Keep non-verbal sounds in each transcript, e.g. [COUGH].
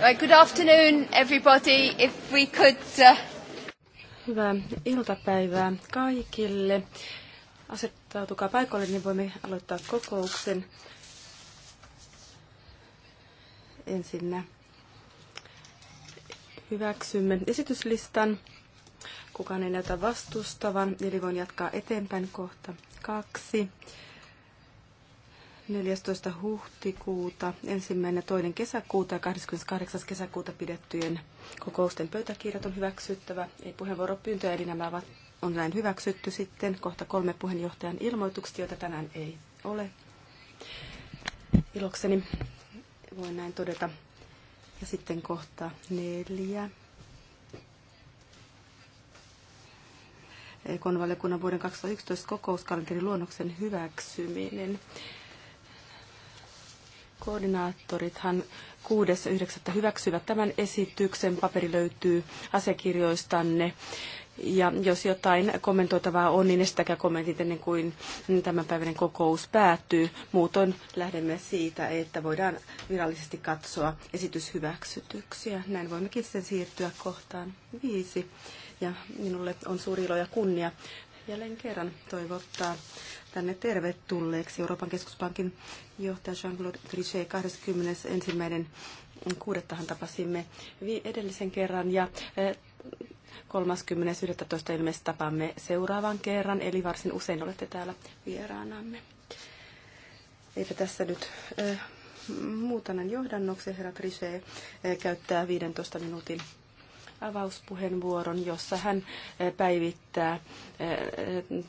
Right, good afternoon everybody. If we could... Uh... Hyvää iltapäivää kaikille. Asettautukaa paikalle, niin voimme aloittaa kokouksen. Ensinnä hyväksymme esityslistan. Kukaan ei näytä vastustavan, eli voin jatkaa eteenpäin kohta kaksi. 14. huhtikuuta, ensimmäinen ja toinen kesäkuuta ja 28. kesäkuuta pidettyjen kokousten pöytäkirjat on hyväksyttävä. Ei puheenvuoropyyntöjä, eli nämä ovat, on näin hyväksytty sitten. Kohta kolme puheenjohtajan ilmoitukset, joita tänään ei ole. Ilokseni voin näin todeta. Ja sitten kohta neljä. Ekon valiokunnan vuoden 2011 luonnoksen hyväksyminen. Koordinaattorithan 6.9. hyväksyvät tämän esityksen. Paperi löytyy asiakirjoistanne. Ja jos jotain kommentoitavaa on, niin estäkää kommentit ennen kuin tämänpäiväinen kokous päättyy. Muutoin lähdemme siitä, että voidaan virallisesti katsoa esityshyväksytyksiä. Näin voimmekin sen siirtyä kohtaan viisi. Ja minulle on suuri ilo ja kunnia jälleen kerran toivottaa tänne tervetulleeksi Euroopan keskuspankin johtaja Jean-Claude Trichet 21. kuudettahan tapasimme edellisen kerran ja 30.11. Eh, ilmeisesti tapaamme seuraavan kerran, eli varsin usein olette täällä vieraanamme. Eipä tässä nyt eh, muutanan johdannoksi herra Trichet eh, käyttää 15 minuutin avauspuheenvuoron, jossa hän eh, päivittää eh, eh,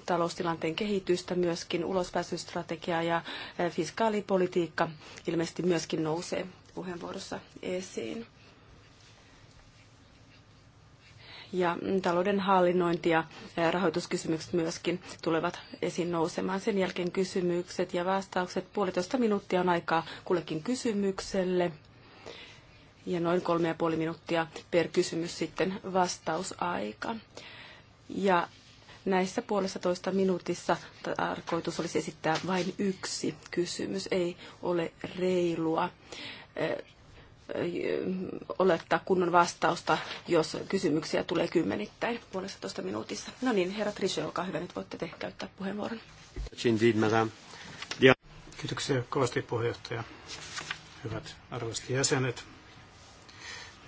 taloustilanteen kehitystä, myöskin ulospääsystrategia ja fiskaalipolitiikka ilmeisesti myöskin nousee puheenvuorossa esiin. ja mm, talouden hallinnointi ja rahoituskysymykset myöskin tulevat esiin nousemaan. Sen jälkeen kysymykset ja vastaukset. Puolitoista minuuttia on aikaa kullekin kysymykselle ja noin kolme ja puoli minuuttia per kysymys sitten vastausaika. Ja näissä puolessa toista minuutissa tarkoitus olisi esittää vain yksi kysymys. Ei ole reilua eh, olettaa kunnon vastausta, jos kysymyksiä tulee kymmenittäin puolessa toista minuutissa. No niin, herra Trisho, olkaa hyvä, nyt voitte te käyttää puheenvuoron. Kiitoksia kovasti puheenjohtaja. Hyvät arvoisat jäsenet.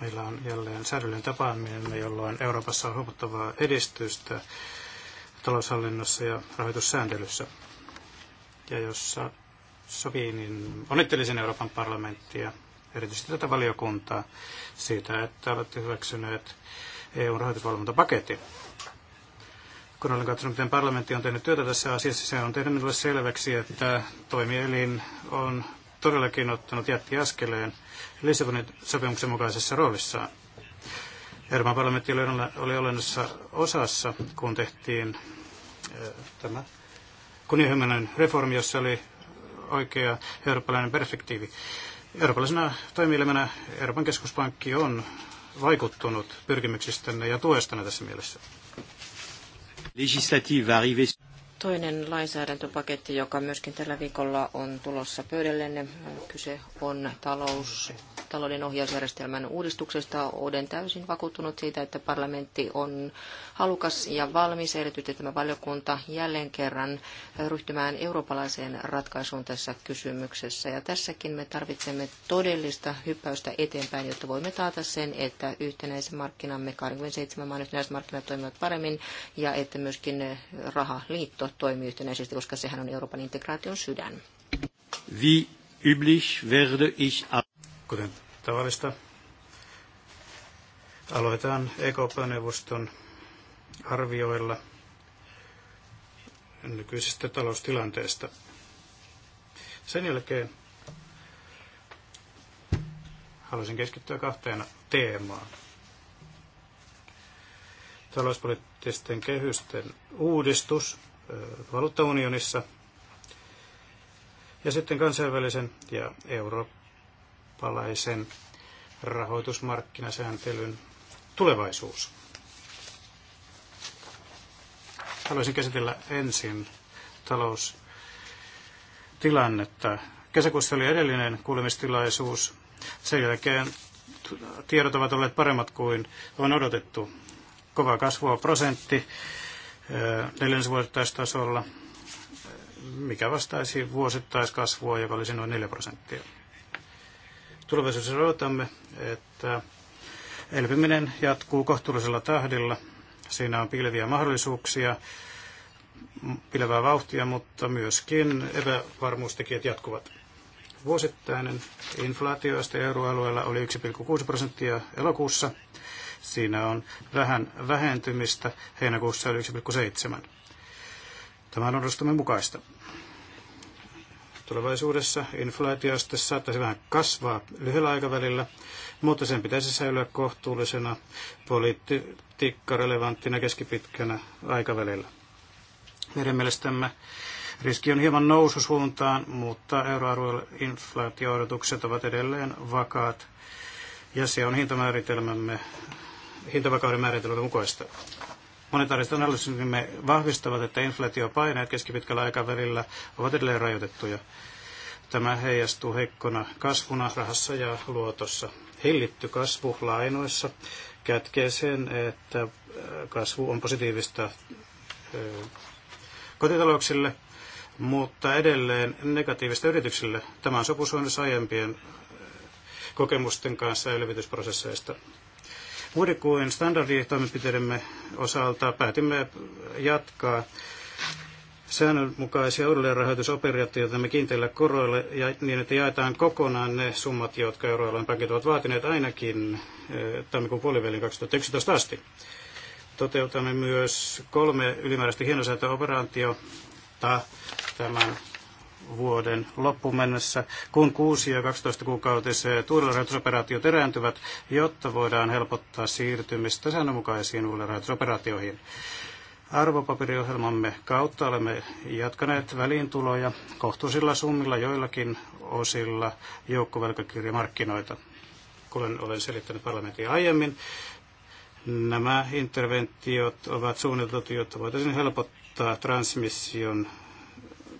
Meillä on jälleen säädöllinen tapaaminen, jolloin Euroopassa on huomattavaa edistystä taloushallinnossa ja rahoitussääntelyssä. Ja jos sopii, niin onnittelisin Euroopan parlamenttia, erityisesti tätä valiokuntaa, siitä, että olette hyväksyneet EUn rahoitusvalvontapaketin. Kun olen katsonut, miten parlamentti on tehnyt työtä tässä asiassa, se on tehnyt minulle selväksi, että toimielin on todellakin ottanut askeleen Lissabonin sopimuksen mukaisessa roolissaan. Euroopan parlamentti oli olennossa osassa, kun tehtiin tämä kunnianhimoinen reformi, jossa oli oikea eurooppalainen perspektiivi. Eurooppalaisena toimielimenä Euroopan keskuspankki on vaikuttunut pyrkimyksistänne ja tuestanne tässä mielessä. Toinen lainsäädäntöpaketti, joka myöskin tällä viikolla on tulossa pöydällenne, kyse on talous, talouden ohjausjärjestelmän uudistuksesta. Olen täysin vakuuttunut siitä, että parlamentti on halukas ja valmis, erityisesti tämä valiokunta, jälleen kerran ryhtymään eurooppalaiseen ratkaisuun tässä kysymyksessä. Ja tässäkin me tarvitsemme todellista hyppäystä eteenpäin, jotta voimme taata sen, että yhtenäisen markkinamme, 27 maan markkinat toimivat paremmin ja että myöskin rahaliitto neuvosto toimii yhtenäisesti, koska sehän on Euroopan integraation sydän. Wie üblich werde ich Kuten tavallista, aloitetaan EKP-neuvoston arvioilla nykyisestä taloustilanteesta. Sen jälkeen haluaisin keskittyä kahteen teemaan. Talouspoliittisten kehysten uudistus valuuttaunionissa ja sitten kansainvälisen ja eurooppalaisen rahoitusmarkkinasääntelyn tulevaisuus. Haluaisin käsitellä ensin taloustilannetta. Kesäkuussa oli edellinen kuulemistilaisuus. Sen jälkeen tiedot ovat olleet paremmat kuin on odotettu. Kova kasvua prosentti neljännesvuosittaistasolla, mikä vastaisi vuosittaiskasvua, joka olisi noin 4 prosenttia. Tulevaisuudessa odotamme, että elpyminen jatkuu kohtuullisella tahdilla. Siinä on pilviä mahdollisuuksia, pilevää vauhtia, mutta myöskin epävarmuustekijät jatkuvat. Vuosittainen inflaatioaste euroalueella oli 1,6 prosenttia elokuussa. Siinä on vähän vähentymistä. Heinäkuussa oli 1,7. Tämä on odostamme mukaista. Tulevaisuudessa inflaatioaste saattaisi vähän kasvaa lyhyellä aikavälillä, mutta sen pitäisi säilyä kohtuullisena relevanttina keskipitkänä aikavälillä. Meidän mielestämme riski on hieman noususuuntaan, mutta euroalueen inflaatio ovat edelleen vakaat ja se on hintamääritelmämme hintavakauden määritelmän mukaista. Monetaariset analyysimme vahvistavat, että inflaatiopaineet keskipitkällä aikavälillä ovat edelleen rajoitettuja. Tämä heijastuu heikkona kasvuna rahassa ja luotossa. Hillitty kasvu lainoissa kätkee sen, että äh, kasvu on positiivista äh, kotitalouksille, mutta edelleen negatiivista yrityksille. Tämä on sopusoinnissa aiempien äh, kokemusten kanssa elvytysprosesseista. Muiden kuin standarditoimenpiteidemme osalta päätimme jatkaa säännönmukaisia me kiinteillä koroille ja niin, että jaetaan kokonaan ne summat, jotka euroalueen pankit ovat vaatineet ainakin eh, tammikuun puolivälin 2011 asti. Toteutamme myös kolme ylimääräistä hienosäätöoperaatiota tämän vuoden loppuun mennessä, kun 6- ja 12-kuukautiset uudelleenrahoitusoperaatiot erääntyvät, jotta voidaan helpottaa siirtymistä säännönmukaisiin uudelleenrahoitusoperaatioihin. Arvopaperiohjelmamme kautta olemme jatkaneet väliintuloja kohtuullisilla summilla joillakin osilla joukkovelkakirjamarkkinoita. Kuten olen selittänyt parlamentin aiemmin, nämä interventiot ovat suunniteltu, jotta voitaisiin helpottaa transmission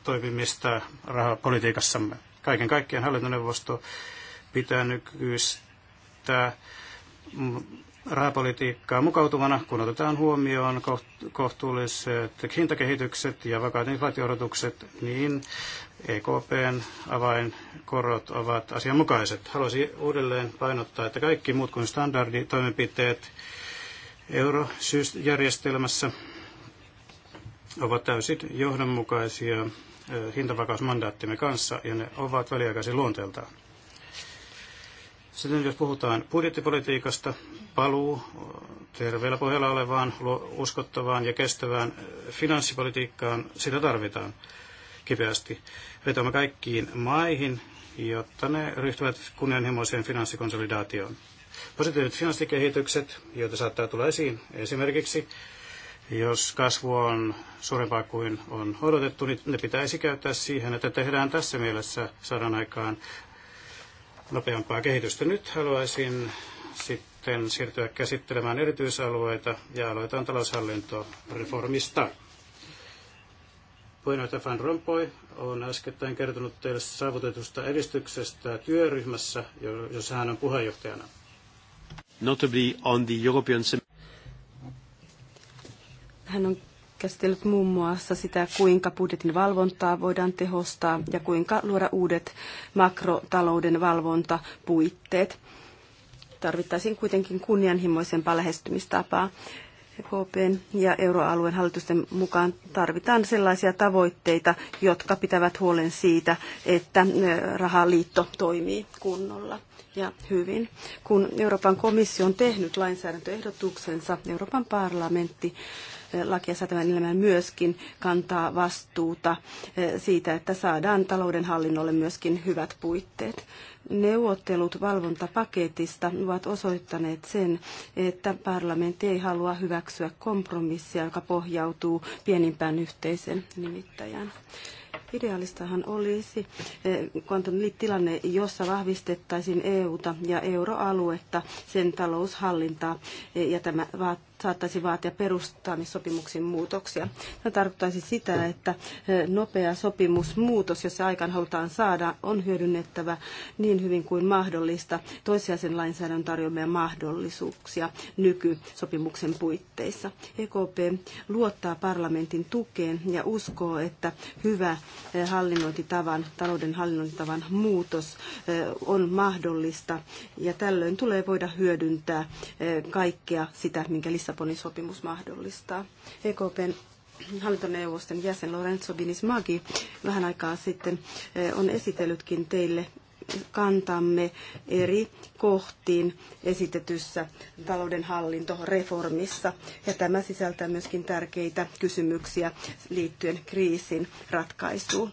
toimimista rahapolitiikassamme. Kaiken kaikkiaan hallintoneuvosto pitää nykyistä rahapolitiikkaa mukautuvana, kun otetaan huomioon kohtuulliset hintakehitykset ja vakaat inflaatiorotukset, niin EKPn avainkorot ovat asianmukaiset. Haluaisin uudelleen painottaa, että kaikki muut kuin standarditoimenpiteet eurojärjestelmässä ovat täysin johdonmukaisia hintavakausmandaattimme kanssa, ja ne ovat väliaikaisen luonteeltaan. Sitten jos puhutaan budjettipolitiikasta, paluu terveellä pohjalla olevaan, uskottavaan ja kestävään finanssipolitiikkaan, sitä tarvitaan kipeästi. Vetämme kaikkiin maihin, jotta ne ryhtyvät kunnianhimoiseen finanssikonsolidaatioon. Positiiviset finanssikehitykset, joita saattaa tulla esiin, esimerkiksi jos kasvu on suurempaa kuin on odotettu, niin ne pitäisi käyttää siihen, että tehdään tässä mielessä saadaan aikaan nopeampaa kehitystä. Nyt haluaisin sitten siirtyä käsittelemään erityisalueita ja aloitetaan taloushallintoreformista. Puheenjohtaja Van Rompuy on äskettäin kertonut teille saavutetusta edistyksestä työryhmässä, jossa hän on puheenjohtajana. Notably on the European hän on käsitellyt muun muassa sitä, kuinka budjetin valvontaa voidaan tehostaa ja kuinka luoda uudet makrotalouden valvontapuitteet. Tarvittaisiin kuitenkin kunnianhimoisempaa lähestymistapaa. EKPn ja euroalueen hallitusten mukaan tarvitaan sellaisia tavoitteita, jotka pitävät huolen siitä, että rahaliitto toimii kunnolla ja hyvin. Kun Euroopan komissio on tehnyt lainsäädäntöehdotuksensa, Euroopan parlamentti lakia säätävän elämän myöskin kantaa vastuuta eh, siitä, että saadaan talouden hallinnolle myöskin hyvät puitteet. Neuvottelut valvontapaketista ovat osoittaneet sen, että parlamentti ei halua hyväksyä kompromissia, joka pohjautuu pienimpään yhteisen nimittäjään. Ideaalistahan olisi eh, tilanne, jossa vahvistettaisiin EUta ja euroaluetta, sen taloushallintaa, eh, ja tämä vaatii saattaisi vaatia perustamissopimuksen muutoksia. Tämä tarkoittaisi sitä, että nopea sopimusmuutos, jos se aikaan halutaan saada, on hyödynnettävä niin hyvin kuin mahdollista toissijaisen lainsäädännön tarjoamia mahdollisuuksia nykysopimuksen puitteissa. EKP luottaa parlamentin tukeen ja uskoo, että hyvä hallinnointitavan, talouden hallinnointitavan muutos on mahdollista ja tällöin tulee voida hyödyntää kaikkea sitä, minkä lisää Lissabonin sopimus mahdollistaa. EKPn hallintoneuvoston jäsen Lorenzo Binismagi vähän aikaa sitten eh, on esitellytkin teille kantamme eri kohtiin esitetyssä taloudenhallintoreformissa. Ja tämä sisältää myöskin tärkeitä kysymyksiä liittyen kriisin ratkaisuun.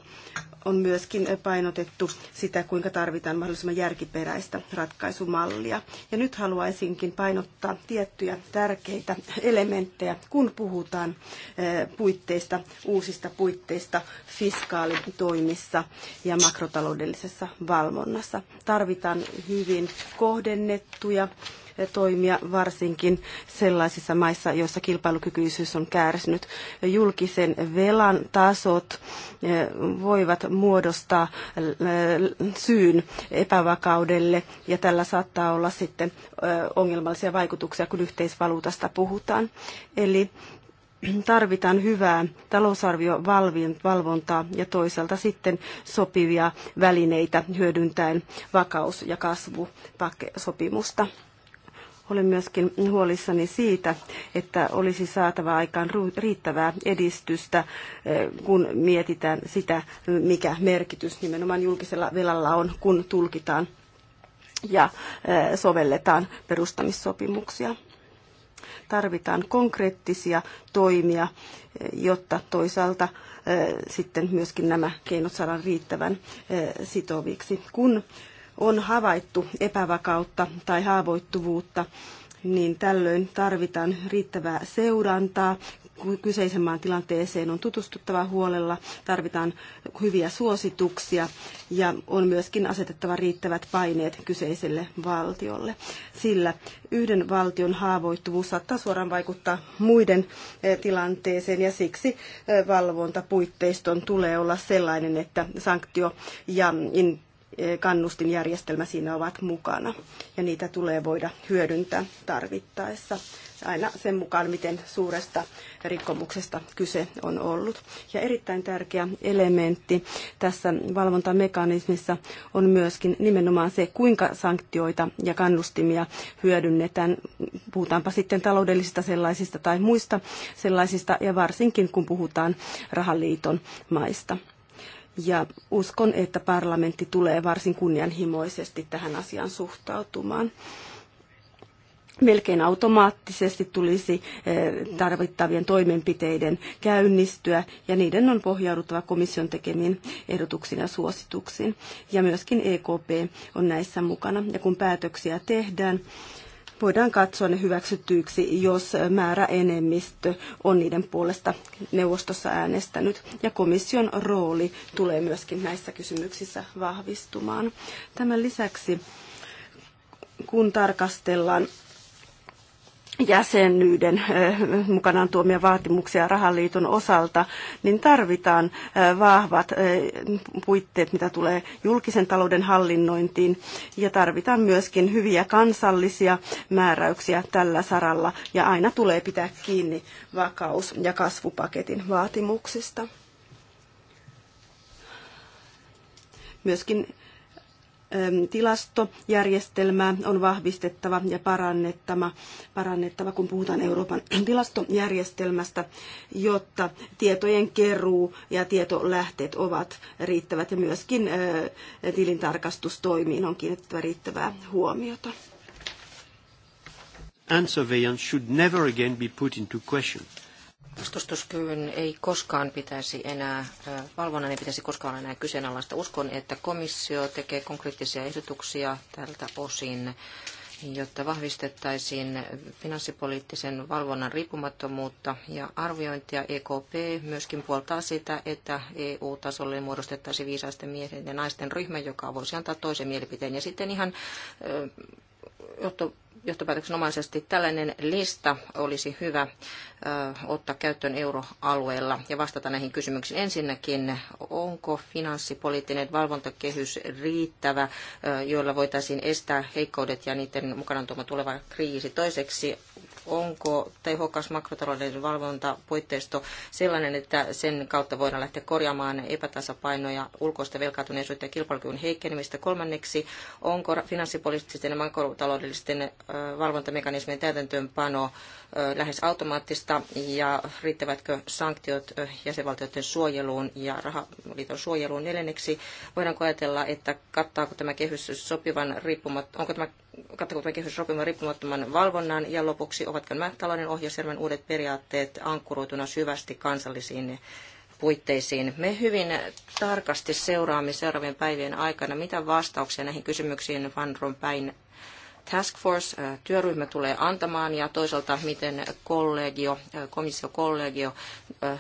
On myöskin painotettu sitä, kuinka tarvitaan mahdollisimman järkiperäistä ratkaisumallia. Ja nyt haluaisinkin painottaa tiettyjä tärkeitä elementtejä, kun puhutaan eh, puitteista, uusista puitteista fiskaalitoimissa ja makrotaloudellisessa valvonnassa valvonnassa. Tarvitaan hyvin kohdennettuja toimia varsinkin sellaisissa maissa, joissa kilpailukykyisyys on kärsinyt. Julkisen velan tasot eh, voivat muodostaa eh, syyn epävakaudelle ja tällä saattaa olla sitten eh, ongelmallisia vaikutuksia, kun yhteisvaluutasta puhutaan. Eli tarvitaan hyvää talousarviovalvontaa ja toisaalta sitten sopivia välineitä hyödyntäen vakaus- ja kasvusopimusta. Olen myöskin huolissani siitä, että olisi saatava aikaan riittävää edistystä, eh, kun mietitään sitä, mikä merkitys nimenomaan julkisella velalla on, kun tulkitaan ja eh, sovelletaan perustamissopimuksia. Tarvitaan konkreettisia toimia, jotta toisaalta eh, sitten myöskin nämä keinot saadaan riittävän eh, sitoviksi. Kun on havaittu epävakautta tai haavoittuvuutta, niin tällöin tarvitaan riittävää seurantaa, kyseisen maan tilanteeseen on tutustuttava huolella, tarvitaan hyviä suosituksia ja on myöskin asetettava riittävät paineet kyseiselle valtiolle, sillä yhden valtion haavoittuvuus saattaa suoraan vaikuttaa muiden eh, tilanteeseen ja siksi eh, valvontapuitteiston tulee olla sellainen, että sanktio ja in Eh, kannustinjärjestelmä siinä ovat mukana. Ja niitä tulee voida hyödyntää tarvittaessa aina sen mukaan, miten suuresta rikkomuksesta kyse on ollut. Ja erittäin tärkeä elementti tässä valvontamekanismissa on myöskin nimenomaan se, kuinka sanktioita ja kannustimia hyödynnetään. Puhutaanpa sitten taloudellisista sellaisista tai muista sellaisista, ja varsinkin kun puhutaan rahaliiton maista ja uskon, että parlamentti tulee varsin kunnianhimoisesti tähän asiaan suhtautumaan melkein automaattisesti tulisi eh, tarvittavien toimenpiteiden käynnistyä ja niiden on pohjauduttava komission tekemiin ehdotuksiin ja suosituksiin. Ja myöskin EKP on näissä mukana. Ja kun päätöksiä tehdään, voidaan katsoa ne hyväksytyiksi, jos määräenemmistö on niiden puolesta neuvostossa äänestänyt. Ja komission rooli tulee myöskin näissä kysymyksissä vahvistumaan. Tämän lisäksi kun tarkastellaan jäsenyyden mukanaan tuomia vaatimuksia rahaliiton osalta, niin tarvitaan vahvat puitteet, mitä tulee julkisen talouden hallinnointiin, ja tarvitaan myöskin hyviä kansallisia määräyksiä tällä saralla, ja aina tulee pitää kiinni vakaus- ja kasvupaketin vaatimuksista. Myöskin tilastojärjestelmää on vahvistettava ja parannettava, parannettava kun puhutaan Euroopan [CLEARS THROAT] tilastojärjestelmästä, jotta tietojen keruu ja tietolähteet ovat riittävät ja myöskin tilintarkastustoimiin on kiinnitettävä riittävää huomiota. And surveillance should never again be put into question vastustuskyvyn ei koskaan pitäisi enää, valvonnan ei pitäisi koskaan enää kyseenalaista. Uskon, että komissio tekee konkreettisia ehdotuksia tältä osin, jotta vahvistettaisiin finanssipoliittisen valvonnan riippumattomuutta ja arviointia. EKP myöskin puoltaa sitä, että EU-tasolle muodostettaisiin viisaisten miesten ja naisten ryhmä, joka voisi antaa toisen mielipiteen. Ja sitten ihan johto, johtopäätöksenomaisesti tällainen lista olisi hyvä ottaa käyttöön euroalueella ja vastata näihin kysymyksiin. Ensinnäkin, onko finanssipoliittinen valvontakehys riittävä, joilla voitaisiin estää heikkoudet ja niiden mukanaan tuoma tuleva kriisi? Toiseksi, onko tehokas makrotalouden valvontapuitteisto sellainen, että sen kautta voidaan lähteä korjaamaan epätasapainoja, ulkoista velkaantuneisuutta ja kilpailukyvyn heikkenemistä. Kolmanneksi, onko finanssipoliittisten ja makrotaloudellisten valvontamekanismien täytäntöönpano lähes automaattista ja riittävätkö sanktiot jäsenvaltioiden suojeluun ja rahaliiton suojeluun neljänneksi? Voidaanko ajatella, että kattaako tämä kehys sopivan riippumat, onko tämä kattavuuden kehyssopimus riippumattoman valvonnan ja lopuksi ovatko nämä talouden ohjausjärjestelmän uudet periaatteet ankkuroituna syvästi kansallisiin puitteisiin. Me hyvin tarkasti seuraamme seuraavien päivien aikana, mitä vastauksia näihin kysymyksiin Van Rompuyn task force työryhmä tulee antamaan ja toisaalta miten kollegio, komissiokollegio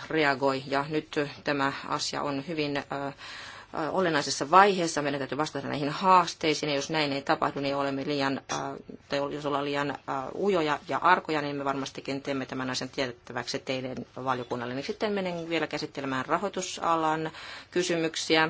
reagoi. Ja nyt tämä asia on hyvin olennaisessa vaiheessa. Meidän täytyy vastata näihin haasteisiin, ja jos näin ei tapahdu, niin olemme liian, tai jos ollaan liian ujoja ja arkoja, niin me varmastikin teemme tämän asian tiedettäväksi teidän valiokunnalle. Niin sitten menen vielä käsittelemään rahoitusalan kysymyksiä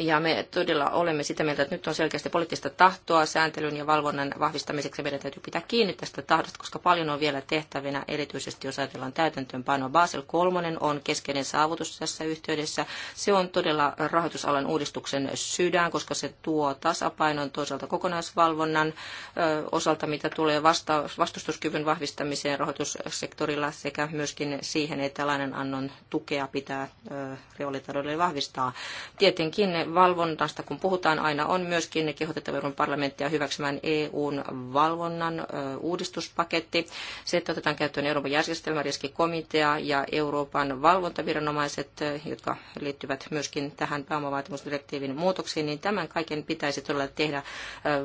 ja me todella olemme sitä mieltä, että nyt on selkeästi poliittista tahtoa sääntelyn ja valvonnan vahvistamiseksi. Meidän täytyy pitää kiinni tästä tahdosta, koska paljon on vielä tehtävinä, erityisesti jos ajatellaan täytäntöönpanoa. Basel 3 on keskeinen saavutus tässä yhteydessä. Se on todella rahoitusalan uudistuksen sydän, koska se tuo tasapainon toisaalta kokonaisvalvonnan osalta, mitä tulee vasta- vastustuskyvyn vahvistamiseen rahoitussektorilla sekä myöskin siihen, että lainanannon tukea pitää reaalitaloudelle vahvistaa. Tietenkin valvonnasta, kun puhutaan aina, on myöskin kehotettava Euroopan parlamenttia hyväksymään EUn valvonnan uudistuspaketti. Se, että otetaan käyttöön Euroopan järjestelmäriskikomitea ja Euroopan valvontaviranomaiset, jotka liittyvät myöskin tähän pääomavaatimusdirektiivin muutoksiin, niin tämän kaiken pitäisi todella tehdä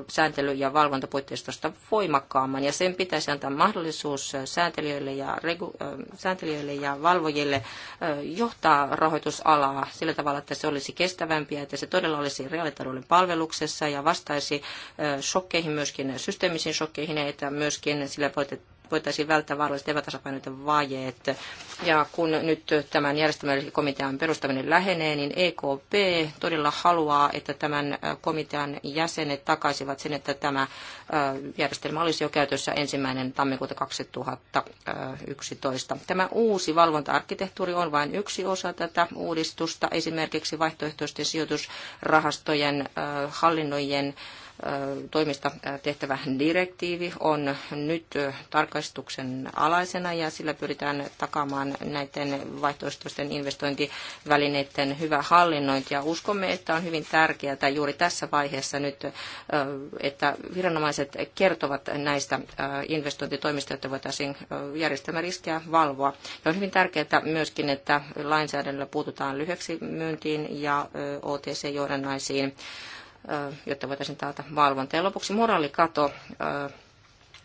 sääntely- ja valvontapuitteistosta voimakkaamman. Ja sen pitäisi antaa mahdollisuus sääntelijöille ja, regu- sääntelijöille ja valvojille johtaa rahoitusalaa sillä tavalla, että se olisi kestävämpi ja että se todella olisi reaalitalouden palveluksessa ja vastaisi shokkeihin, myöskin systeemisiin shokkeihin, ja että myöskin sillä voitaisiin välttää vaaralliset epätasapainoiden vajeet. Ja kun nyt tämän järjestelmällisen komitean perustaminen lähenee, niin EKP todella haluaa, että tämän komitean jäsenet takaisivat sen, että tämä järjestelmä olisi jo käytössä ensimmäinen tammikuuta 2011. Tämä uusi valvonta-arkkitehtuuri on vain yksi osa tätä uudistusta, esimerkiksi vaihtoehtoisten sijoitusrahastojen hallinnoijien toimista tehtävä direktiivi on nyt tarkastuksen alaisena ja sillä pyritään takaamaan näiden vaihtoehtoisten investointivälineiden hyvä hallinnointi. Ja uskomme, että on hyvin tärkeää juuri tässä vaiheessa nyt, että viranomaiset kertovat näistä investointitoimista, että voitaisiin järjestelmäriskiä valvoa. Ja on hyvin tärkeää myöskin, että lainsäädännöllä puututaan lyhyeksi myyntiin ja OTC-johdannaisiin jotta voitaisiin taata valvonta. Ja lopuksi moraalikato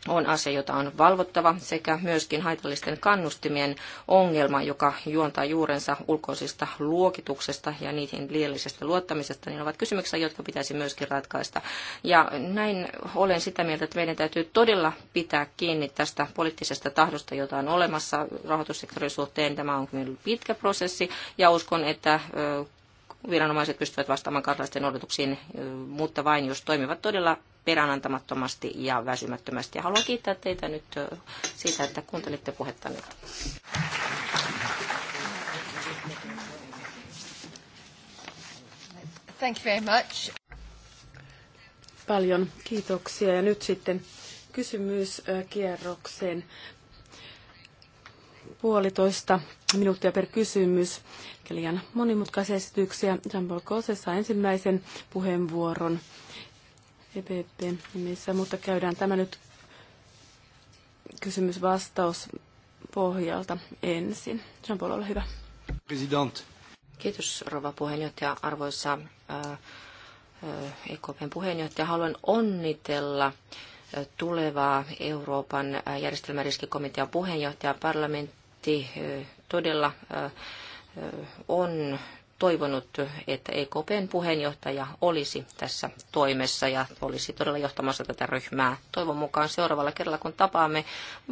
on asia, jota on valvottava, sekä myöskin haitallisten kannustimien ongelma, joka juontaa juurensa ulkoisista luokituksesta ja niihin liiallisesta luottamisesta, niin ovat kysymyksiä, jotka pitäisi myöskin ratkaista. Ja näin olen sitä mieltä, että meidän täytyy todella pitää kiinni tästä poliittisesta tahdosta, jota on olemassa rahoitussektorin suhteen. Tämä on pitkä prosessi, ja uskon, että viranomaiset pystyvät vastaamaan kansalaisten odotuksiin, mutta vain jos toimivat todella peräänantamattomasti ja väsymättömästi. Ja haluan kiittää teitä nyt siitä, että kuuntelitte puhetta nyt. Thank you very much. Paljon kiitoksia. Ja nyt sitten kysymyskierrokseen puolitoista minuuttia per kysymys. Liian monimutkaisia esityksiä. Jean-Paul Kose saa ensimmäisen puheenvuoron EPP nimissä, mutta käydään tämä nyt kysymysvastaus pohjalta ensin. Jean-Paul, ole hyvä. President. Kiitos rouva puheenjohtaja. Arvoisa äh, äh, EKPn puheenjohtaja, haluan onnitella äh, tulevaa Euroopan järjestelmäriskikomitean puheenjohtaja parlamentti varmasti todella on toivonut, että EKPn puheenjohtaja olisi tässä toimessa ja olisi todella johtamassa tätä ryhmää. Toivon mukaan seuraavalla kerralla, kun tapaamme,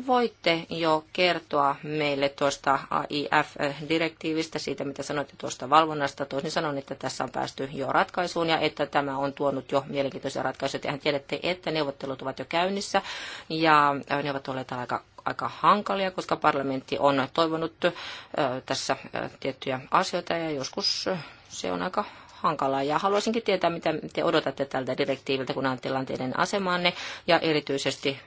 voitte jo kertoa meille tuosta AIF-direktiivistä, siitä mitä sanoitte tuosta valvonnasta. Toisin sanon, että tässä on päästy jo ratkaisuun ja että tämä on tuonut jo mielenkiintoisia ratkaisuja. Tehän tiedätte, että neuvottelut ovat jo käynnissä ja ne ovat olleet aika aika hankalia, koska parlamentti on toivonut tässä tiettyjä asioita ja joskus se on aika hankalaa. Ja haluaisinkin tietää, mitä te odotatte tältä direktiiviltä, kun ajatellaan teidän asemaanne, ja erityisesti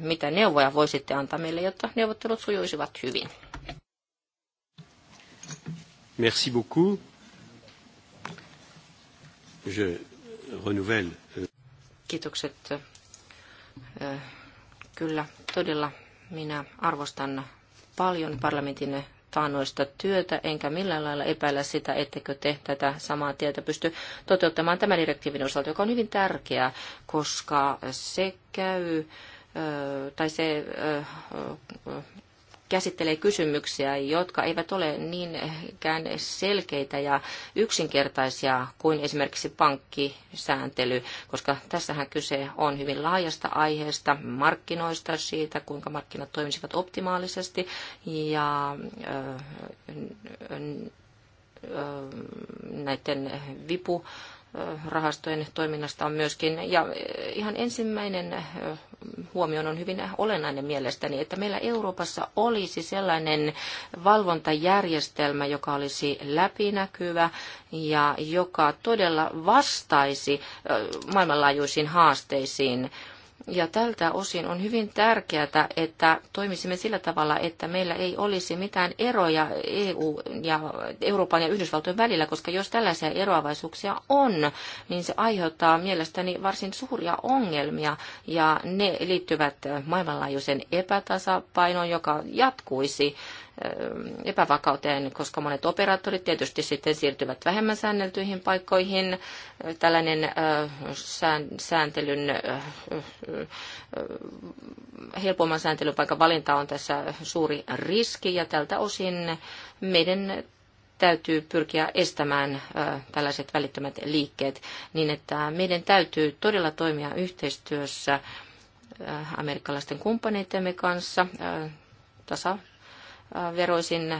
mitä neuvoja voisitte antaa meille, jotta neuvottelut sujuisivat hyvin. Merci beaucoup. Je renouvelle. Euh, Kiitokset. Kyllä, todella minä arvostan paljon parlamentin taannoista työtä, enkä millään lailla epäillä sitä, ettekö te tätä samaa tietä pysty toteuttamaan tämän direktiivin osalta, joka on hyvin tärkeä, koska se käy tai se käsittelee kysymyksiä, jotka eivät ole niinkään selkeitä ja yksinkertaisia kuin esimerkiksi pankkisääntely, koska tässähän kyse on hyvin laajasta aiheesta, markkinoista, siitä kuinka markkinat toimisivat optimaalisesti ja näiden vipu rahastojen toiminnasta on myöskin. Ja ihan ensimmäinen huomio on hyvin olennainen mielestäni, että meillä Euroopassa olisi sellainen valvontajärjestelmä, joka olisi läpinäkyvä ja joka todella vastaisi maailmanlaajuisiin haasteisiin – ja tältä osin on hyvin tärkeää, että toimisimme sillä tavalla, että meillä ei olisi mitään eroja EU ja Euroopan ja Yhdysvaltojen välillä, koska jos tällaisia eroavaisuuksia on, niin se aiheuttaa mielestäni varsin suuria ongelmia ja ne liittyvät maailmanlaajuisen epätasapainoon, joka jatkuisi Eh, epävakauteen, koska monet operaattorit tietysti sitten siirtyvät vähemmän säänneltyihin paikkoihin. Eh, tällainen eh, sääntelyn, helpomman sääntelyn paikan valinta on tässä suuri riski ja tältä osin meidän täytyy pyrkiä estämään tällaiset välittömät liikkeet niin, että meidän täytyy todella toimia yhteistyössä amerikkalaisten kumppaneittemme kanssa tasa veroisin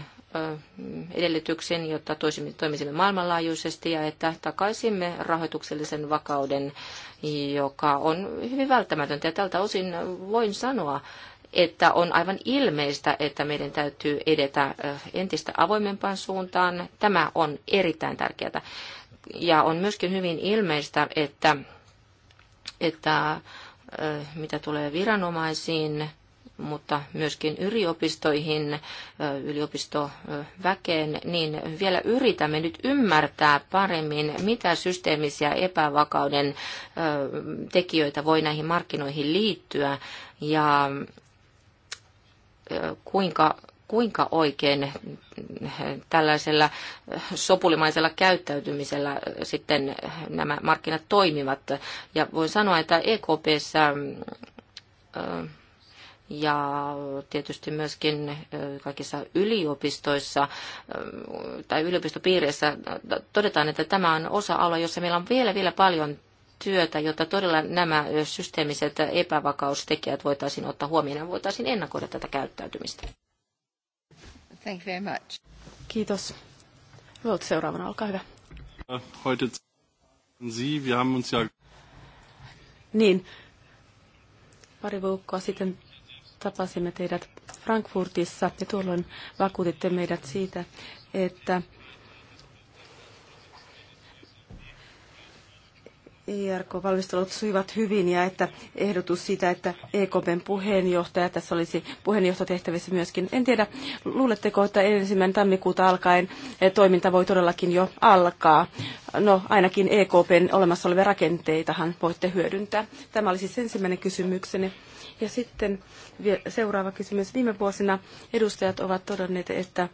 edellytyksen, jotta toimisimme maailmanlaajuisesti ja että takaisimme rahoituksellisen vakauden, joka on hyvin välttämätöntä. Ja tältä osin voin sanoa, että on aivan ilmeistä, että meidän täytyy edetä entistä avoimempaan suuntaan. Tämä on erittäin tärkeää. Ja on myöskin hyvin ilmeistä, että, että mitä tulee viranomaisiin, mutta myöskin yliopistoihin, yliopistoväkeen, niin vielä yritämme nyt ymmärtää paremmin, mitä systeemisiä epävakauden tekijöitä voi näihin markkinoihin liittyä ja kuinka kuinka oikein tällaisella sopulimaisella käyttäytymisellä sitten nämä markkinat toimivat. Ja voin sanoa, että EKPssä ja tietysti myöskin kaikissa yliopistoissa tai yliopistopiireissä todetaan, että tämä on osa-alue, jossa meillä on vielä, vielä paljon työtä, jotta todella nämä systeemiset epävakaustekijät voitaisiin ottaa huomioon ja voitaisiin ennakoida tätä käyttäytymistä. Thank you very much. Kiitos. Luot seuraavana, olkaa hyvä. Heute Sie, wir haben uns ja... Niin, pari viikkoa sitten Tapasimme teidät Frankfurtissa ja tuolloin vakuutitte meidät siitä, että ERK-valmistelut suivat hyvin ja että ehdotus siitä, että EKPn puheenjohtaja tässä olisi puheenjohtotehtävissä myöskin. En tiedä, luuletteko, että ensimmäinen tammikuuta alkaen toiminta voi todellakin jo alkaa? No ainakin EKPn olemassa olevia rakenteitahan voitte hyödyntää. Tämä oli siis ensimmäinen kysymykseni. Ja sitten seuraava kysymys. Viime vuosina edustajat ovat todenneet, että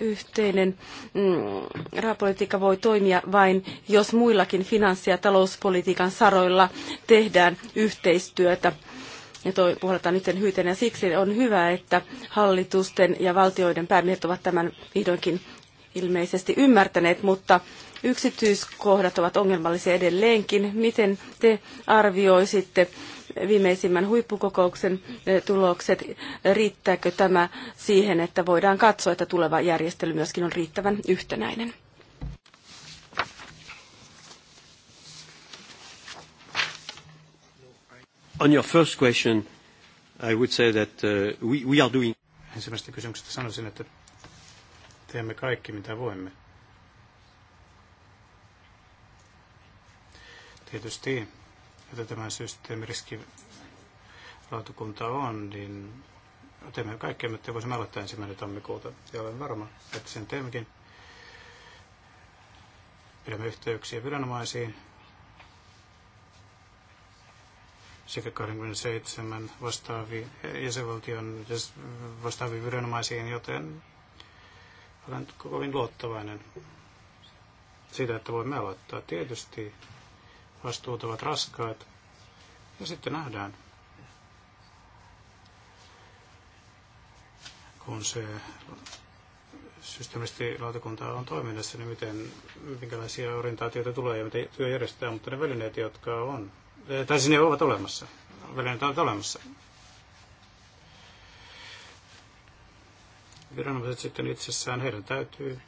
yhteinen mm, rahapolitiikka voi toimia vain, jos muillakin finanssi- ja talouspolitiikan saroilla tehdään yhteistyötä ja toi, puhutaan nyt hyyteen. Ja siksi on hyvä, että hallitusten ja valtioiden päämiehet ovat tämän vihdoinkin ilmeisesti ymmärtäneet, mutta Yksityiskohdat ovat ongelmallisia edelleenkin. Miten te arvioisitte viimeisimmän huippukokouksen eh, tulokset? Riittääkö tämä siihen, että voidaan katsoa, että tuleva järjestely myöskin on riittävän yhtenäinen? On your first question, I would say that uh, we, we are doing... Ensimmäisestä kysymyksestä sanoisin, että teemme kaikki, mitä voimme Tietysti, että tämä riski lautakunta on, niin teemme kaikkemme, että voisimme aloittaa ensimmäinen tammikuuta. Ja olen varma, että sen teemmekin. Pidämme yhteyksiä viranomaisiin sekä 27 vastaaviin jäsenvaltion vastaaviin viranomaisiin, joten olen kovin luottavainen siitä, että voimme aloittaa. Tietysti vastuut ovat raskaat. Ja sitten nähdään, kun se systeemisesti lautakunta on toiminnassa, niin miten, minkälaisia orientaatioita tulee ja miten työ järjestetään, mutta ne välineet, jotka on, eh, tai siis ne ovat olemassa, välineet ovat olemassa. Viranomaiset sitten itsessään, heidän täytyy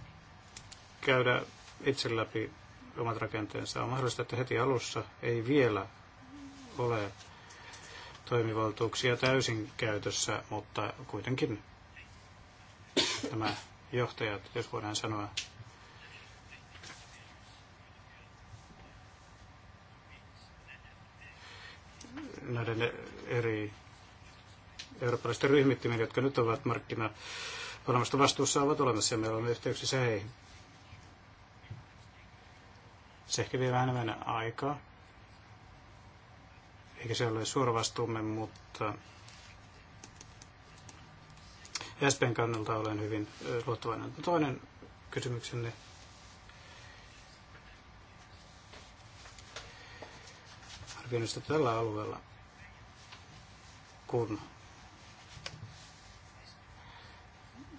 käydä itse läpi omat rakenteensa. On mahdollista, että heti alussa ei vielä ole toimivaltuuksia täysin käytössä, mutta kuitenkin nämä johtajat, jos voidaan sanoa, näiden eri eurooppalaisten ryhmittymien, jotka nyt ovat markkina vastuussa, ovat olemassa ja meillä on yhteyksissä heihin. Se ehkä vie vähän enemmän aikaa. Eikä se ole suoravastuumme, mutta SPn kannalta olen hyvin luottavainen. Toinen kysymyksenne. Arvioinnista tällä alueella, kun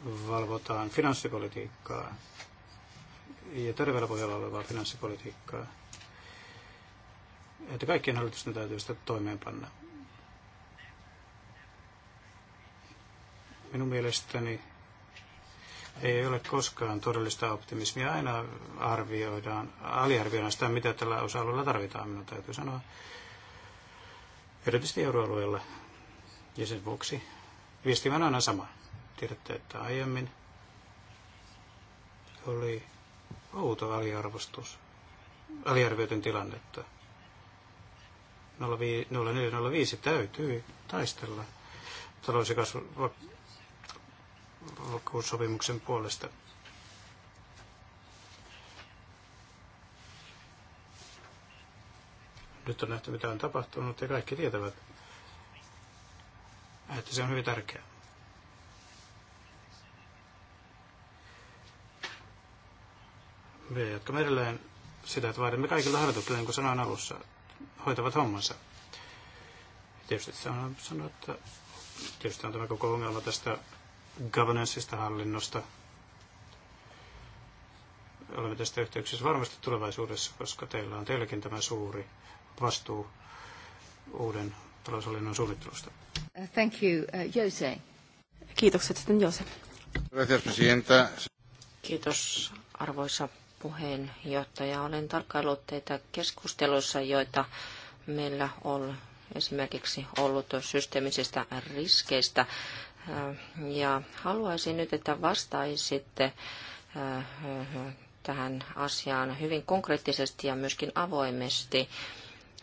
valvotaan finanssipolitiikkaa, ja terveellä pohjalla olevaa finanssipolitiikkaa, että kaikkien hallitusten täytyy sitä toimeenpanna. Minun mielestäni ei ole koskaan todellista optimismia. Aina arvioidaan, aliarvioidaan sitä, mitä tällä osa-alueella tarvitaan, minun täytyy sanoa. Erityisesti euroalueella. Ja sen vuoksi viestimä on aina sama. Tiedätte, että aiemmin oli outo aliarvostus, aliarvioiden tilannetta. 0405 täytyy taistella talous- ja kasvuvakuussopimuksen puolesta. Nyt on nähty, mitä on tapahtunut, ja kaikki tietävät, että se on hyvin tärkeää. Me, jotka me edelleen sitä, että vaadimme kaikilta harjoituksilta, niin kuin sanoin alussa, hoitavat hommansa. Tietysti sanon, sanoa, että tietysti on tämä koko ongelma tästä governanceista, hallinnosta. Olemme tästä yhteyksissä varmasti tulevaisuudessa, koska teillä on teilläkin tämä suuri vastuu uuden taloushallinnon suunnittelusta. Thank you, uh, Jose. Kiitokset sitten Jose. Kiitos, arvoisa puheenjohtaja. Olen tarkkaillut teitä keskusteluissa, joita meillä on esimerkiksi ollut systeemisistä riskeistä. Äh, ja haluaisin nyt, että vastaisitte äh, tähän asiaan hyvin konkreettisesti ja myöskin avoimesti.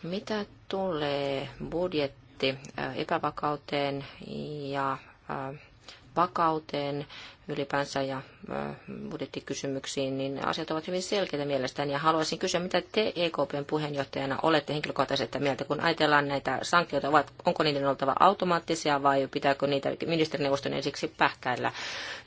Mitä tulee budjetti äh, epävakauteen ja vakauteen ylipäänsä ja budjettikysymyksiin, niin asiat ovat hyvin selkeitä mielestäni. Ja haluaisin kysyä, mitä te EKPn puheenjohtajana olette henkilökohtaisesti mieltä, kun ajatellaan näitä sanktioita, ovat, onko niiden oltava automaattisia vai pitääkö niitä ministerineuvoston ensiksi pähkäillä?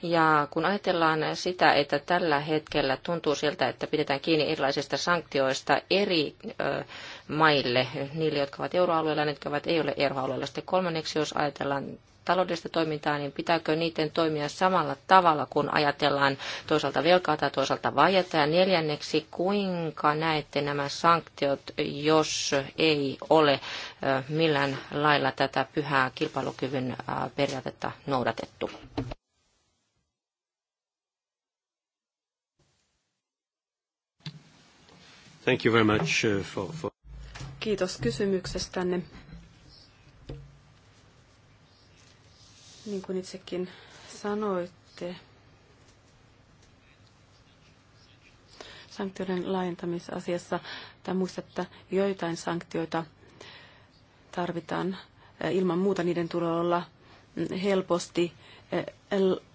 Ja kun ajatellaan sitä, että tällä hetkellä tuntuu siltä, että pidetään kiinni erilaisista sanktioista eri ö, maille, niille, jotka ovat euroalueella ja jotka ovat ei ole euroalueella. Sitten kolmanneksi, jos ajatellaan taloudellista toimintaa, niin pitääkö niiden toimia samalla tavalla, kun ajatellaan toisaalta velkaa tai toisaalta vajetta? Ja neljänneksi, kuinka näette nämä sanktiot, jos ei ole millään lailla tätä pyhää kilpailukyvyn periaatetta noudatettu? Thank you very much uh, for, for... Kiitos kysymyksestänne. Niin kuin itsekin sanoitte, sanktioiden laajentamisasiassa, tai muista, että joitain sanktioita tarvitaan eh, ilman muuta, niiden tulee olla mm, helposti eh,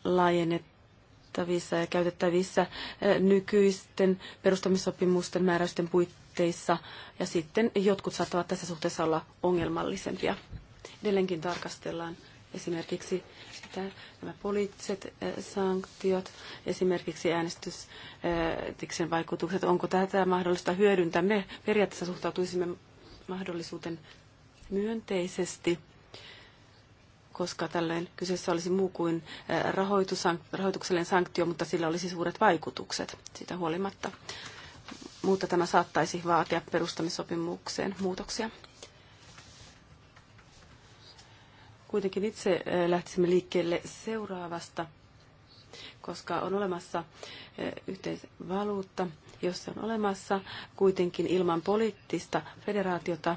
laajennettavissa ja käytettävissä eh, nykyisten perustamissopimusten määräysten puitteissa, ja sitten jotkut saattavat tässä suhteessa olla ongelmallisempia. Edelleenkin tarkastellaan esimerkiksi sitä, nämä poliittiset eh, sanktiot, esimerkiksi äänestystiksen eh, vaikutukset, onko tätä mahdollista hyödyntää. Me periaatteessa suhtautuisimme mahdollisuuden myönteisesti, koska tällöin kyseessä olisi muu kuin eh, rahoituksellinen sanktio, mutta sillä olisi suuret vaikutukset sitä huolimatta. Mutta tämä saattaisi vaatia perustamissopimukseen muutoksia. Kuitenkin itse eh, lähtisimme liikkeelle seuraavasta, koska on olemassa eh, yhteisvaluutta, jos se on olemassa kuitenkin ilman poliittista federaatiota,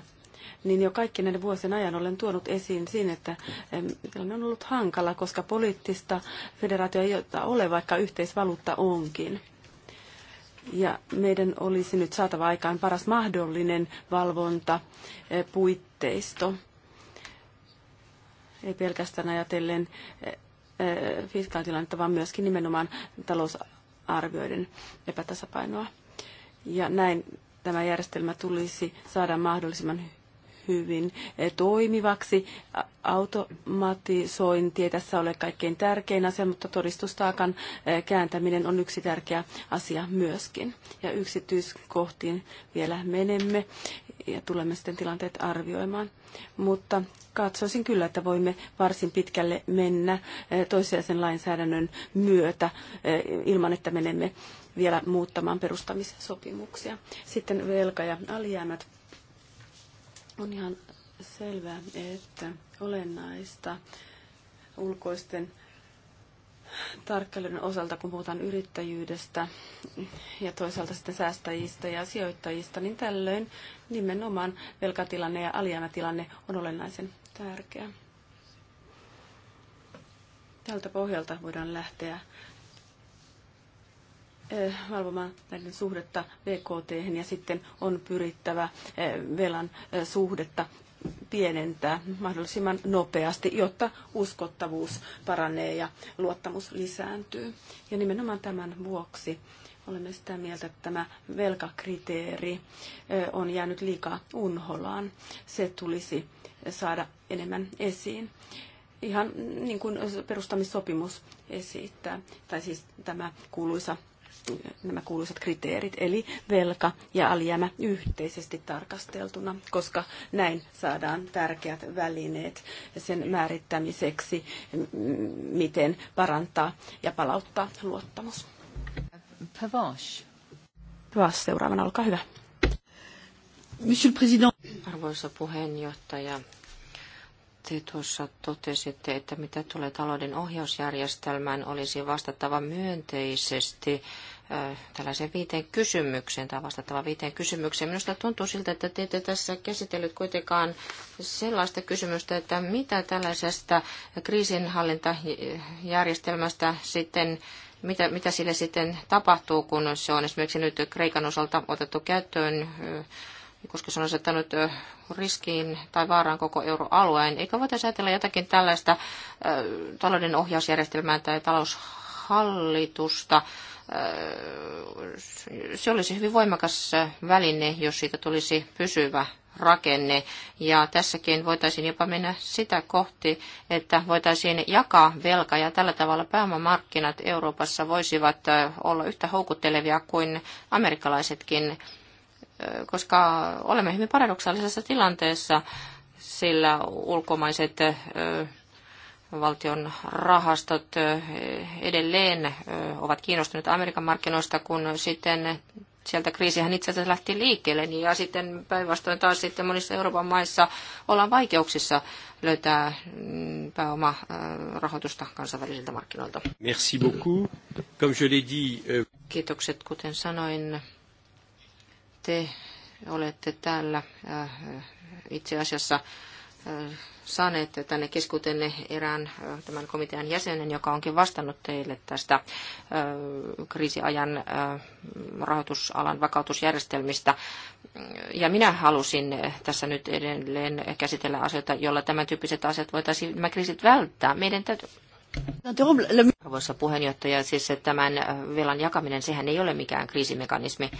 niin jo kaikki näiden vuosien ajan olen tuonut esiin siinä, että tilanne on ollut hankala, koska poliittista federaatiota ei ole, vaikka yhteisvaluutta onkin. Ja meidän olisi nyt saatava aikaan paras mahdollinen valvontapuitteisto. Eh, puitteisto ei pelkästään ajatellen eh, eh, fiskaalitilannetta, vaan myöskin nimenomaan talousarvioiden epätasapainoa. Ja näin tämä järjestelmä tulisi saada mahdollisimman hyvin eh, toimivaksi. Automatisointi ei tässä ole kaikkein tärkein asia, mutta todistustaakan kääntäminen on yksi tärkeä asia myöskin. Ja yksityiskohtiin vielä menemme ja tulemme sitten tilanteet arvioimaan. Mutta katsoisin kyllä, että voimme varsin pitkälle mennä eh, toisiaisen lainsäädännön myötä eh, ilman, että menemme vielä muuttamaan perustamissopimuksia. Sitten velka ja alijäämät. On ihan selvää, että olennaista ulkoisten tarkkailun osalta, kun puhutaan yrittäjyydestä ja toisaalta sitten säästäjistä ja sijoittajista, niin tällöin nimenomaan velkatilanne ja alijäämätilanne on olennaisen tärkeä. Tältä pohjalta voidaan lähteä eh, valvomaan näiden suhdetta BKT ja sitten on pyrittävä eh, velan eh, suhdetta pienentää mahdollisimman nopeasti, jotta uskottavuus paranee ja luottamus lisääntyy. Ja nimenomaan tämän vuoksi olemme sitä mieltä, että tämä velkakriteeri on jäänyt liikaa unholaan. Se tulisi saada enemmän esiin. Ihan niin kuin perustamissopimus esittää, tai siis tämä kuuluisa nämä kuuluisat kriteerit, eli velka ja alijäämä yhteisesti tarkasteltuna, koska näin saadaan tärkeät välineet sen määrittämiseksi, miten parantaa ja palauttaa luottamus. Pavash. seuraavana, olkaa hyvä. Monsieur le Président. Arvoisa puheenjohtaja, te tuossa totesitte, että mitä tulee talouden ohjausjärjestelmään, olisi vastattava myönteisesti äh, tällaiseen viiteen kysymykseen tai vastattava viiteen kysymykseen. Minusta tuntuu siltä, että te ette tässä käsitellyt kuitenkaan sellaista kysymystä, että mitä tällaisesta kriisinhallintajärjestelmästä sitten mitä, mitä sille sitten tapahtuu, kun se on esimerkiksi nyt Kreikan osalta otettu käyttöön äh, koska se on asettanut riskiin tai vaaraan koko euroalueen. Eikö voitaisiin ajatella jotakin tällaista talouden ohjausjärjestelmää tai taloushallitusta? Se olisi hyvin voimakas väline, jos siitä tulisi pysyvä rakenne. Ja tässäkin voitaisiin jopa mennä sitä kohti, että voitaisiin jakaa velka ja tällä tavalla pääomamarkkinat Euroopassa voisivat olla yhtä houkuttelevia kuin amerikkalaisetkin koska olemme hyvin paradoksaalisessa tilanteessa, sillä ulkomaiset valtion rahastot edelleen ovat kiinnostuneet Amerikan markkinoista, kun sitten sieltä kriisihän itse asiassa lähti liikkeelle, niin ja sitten päinvastoin taas sitten monissa Euroopan maissa ollaan vaikeuksissa löytää mm, pääoma rahoitusta kansainvälisiltä markkinoilta. Merci beaucoup. Comme je l'ai dit, euh, Kiitokset, kuten sanoin, te olette täällä äh, itse asiassa äh, saaneet tänne keskuutenne erään äh, tämän komitean jäsenen, joka onkin vastannut teille tästä kriisiajan rahoitusalan vakautusjärjestelmistä. Ja minä halusin tässä nyt edelleen käsitellä asioita, jolla tämän tyyppiset asiat voitaisiin nämä kriisit välttää. Meidän täytyy Arvoisa puheenjohtaja, siis tämän äh, velan jakaminen, sehän ei ole mikään kriisimekanismi.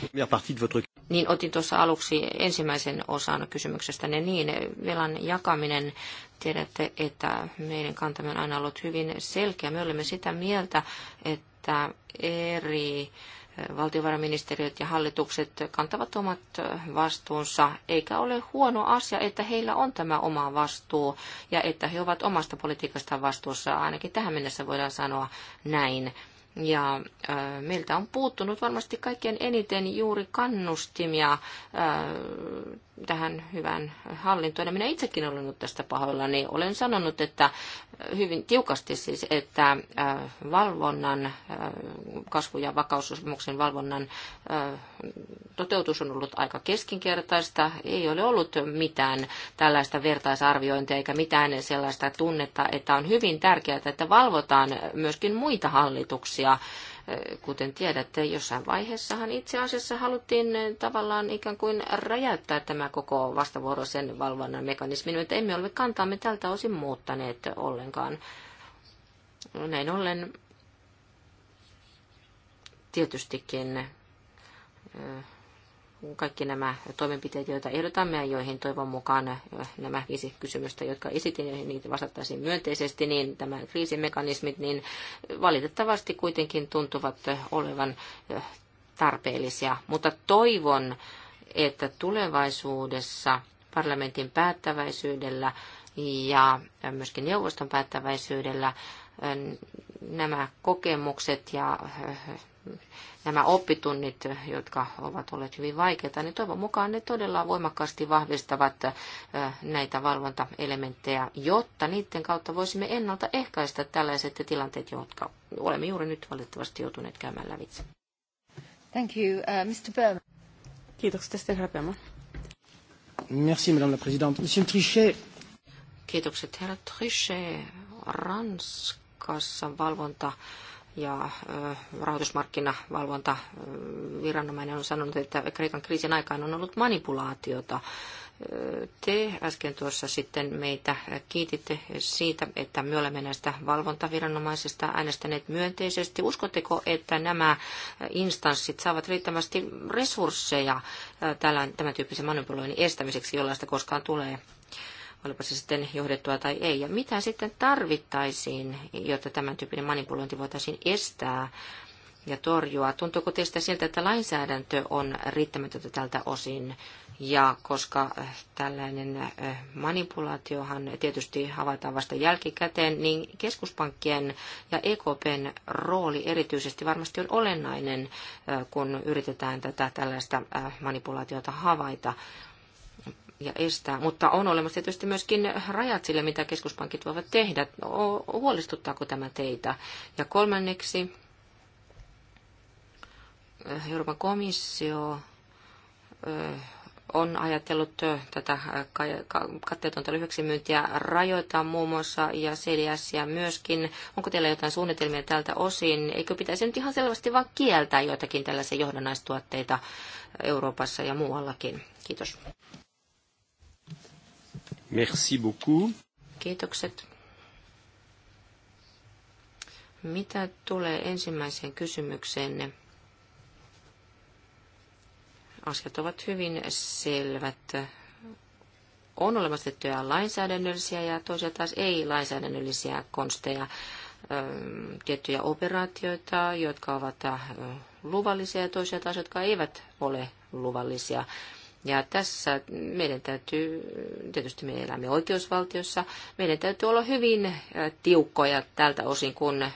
Niin otin tuossa aluksi ensimmäisen osan kysymyksestä, ne niin, velan jakaminen, tiedätte, että meidän kantamme on aina ollut hyvin selkeä. Me olemme sitä mieltä, että eri valtiovarainministeriöt ja hallitukset kantavat omat vastuunsa, eikä ole huono asia, että heillä on tämä oma vastuu ja että he ovat omasta politiikastaan vastuussa. Ainakin tähän mennessä voidaan sanoa näin. Ja meiltä on puuttunut varmasti kaikkien eniten juuri kannustimia tähän hyvään hallintoon. Ja minä itsekin olen ollut tästä pahoilla, niin olen sanonut, että äh, hyvin tiukasti siis, että äh, valvonnan, äh, kasvu- ja vakaussopimuksen valvonnan toteutus on ollut aika keskinkertaista. Ei ole ollut mitään tällaista vertaisarviointia eikä mitään sellaista tunnetta, että on hyvin tärkeää, että valvotaan myöskin muita hallituksia Kuten tiedätte, jossain vaiheessahan itse asiassa haluttiin eh, tavallaan ikään kuin räjäyttää tämä koko vastavuoroisen valvonnan mekanismi, että emme ole kantaamme tältä osin muuttaneet ollenkaan. Näin ollen tietystikin eh, kaikki nämä toimenpiteet, joita ehdotamme ja joihin toivon mukaan nämä viisi kysymystä, jotka esitin, joihin niitä vastattaisiin myönteisesti, niin tämä kriisimekanismit, niin valitettavasti kuitenkin tuntuvat olevan tarpeellisia. Mutta toivon, että tulevaisuudessa parlamentin päättäväisyydellä ja myöskin neuvoston päättäväisyydellä nämä kokemukset ja nämä oppitunnit, jotka ovat olleet hyvin vaikeita, niin toivon mukaan ne todella voimakkaasti vahvistavat näitä valvontaelementtejä, jotta niiden kautta voisimme ennaltaehkäistä tällaiset tilanteet, jotka olemme juuri nyt valitettavasti joutuneet käymään lävitse. Thank you, uh, Mr. Berman. Kiitokset, Esther Häpeämä. Merci, Madame la Présidente. Monsieur Trichet. Kiitokset, herra Trichet. Ranskassa valvonta ja rahoitusmarkkinavalvontaviranomainen on sanonut, että Kreikan kriisin aikaan on ollut manipulaatiota. Te äsken tuossa sitten meitä kiititte siitä, että me olemme näistä valvontaviranomaisista äänestäneet myönteisesti. Uskotteko, että nämä instanssit saavat riittävästi resursseja tämän tyyppisen manipuloinnin estämiseksi, jollaista koskaan tulee? olipa se sitten johdettua tai ei. Ja mitä sitten tarvittaisiin, jotta tämän tyyppinen manipulointi voitaisiin estää ja torjua? Tuntuuko teistä siltä, että lainsäädäntö on riittämätöntä tältä osin? Ja koska äh, tällainen äh, manipulaatiohan tietysti havaitaan vasta jälkikäteen, niin keskuspankkien ja EKPn rooli erityisesti varmasti on olennainen, äh, kun yritetään tätä tällaista manipulaatiota havaita ja estää. Mutta on olemassa tietysti myöskin rajat sille, mitä keskuspankit voivat tehdä. Huolestuttaako tämä teitä? Ja kolmanneksi, eh, Euroopan komissio eh, on ajatellut eh, tätä katteetonta lyhyeksi rajoittaa muun muassa ja CDS ja myöskin. Onko teillä jotain suunnitelmia tältä osin? Eikö pitäisi nyt ihan selvästi vain kieltää joitakin tällaisia johdannaistuotteita Euroopassa ja muuallakin? Kiitos. Merci beaucoup. Kiitokset. Mitä tulee ensimmäiseen kysymykseenne? Asiat ovat hyvin selvät. On olemassa tiettyjä lainsäädännöllisiä ja toisaalta taas ei-lainsäädännöllisiä konsteja, tiettyjä operaatioita, jotka ovat luvallisia ja toisia taas, jotka eivät ole luvallisia. Ja tässä meidän täytyy, tietysti me elämme oikeusvaltiossa, meidän täytyy olla hyvin tiukkoja tältä osin, kun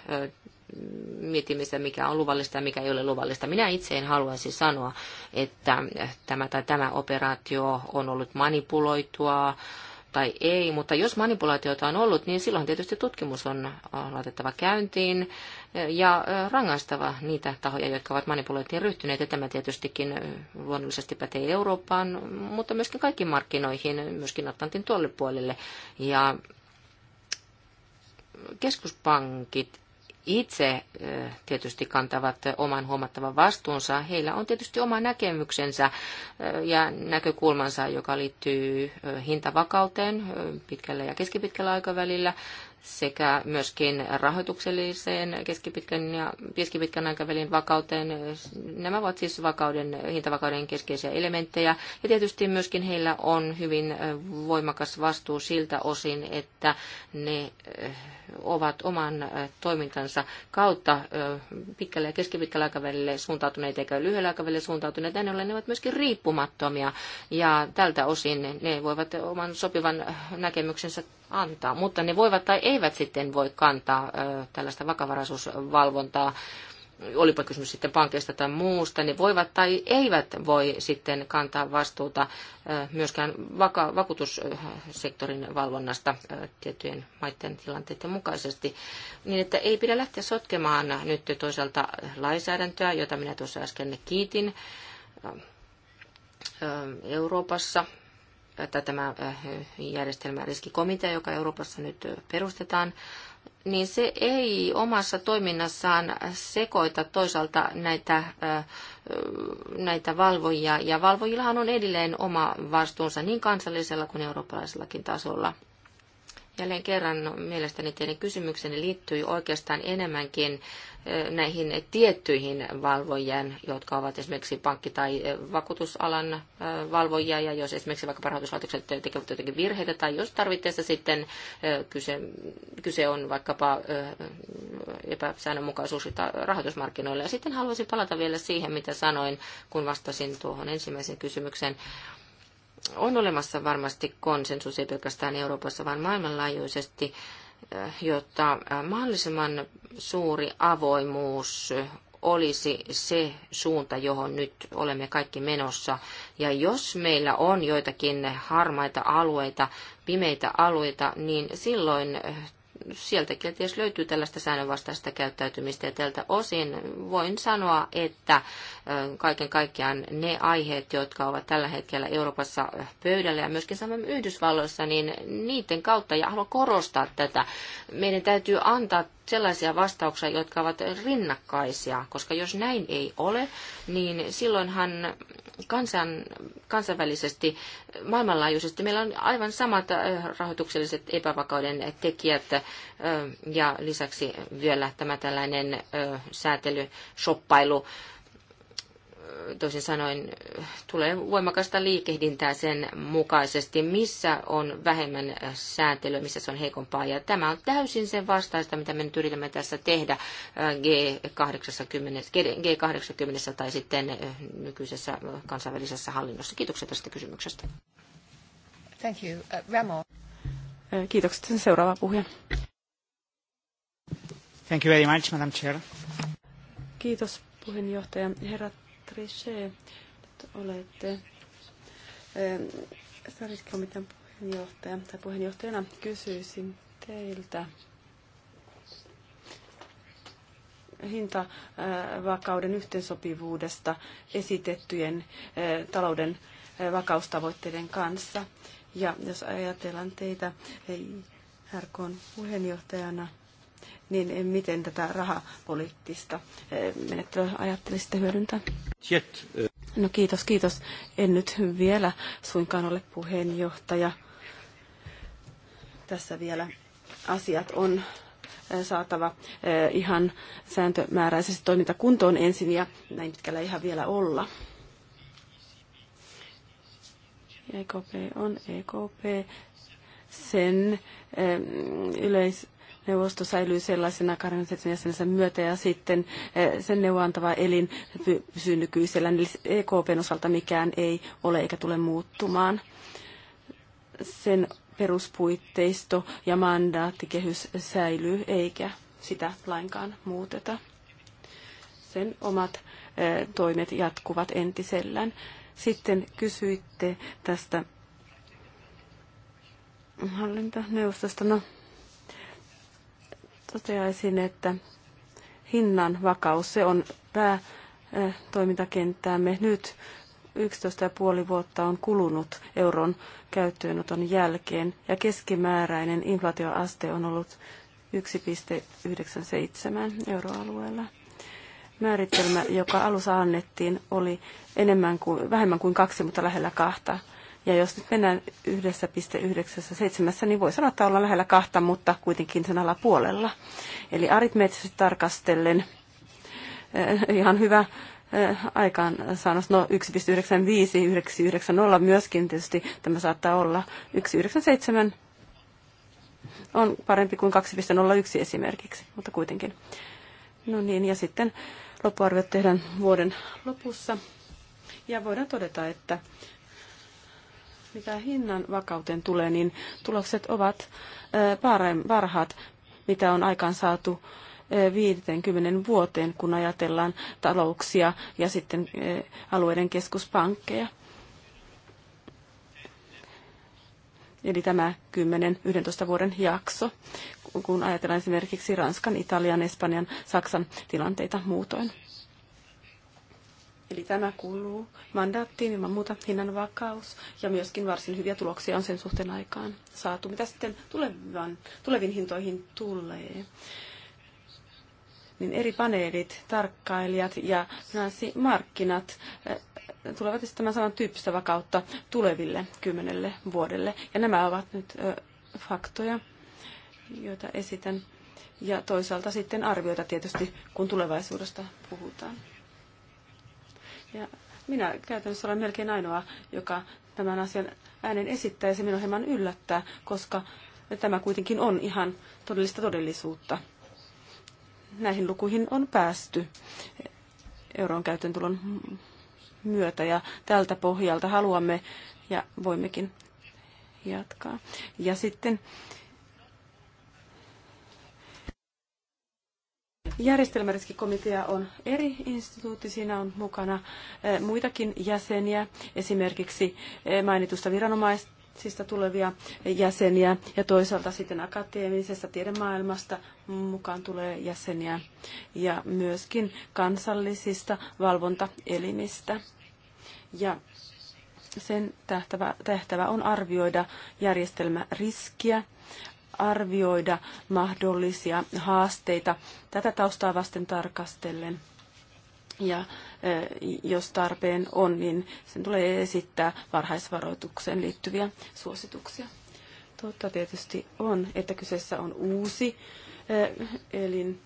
mietimme sitä, mikä on luvallista ja mikä ei ole luvallista. Minä itse en haluaisi sanoa, että tämä tai tämä operaatio on ollut manipuloitua, tai ei, mutta jos manipulaatioita on ollut, niin silloin tietysti tutkimus on laitettava käyntiin ja rangaistava niitä tahoja, jotka ovat manipulointiin ryhtyneet. Ja tämä tietystikin luonnollisesti pätee Eurooppaan, mutta myöskin kaikkiin markkinoihin, myöskin Atlantin tuolle puolelle. Ja keskuspankit itse tietysti kantavat oman huomattavan vastuunsa. Heillä on tietysti oma näkemyksensä ja näkökulmansa, joka liittyy hintavakauteen pitkällä ja keskipitkällä aikavälillä sekä myöskin rahoitukselliseen keskipitkän ja keskipitkän aikavälin vakauteen. Nämä ovat siis vakauden, hintavakauden keskeisiä elementtejä. Ja tietysti myöskin heillä on hyvin voimakas vastuu siltä osin, että ne ovat oman toimintansa kautta pitkällä ja keskipitkällä aikavälillä suuntautuneita eikä lyhyellä aikavälillä suuntautuneita, näin ollen ne ovat myöskin riippumattomia ja tältä osin ne voivat oman sopivan näkemyksensä antaa, mutta ne voivat tai eivät sitten voi kantaa tällaista vakavaraisuusvalvontaa olipa kysymys sitten pankeista tai muusta, niin voivat tai eivät voi sitten kantaa vastuuta myöskään vaka- vakuutussektorin valvonnasta tiettyjen maiden tilanteiden mukaisesti. Niin että ei pidä lähteä sotkemaan nyt toisaalta lainsäädäntöä, jota minä tuossa äsken kiitin Euroopassa tämä järjestelmäriskikomitea, joka Euroopassa nyt perustetaan, niin se ei omassa toiminnassaan sekoita toisaalta näitä, näitä valvojia. Ja valvojillahan on edelleen oma vastuunsa niin kansallisella kuin eurooppalaisellakin tasolla. Jälleen kerran mielestäni teidän kysymykseni liittyy oikeastaan enemmänkin näihin tiettyihin valvojien, jotka ovat esimerkiksi pankki- tai vakuutusalan valvojia, ja jos esimerkiksi vaikka rahoituslaitokset tekevät jotakin virheitä, tai jos tarvitteessa sitten kyse, kyse on vaikkapa epäsäännönmukaisuus rahoitusmarkkinoilla. Ja sitten haluaisin palata vielä siihen, mitä sanoin, kun vastasin tuohon ensimmäiseen kysymykseen on olemassa varmasti konsensus, ei pelkästään Euroopassa, vaan maailmanlaajuisesti, eh, jotta eh, mahdollisimman suuri avoimuus olisi se suunta, johon nyt olemme kaikki menossa. Ja jos meillä on joitakin harmaita alueita, pimeitä alueita, niin silloin eh, sieltäkin tietysti löytyy tällaista säännönvastaista käyttäytymistä ja tältä osin voin sanoa, että kaiken kaikkiaan ne aiheet, jotka ovat tällä hetkellä Euroopassa pöydällä ja myöskin samoin Yhdysvalloissa, niin niiden kautta, ja haluan korostaa tätä, meidän täytyy antaa sellaisia vastauksia, jotka ovat rinnakkaisia, koska jos näin ei ole, niin silloinhan kansan, kansainvälisesti, maailmanlaajuisesti meillä on aivan samat rahoitukselliset epävakauden tekijät ja lisäksi vielä tämä tällainen säätely, shoppailu, toisin sanoen tulee voimakasta liikehdintää sen mukaisesti, missä on vähemmän sääntelyä, missä se on heikompaa. Ja tämä on täysin sen vastaista, mitä me nyt yritämme tässä tehdä G80, äh, G80 tai sitten äh, nykyisessä kansainvälisessä hallinnossa. Kiitoksia tästä kysymyksestä. Thank you. Uh, Ramo. Äh, kiitokset. Seuraava puhuja. Thank you very much, Madam Chair. Kiitos puheenjohtaja. Herra Trichet, että olette ähm, Sariskomitean puheenjohtaja tai puheenjohtajana kysyisin teiltä hintavakauden äh, yhteensopivuudesta esitettyjen äh, talouden äh, vakaustavoitteiden kanssa. Ja jos ajatellaan teitä RK puheenjohtajana, niin miten tätä rahapoliittista eh, menettelyä ajattelisitte hyödyntää? Jet. Eh. No kiitos, kiitos. En nyt vielä suinkaan ole puheenjohtaja. Tässä vielä asiat on eh, saatava ihan sääntömääräisesti toimintakuntoon ensin ja näin pitkällä ihan vielä olla. EKP on EKP. Sen yleis neuvosto säilyy sellaisena 27 jäsenensä myötä ja sitten eh, sen neuvoantava elin pysyy nykyisellä. Eli EKPn e osalta mikään ei ole eikä tule muuttumaan. Sen peruspuitteisto ja mandaattikehys säilyy eikä sitä lainkaan muuteta. Sen omat eh, toimet jatkuvat entisellään. Sitten kysyitte tästä hallintoneuvostosta. No, Toteaisin, että hinnan vakaus, se on päätoimintakenttäämme nyt. 11,5 vuotta on kulunut euron käyttöönoton jälkeen ja keskimääräinen inflaatioaste on ollut 1,97 euroalueella. Määritelmä, joka alussa annettiin, oli enemmän kuin, vähemmän kuin kaksi, mutta lähellä kahta ja jos nyt mennään 1,97, niin voi sanoa, että ollaan lähellä kahta, mutta kuitenkin sen alapuolella. Eli aritmeettisesti tarkastellen eh, ihan hyvä eh, aikaansaannos, no 1,95, 1,90 myöskin tietysti tämä saattaa olla 1,97 on parempi kuin 2,01 esimerkiksi, mutta kuitenkin. No niin, ja sitten loppuarviot tehdään vuoden lopussa. Ja voidaan todeta, että mitä hinnan vakauteen tulee, niin tulokset ovat parhaat, mitä on aikaan saatu 50 vuoteen, kun ajatellaan talouksia ja sitten alueiden keskuspankkeja. Eli tämä 10-11 vuoden jakso, kun ajatellaan esimerkiksi Ranskan, Italian, Espanjan, Saksan tilanteita muutoin. Eli tämä kuuluu mandaattiin ilman muuta hinnan vakaus ja myöskin varsin hyviä tuloksia on sen suhteen aikaan saatu. Mitä sitten tulevan, tuleviin hintoihin tulee? Niin eri paneelit, tarkkailijat ja markkinat eh, tulevat esittämään tyyppistä vakautta tuleville kymmenelle vuodelle. Ja nämä ovat nyt eh, faktoja, joita esitän. Ja toisaalta sitten arvioita tietysti, kun tulevaisuudesta puhutaan. Ja minä käytännössä olen melkein ainoa, joka tämän asian äänen esittää, ja se minua hieman yllättää, koska tämä kuitenkin on ihan todellista todellisuutta. Näihin lukuihin on päästy euron käyttööntulon myötä, ja tältä pohjalta haluamme ja voimmekin jatkaa. Ja sitten Järjestelmäriskikomitea on eri instituutti, siinä on mukana eh, muitakin jäseniä, esimerkiksi eh, mainitusta viranomaisista tulevia jäseniä ja toisaalta sitten akateemisesta tiedemaailmasta mukaan tulee jäseniä ja myöskin kansallisista valvontaelimistä. Ja sen tehtävä, tehtävä on arvioida järjestelmäriskiä arvioida mahdollisia haasteita tätä taustaa vasten tarkastellen. Ja e, jos tarpeen on, niin sen tulee esittää varhaisvaroitukseen liittyviä suosituksia. Totta tietysti on, että kyseessä on uusi e, elin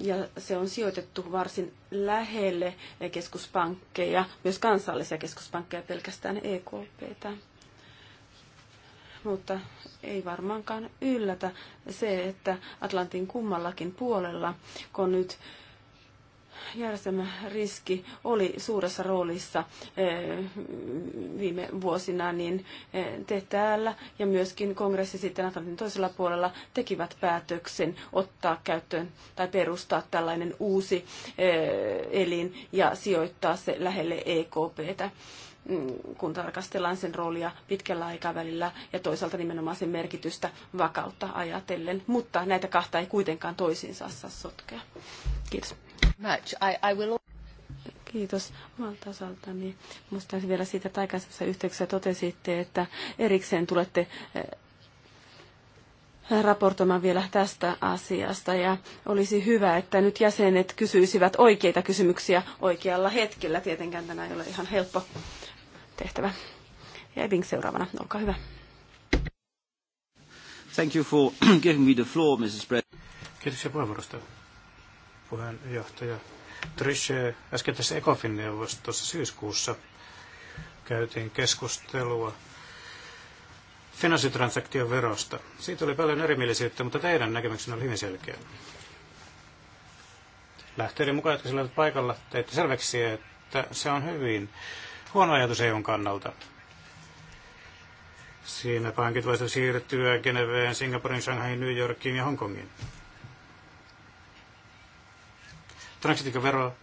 ja se on sijoitettu varsin lähelle keskuspankkeja, myös kansallisia keskuspankkeja, pelkästään EKPtä mutta ei varmaankaan yllätä se, että Atlantin kummallakin puolella, kun nyt järjestelmäriski oli suuressa roolissa eh, viime vuosina, niin eh, te täällä ja myöskin kongressi sitten Atlantin toisella puolella tekivät päätöksen ottaa käyttöön tai perustaa tällainen uusi eh, elin ja sijoittaa se lähelle EKPtä. Mm, kun tarkastellaan sen roolia pitkällä aikavälillä ja toisaalta nimenomaan sen merkitystä vakautta ajatellen. Mutta näitä kahta ei kuitenkaan toisiinsa saa sotkea. Kiitos. Much. I, I will... Kiitos omalta osaltani. Muistaisin vielä siitä, että aikaisemmassa yhteyksessä totesitte, että erikseen tulette eh, raportoimaan vielä tästä asiasta ja olisi hyvä, että nyt jäsenet kysyisivät oikeita kysymyksiä oikealla hetkellä. Tietenkään tämä ei ole ihan helppo tehtävä. Ja Ebing seuraavana, olkaa hyvä. Thank you for [CLEARS THROAT] giving me the floor, Mrs. President. Kiitoksia puheenvuorosta, puheenjohtaja. Trishe, äsken tässä ECOFIN neuvostossa syyskuussa käytiin keskustelua finanssitransaktioverosta. Siitä oli paljon erimielisyyttä, mutta teidän näkemyksenne oli hyvin selkeä. Lähteiden mukaan, jotka sillä paikalla, teitte selväksi, että se on hyvin huono ajatus EUn kannalta. Siinä pankit voisivat siirtyä Geneveen, Singaporein, Shanghaiin, New Yorkiin ja Hongkongiin. Transitikavero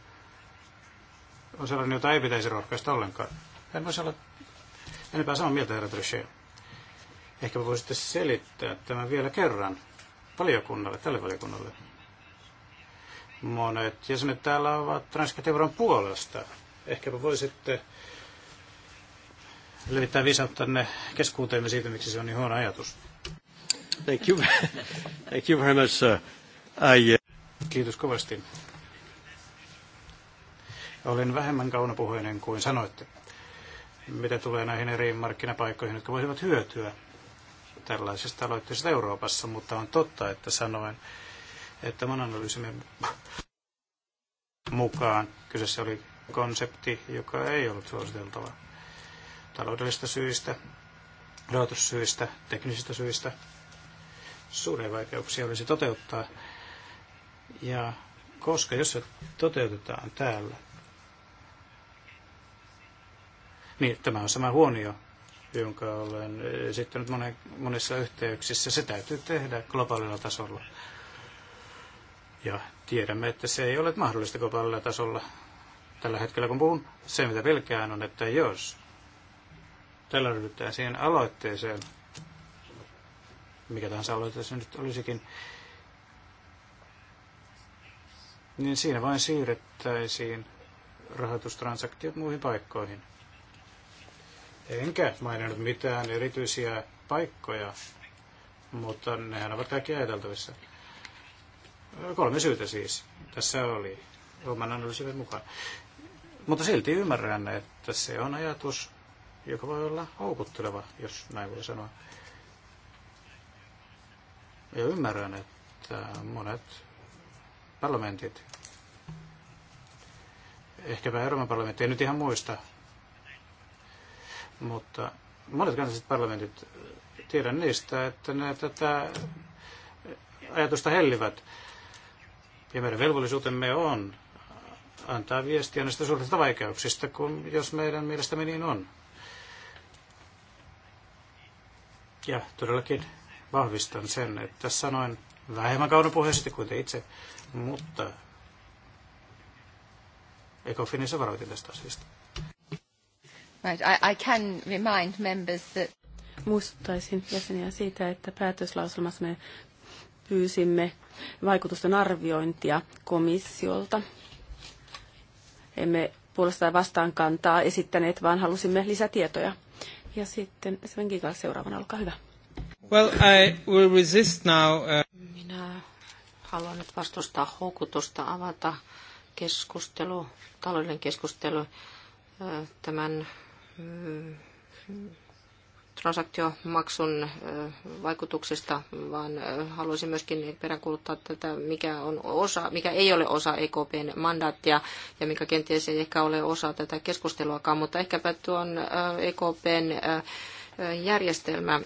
on sellainen, jota ei pitäisi rohkaista ollenkaan. En voisi olla enempää samaa mieltä, herra Trichet. Ehkä voisitte selittää tämän vielä kerran valiokunnalle, tälle valiokunnalle. Monet jäsenet täällä ovat transkategoran puolesta. Ehkäpä voisitte levittää viisauttanne keskuuteemme siitä, miksi se on niin huono ajatus. Thank you. Thank you very much, sir. I, uh... Kiitos kovasti. Olin vähemmän kaunopuheinen kuin sanoitte, mitä tulee näihin eri markkinapaikkoihin, jotka voisivat hyötyä tällaisista aloitteista Euroopassa, mutta on totta, että sanoen, että mun analyysimme mukaan kyseessä oli konsepti, joka ei ollut suositeltava taloudellisista syistä, rahoitussyistä, teknisistä syistä. Suuria vaikeuksia olisi toteuttaa. Ja koska jos se toteutetaan täällä, niin tämä on sama huonio, jonka olen esittänyt monissa yhteyksissä. Se täytyy tehdä globaalilla tasolla. Ja tiedämme, että se ei ole mahdollista globaalilla tasolla tällä hetkellä, kun puhun. Se, mitä pelkään, on, että jos Tällä ryhdytään siihen aloitteeseen, mikä tahansa aloite se nyt olisikin, niin siinä vain siirrettäisiin rahoitustransaktiot muihin paikkoihin. Enkä maininnut mitään erityisiä paikkoja, mutta nehän ovat kaikki ajateltavissa. Kolme syytä siis. Tässä oli oman analyysin mukaan. Mutta silti ymmärrän, että se on ajatus, joka voi olla houkutteleva, jos näin voi sanoa. Ja ymmärrän, että monet parlamentit, ehkäpä Euroopan parlamentti, en nyt ihan muista, mutta monet kansalliset parlamentit, tiedän niistä, että ne tätä ajatusta hellivät. Ja meidän velvollisuutemme on antaa viestiä näistä suurista vaikeuksista, kun jos meidän mielestämme niin on. Ja todellakin vahvistan sen, että sanoin vähemmän kaunopohjaisesti kuin te itse, mutta Ecofinissa varoitin tästä asiasta. Right, I, I can remind members that... Muistuttaisin jäseniä siitä, että päätöslauselmassa me pyysimme vaikutusten arviointia komissiolta. Emme puolestaan vastaan kantaa esittäneet, vaan halusimme lisätietoja. Ja sitten Sven Gigal seuraavana, olkaa hyvä. Well, I will resist now. Uh... Minä haluan nyt vastustaa houkutusta avata keskustelu, taloudellinen keskustelu uh, tämän mm, transaktiomaksun vaikutuksesta, vaan haluaisin myöskin peräänkuuluttaa tätä, mikä, on osa, mikä ei ole osa EKPn mandaattia ja mikä kenties ei ehkä ole osa tätä keskusteluakaan, mutta ehkäpä tuon EKPn järjestelmä,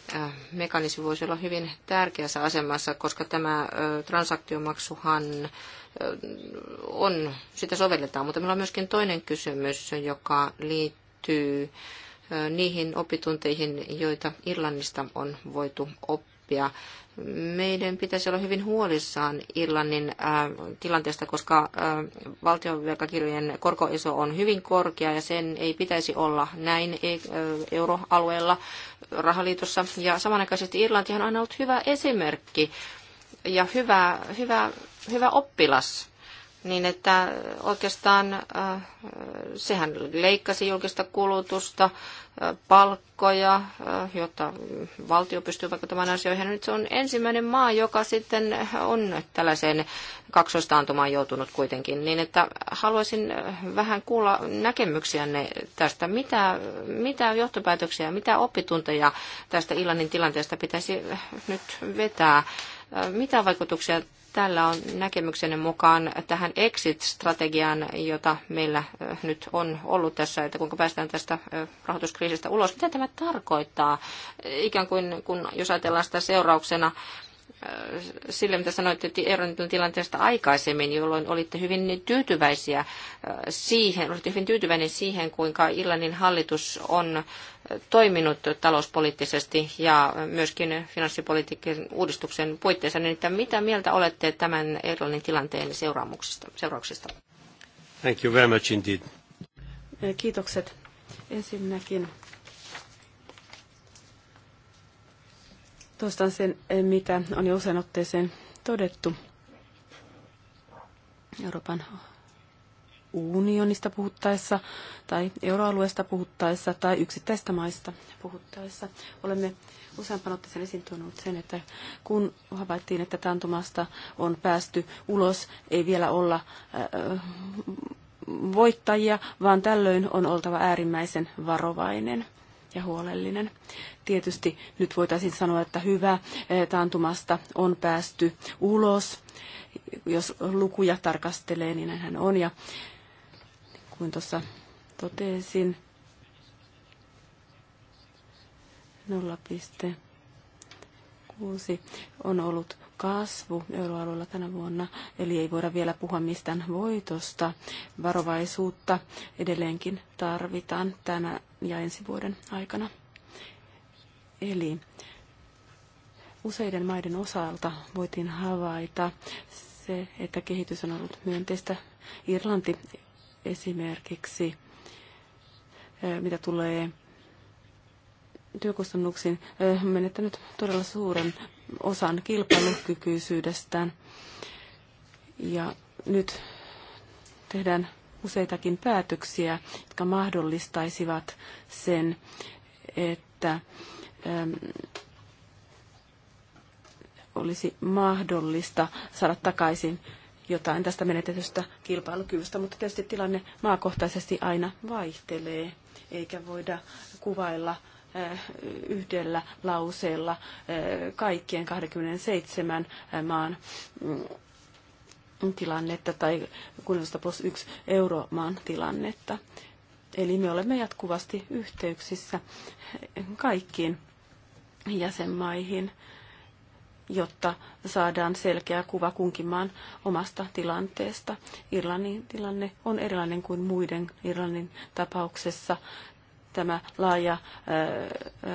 mekanismi voisi olla hyvin tärkeässä asemassa, koska tämä transaktiomaksuhan on, sitä sovelletaan. Mutta meillä on myöskin toinen kysymys, joka liittyy niihin opitunteihin, joita Irlannista on voitu oppia. Meidän pitäisi olla hyvin huolissaan Irlannin äh, tilanteesta, koska äh, valtionvelkakirjojen korkoiso on hyvin korkea ja sen ei pitäisi olla näin e- euroalueella rahaliitossa. Ja samanaikaisesti Irlantihan on aina ollut hyvä esimerkki ja hyvä, hyvä, hyvä oppilas niin että oikeastaan äh, sehän leikkasi julkista kulutusta, äh, palkkoja, äh, jotta valtio pystyy vaikka tämän asioihin. Nyt se on ensimmäinen maa, joka sitten on tällaiseen kaksoistaantumaan joutunut kuitenkin. Niin että haluaisin vähän kuulla näkemyksiänne tästä. Mitä, mitä johtopäätöksiä, mitä oppitunteja tästä Ilanin tilanteesta pitäisi nyt vetää? Mitä vaikutuksia Tällä on näkemyksenne mukaan tähän exit-strategiaan, jota meillä nyt on ollut tässä, että kuinka päästään tästä rahoituskriisistä ulos. Mitä tämä tarkoittaa? Ikään kuin kun jos ajatellaan sitä seurauksena Äh, sille, mitä sanoitte eronnetun tilanteesta aikaisemmin, jolloin olitte hyvin tyytyväisiä äh, siihen, olitte hyvin tyytyväinen siihen, kuinka Irlannin hallitus on äh, toiminut talouspoliittisesti ja myöskin finanssipolitiikan uudistuksen puitteissa, niin että mitä mieltä olette tämän Irlannin tilanteen seuraamuksista, seurauksista? Thank you very much indeed. Kiitokset. Ensinnäkin Toistan sen, eh, mitä on jo usein otteeseen todettu. Euroopan unionista puhuttaessa tai euroalueesta puhuttaessa tai yksittäistä maista puhuttaessa. Olemme useampaan otteeseen esiin tuonut sen, että kun havaittiin, että tantumasta on päästy ulos, ei vielä olla eh, voittajia, vaan tällöin on oltava äärimmäisen varovainen ja huolellinen. Tietysti nyt voitaisiin sanoa, että hyvä, eh, taantumasta on päästy ulos. Jos lukuja tarkastelee, niin hän on. Ja kuin tuossa totesin, 0,6 on ollut kasvu euroalueella tänä vuonna, eli ei voida vielä puhua mistään voitosta. Varovaisuutta edelleenkin tarvitaan. Tänä ja ensi vuoden aikana. Eli useiden maiden osalta voitiin havaita se, että kehitys on ollut myönteistä. Irlanti esimerkiksi, mitä tulee työkustannuksiin, menettänyt todella suuren osan kilpailukykyisyydestään. Ja nyt tehdään useitakin päätöksiä, jotka mahdollistaisivat sen, että ähm, olisi mahdollista saada takaisin jotain tästä menetetystä kilpailukyvystä, mutta tietysti tilanne maakohtaisesti aina vaihtelee, eikä voida kuvailla äh, yhdellä lauseella äh, kaikkien 27 äh, maan mm, tilannetta tai 16 plus 1 euromaan tilannetta. Eli me olemme jatkuvasti yhteyksissä kaikkiin jäsenmaihin, jotta saadaan selkeä kuva kunkin maan omasta tilanteesta. Irlannin tilanne on erilainen kuin muiden Irlannin tapauksessa. Tämä laaja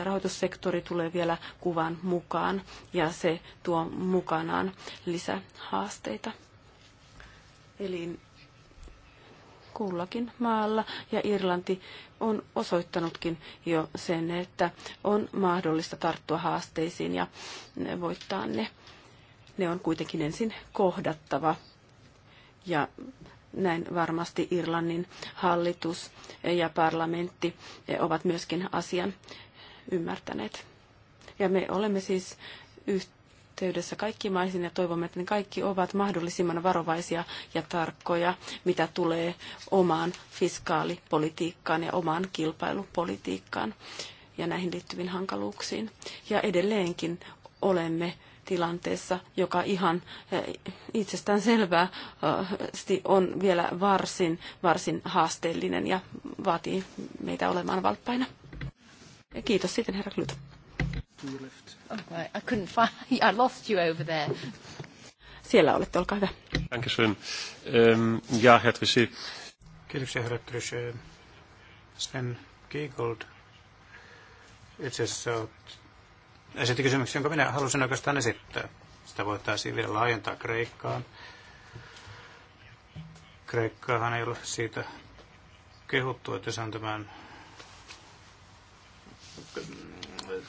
rahoitussektori tulee vielä kuvan mukaan ja se tuo mukanaan lisähaasteita elin kullakin maalla, ja Irlanti on osoittanutkin jo sen, että on mahdollista tarttua haasteisiin ja voittaa ne. Ne on kuitenkin ensin kohdattava, ja näin varmasti Irlannin hallitus ja parlamentti ovat myöskin asian ymmärtäneet. Ja me olemme siis yhteydessä yhteydessä kaikki maisin ja toivomme, että ne kaikki ovat mahdollisimman varovaisia ja tarkkoja, mitä tulee omaan fiskaalipolitiikkaan ja omaan kilpailupolitiikkaan ja näihin liittyviin hankaluuksiin. Ja edelleenkin olemme tilanteessa, joka ihan eh, itsestään selvää eh, on vielä varsin, varsin haasteellinen ja vaatii meitä olemaan valppaina. kiitos sitten, herra Klyt. I couldn't find... [LAUGHS] I lost you over there. Siellä olette, olkaa hyvä. Dankeschön. Ähm, ja, herr Trichet. Kiitoksia, herra Trichet. Sven Giegold itse asiassa esitti kysymyksen, jonka minä halusin oikeastaan esittää. Sitä voitaisiin vielä laajentaa Kreikkaan. Kreikkaahan ei ole siitä kehuttu, että se on tämän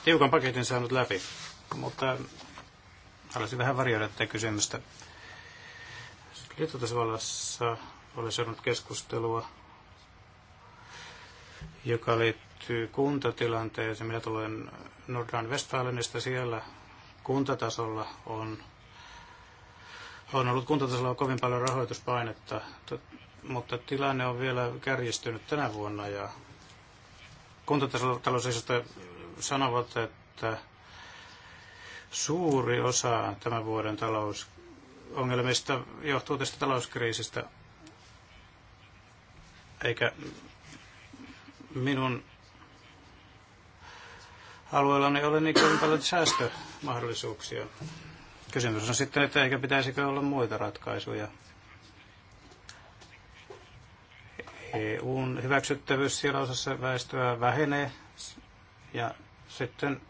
tiukan paketin saanut läpi, mutta haluaisin vähän varjoida tätä kysymystä. Liittotasavallassa oli saanut keskustelua, joka liittyy kuntatilanteeseen. Minä tulen Nordan westfalenista siellä kuntatasolla on, on ollut kuntatasolla on kovin paljon rahoituspainetta, mutta tilanne on vielä kärjistynyt tänä vuonna ja kuntatalousasioista sanovat, että suuri osa tämän vuoden talousongelmista johtuu tästä talouskriisistä, eikä minun alueellani ole niin kovin paljon säästömahdollisuuksia. Kysymys on sitten, että eikä pitäisikö olla muita ratkaisuja. EUn hyväksyttävyys siellä osassa väestöä vähenee ja sitten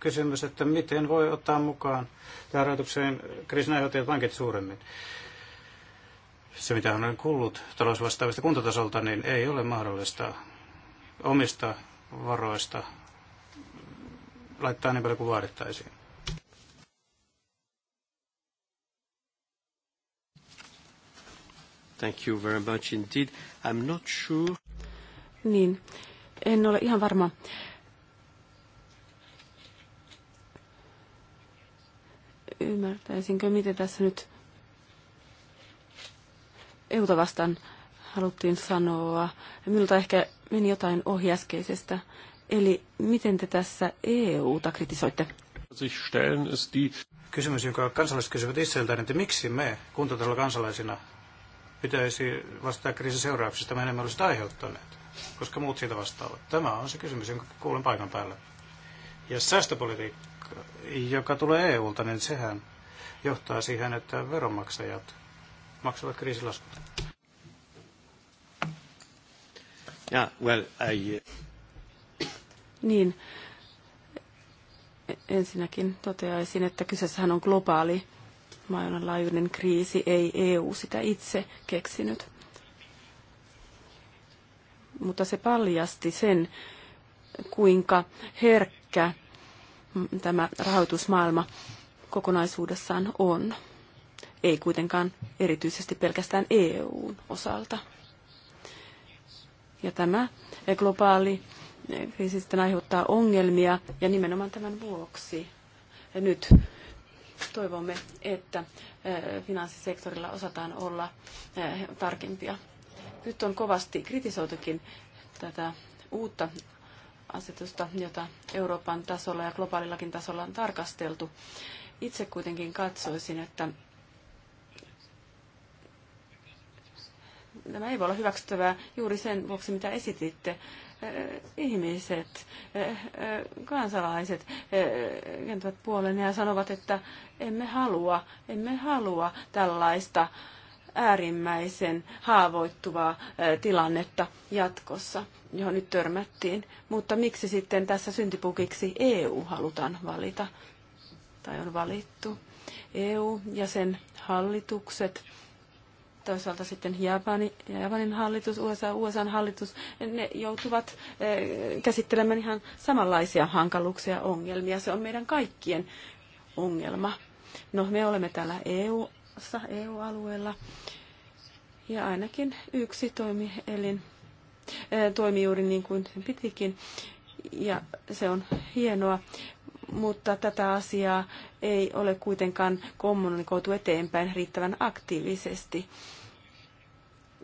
kysymys, että miten voi ottaa mukaan tähän rahoitukseen kriisin aiheuttajat pankit suuremmin. Se, mitä olen kuullut talousvastaavista kuntatasolta, niin ei ole mahdollista omista varoista laittaa niin paljon kuin vaadittaisiin. Thank you very much indeed. I'm not sure. Niin, en ole ihan varma. ymmärtäisinkö, miten tässä nyt euta vastaan haluttiin sanoa. Minulta ehkä meni jotain ohi äskeisestä. Eli miten te tässä EUta kritisoitte? Kysymys, jonka kansalaiset kysyvät itseltään, että miksi me kuntatalolla kansalaisina pitäisi vastata kriisin seurauksista, me emme olisi aiheuttaneet, koska muut siitä vastaavat. Tämä on se kysymys, jonka kuulen paikan päällä. Ja säästöpolitiikka joka tulee EU-ta niin sehän johtaa siihen, että veronmaksajat maksavat kriisilaskut. Yeah, well, I... Eh, niin. E, ensinnäkin toteaisin, että kyseessähän on globaali maailmanlaajuinen kriisi, ei EU sitä itse keksinyt. Mutta se paljasti sen, kuinka herkkä tämä rahoitusmaailma kokonaisuudessaan on. Ei kuitenkaan erityisesti pelkästään EUn osalta. Ja tämä globaali kriisi sitten aiheuttaa ongelmia ja nimenomaan tämän vuoksi ja nyt toivomme, että finanssisektorilla osataan olla tarkempia. Nyt on kovasti kritisoitukin tätä uutta asetusta, jota Euroopan tasolla ja globaalillakin tasolla on tarkasteltu. Itse kuitenkin katsoisin, että tämä ei voi olla hyväksyttävää juuri sen vuoksi, mitä esititte. Eh, ihmiset, eh, eh, kansalaiset kentävät puolen ja sanovat, että emme halua, emme halua tällaista äh, äärimmäisen haavoittuvaa tilannetta jatkossa, johon nyt törmättiin. Mutta miksi sitten tässä syntipukiksi EU halutaan valita tai on valittu? EU ja sen hallitukset, toisaalta sitten Japani, Japanin hallitus, USA, USAn hallitus, ne joutuvat käsittelemään ihan samanlaisia hankaluuksia ja ongelmia. Se on meidän kaikkien ongelma. No, me olemme täällä EU Euroopassa, EU-alueella. Ja ainakin yksi toimielin toimii juuri niin kuin sen pitikin. Ja se on hienoa, mutta tätä asiaa ei ole kuitenkaan kommunikoitu eteenpäin riittävän aktiivisesti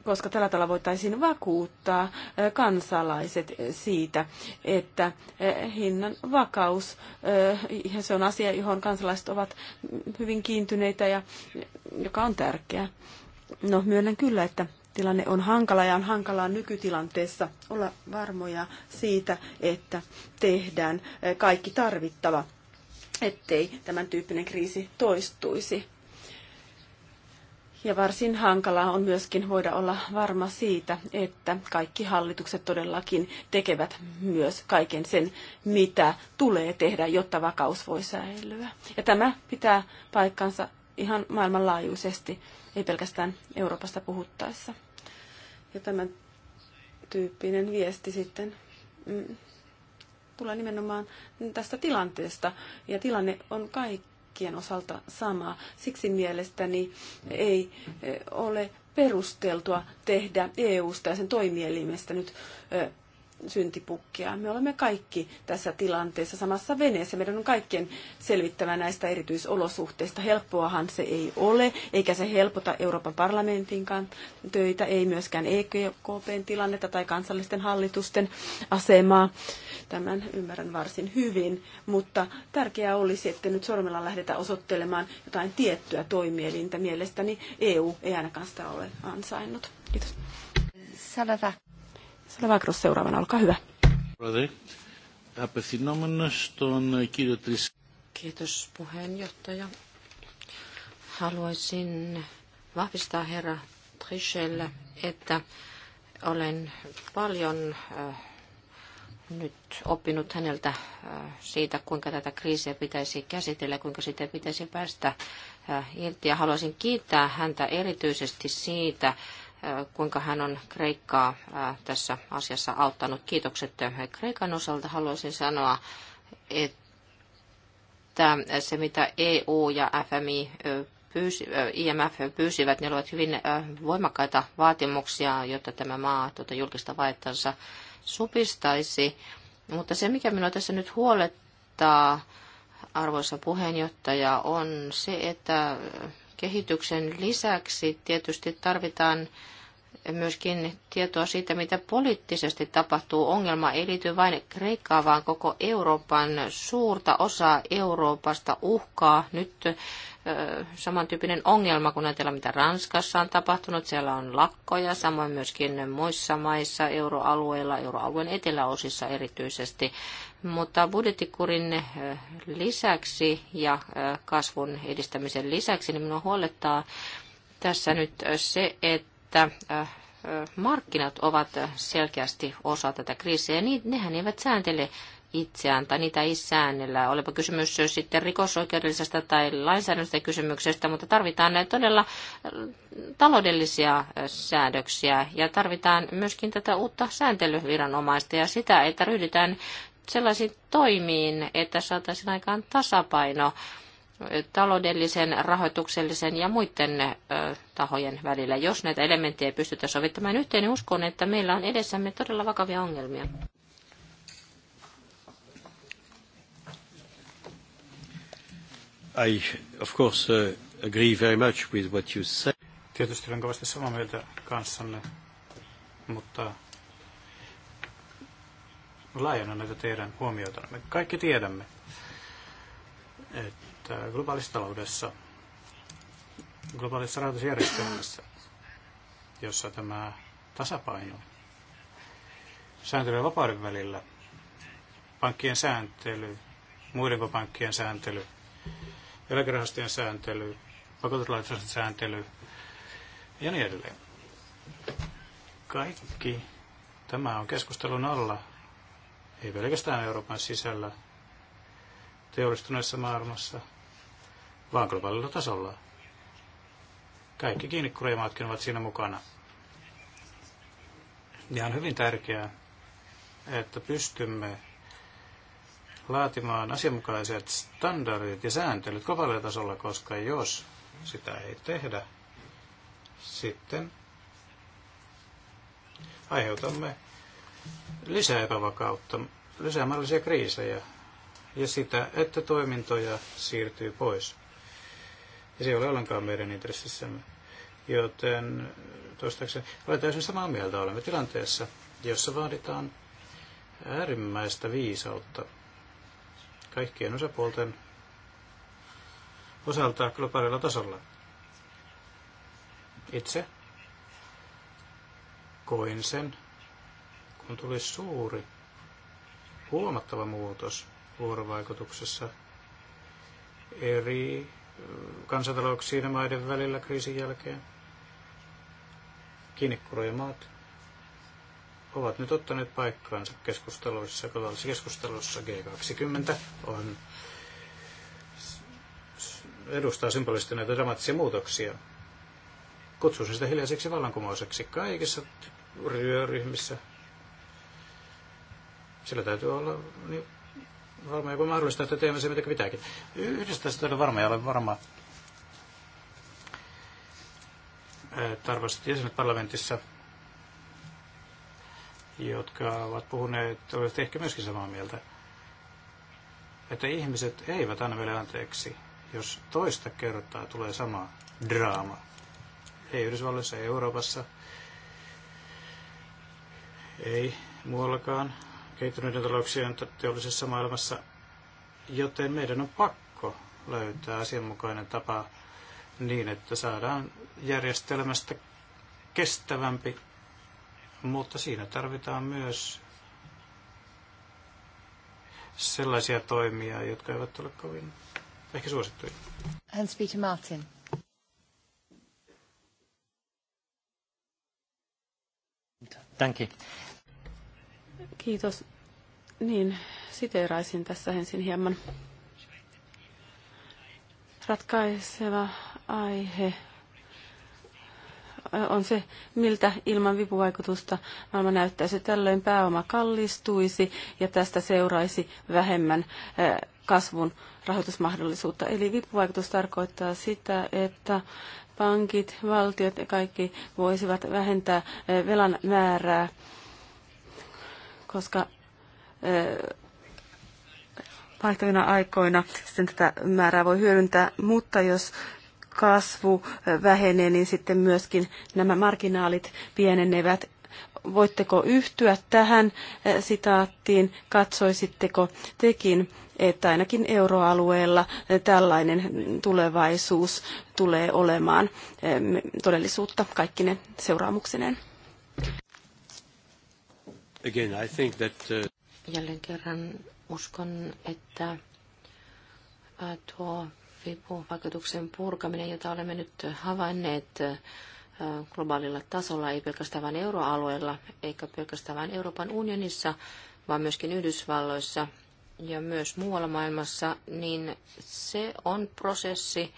koska tällä tavalla voitaisiin vakuuttaa eh, kansalaiset siitä, että eh, hinnan vakaus, eh, se on asia, johon kansalaiset ovat hyvin kiintyneitä ja joka on tärkeä. No myönnän kyllä, että tilanne on hankala ja on hankalaa nykytilanteessa olla varmoja siitä, että tehdään kaikki tarvittava, ettei tämän tyyppinen kriisi toistuisi. Ja varsin hankalaa on myöskin voida olla varma siitä, että kaikki hallitukset todellakin tekevät myös kaiken sen, mitä tulee tehdä, jotta vakaus voi säilyä. Ja tämä pitää paikkansa ihan maailmanlaajuisesti, ei pelkästään Euroopasta puhuttaessa. Ja tämän tyyppinen viesti sitten mm, tulee nimenomaan tästä tilanteesta. Ja tilanne on kaikki kaikkien osalta sama. Siksi mielestäni ei eh, ole perusteltua tehdä EU-sta ja sen toimielimestä nyt eh, syntipukkia. Me olemme kaikki tässä tilanteessa samassa veneessä. Meidän on kaikkien selvittävä näistä erityisolosuhteista. Helppoahan se ei ole, eikä se helpota Euroopan parlamentinkaan töitä, ei myöskään EKPn tilannetta tai kansallisten hallitusten asemaa. Tämän ymmärrän varsin hyvin, mutta tärkeää olisi, että nyt sormella lähdetään osoittelemaan jotain tiettyä toimielintä. Mielestäni EU ei ainakaan sitä ole ansainnut. Kiitos. Salava Salavakros seuraavana, olkaa hyvä. Kiitos puheenjohtaja. Haluaisin vahvistaa herra Trichelle, että olen paljon äh, nyt oppinut häneltä äh, siitä, kuinka tätä kriisiä pitäisi käsitellä, kuinka sitä pitäisi päästä äh, irti. Ja haluaisin kiittää häntä erityisesti siitä, Äh, kuinka hän on Kreikkaa äh, tässä asiassa auttanut. Kiitokset äh, Kreikan osalta haluaisin sanoa, että se mitä EU ja FMI pyysi, IMF pyysivät, ne olivat hyvin voimakkaita vaatimuksia, jotta tämä maa tuota julkista vaihtansa supistaisi. Mutta se, mikä minua tässä nyt huolettaa, arvoisa puheenjohtaja, on se, että kehityksen lisäksi tietysti tarvitaan myöskin tietoa siitä, mitä poliittisesti tapahtuu. Ongelma ei liity vain Kreikkaan, vaan koko Euroopan suurta osaa Euroopasta uhkaa nyt samantyyppinen ongelma, kun ajatellaan, mitä Ranskassa on tapahtunut. Siellä on lakkoja, samoin myöskin muissa maissa, euroalueilla, euroalueen eteläosissa erityisesti. Mutta budjettikurin lisäksi ja kasvun edistämisen lisäksi, niin minua huolettaa tässä nyt se, että että äh, äh, markkinat ovat selkeästi osa tätä kriisiä. Ja nehän eivät sääntele itseään tai niitä ei säännellä. Olipa kysymys sitten rikosoikeudellisesta tai lainsäädännöstä kysymyksestä, mutta tarvitaan todella äh, taloudellisia säädöksiä ja tarvitaan myöskin tätä uutta sääntelyviranomaista ja sitä, että ryhdytään sellaisiin toimiin, että saataisiin aikaan tasapaino taloudellisen, rahoituksellisen ja muiden tahojen välillä. Jos näitä elementtejä ei pystytä sovittamaan yhteen, niin uskon, että meillä on edessämme todella vakavia ongelmia. I, of course, uh, agree very much with what you said. Tietysti olen kovasti samaa mieltä kanssanne, mutta laajennan näitä teidän huomioita. Me kaikki tiedämme, että äh, globaalissa taloudessa, globaalissa rahoitusjärjestelmässä, jossa tämä tasapaino sääntely ja vapauden välillä, pankkien sääntely, muiden kuin pankkien sääntely, eläkerahastojen sääntely, pakotuslaitosten sääntely ja niin edelleen. Kaikki tämä on keskustelun alla, ei pelkästään Euroopan sisällä, teollistuneessa maailmassa, vaan globaalilla tasolla. Kaikki kiinnikurjamaatkin ovat siinä mukana. Ja on hyvin tärkeää, että pystymme laatimaan asianmukaiset standardit ja sääntelyt globaalilla tasolla, koska jos sitä ei tehdä, sitten aiheutamme lisää epävakautta, lisää mahdollisia kriisejä ja sitä, että toimintoja siirtyy pois ja se ei ole ollenkaan meidän intressissämme. Joten toistaakseni olen täysin samaa mieltä. Olemme tilanteessa, jossa vaaditaan äärimmäistä viisautta kaikkien osapuolten osalta globaalilla tasolla. Itse koin sen, kun tuli suuri, huomattava muutos vuorovaikutuksessa eri kansantalouksien ja maiden välillä kriisin jälkeen. Kiinnikurojamaat ovat nyt ottaneet paikkaansa keskusteluissa, globaalissa keskustelussa G20 on edustaa symbolisesti näitä dramaattisia muutoksia. Kutsuisin sitä hiljaiseksi vallankumoukseksi kaikissa ryöryhmissä. Sillä täytyy olla niin varmaan joku mahdollista, että teemme se mitä pitääkin. Yhdestä sitä on varma ja olen varma, että arvoisat jäsenet parlamentissa, jotka ovat puhuneet, olivat ehkä myöskin samaa mieltä, että ihmiset eivät anna meille anteeksi, jos toista kertaa tulee sama draama. Ei Yhdysvalloissa, ei Euroopassa, ei muuallakaan kehittyneiden talouksien teollisessa maailmassa, joten meidän on pakko löytää asianmukainen tapa niin, että saadaan järjestelmästä kestävämpi, mutta siinä tarvitaan myös sellaisia toimia, jotka eivät ole kovin ehkä suosittuja. Hans Peter Martin. Thank you. Kiitos. Niin, siteeraisin tässä ensin hieman. Ratkaiseva aihe on se, miltä ilman vipuvaikutusta maailma näyttäisi. Tällöin pääoma kallistuisi ja tästä seuraisi vähemmän eh, kasvun rahoitusmahdollisuutta. Eli vipuvaikutus tarkoittaa sitä, että pankit, valtiot ja kaikki voisivat vähentää eh, velan määrää koska vaihtavina aikoina sitten tätä määrää voi hyödyntää, mutta jos kasvu vähenee, niin sitten myöskin nämä marginaalit pienenevät. Voitteko yhtyä tähän sitaattiin? Katsoisitteko tekin, että ainakin euroalueella tällainen tulevaisuus tulee olemaan todellisuutta kaikkine seuraamuksineen? Again, I think that, uh, Jälleen kerran uskon, että tuo vipuvaikutuksen purkaminen, jota olemme nyt havainneet globaalilla tasolla, ei pelkästään vain euroalueella, eikä pelkästään vain Euroopan unionissa, vaan myöskin Yhdysvalloissa ja myös muualla maailmassa, niin se on prosessi,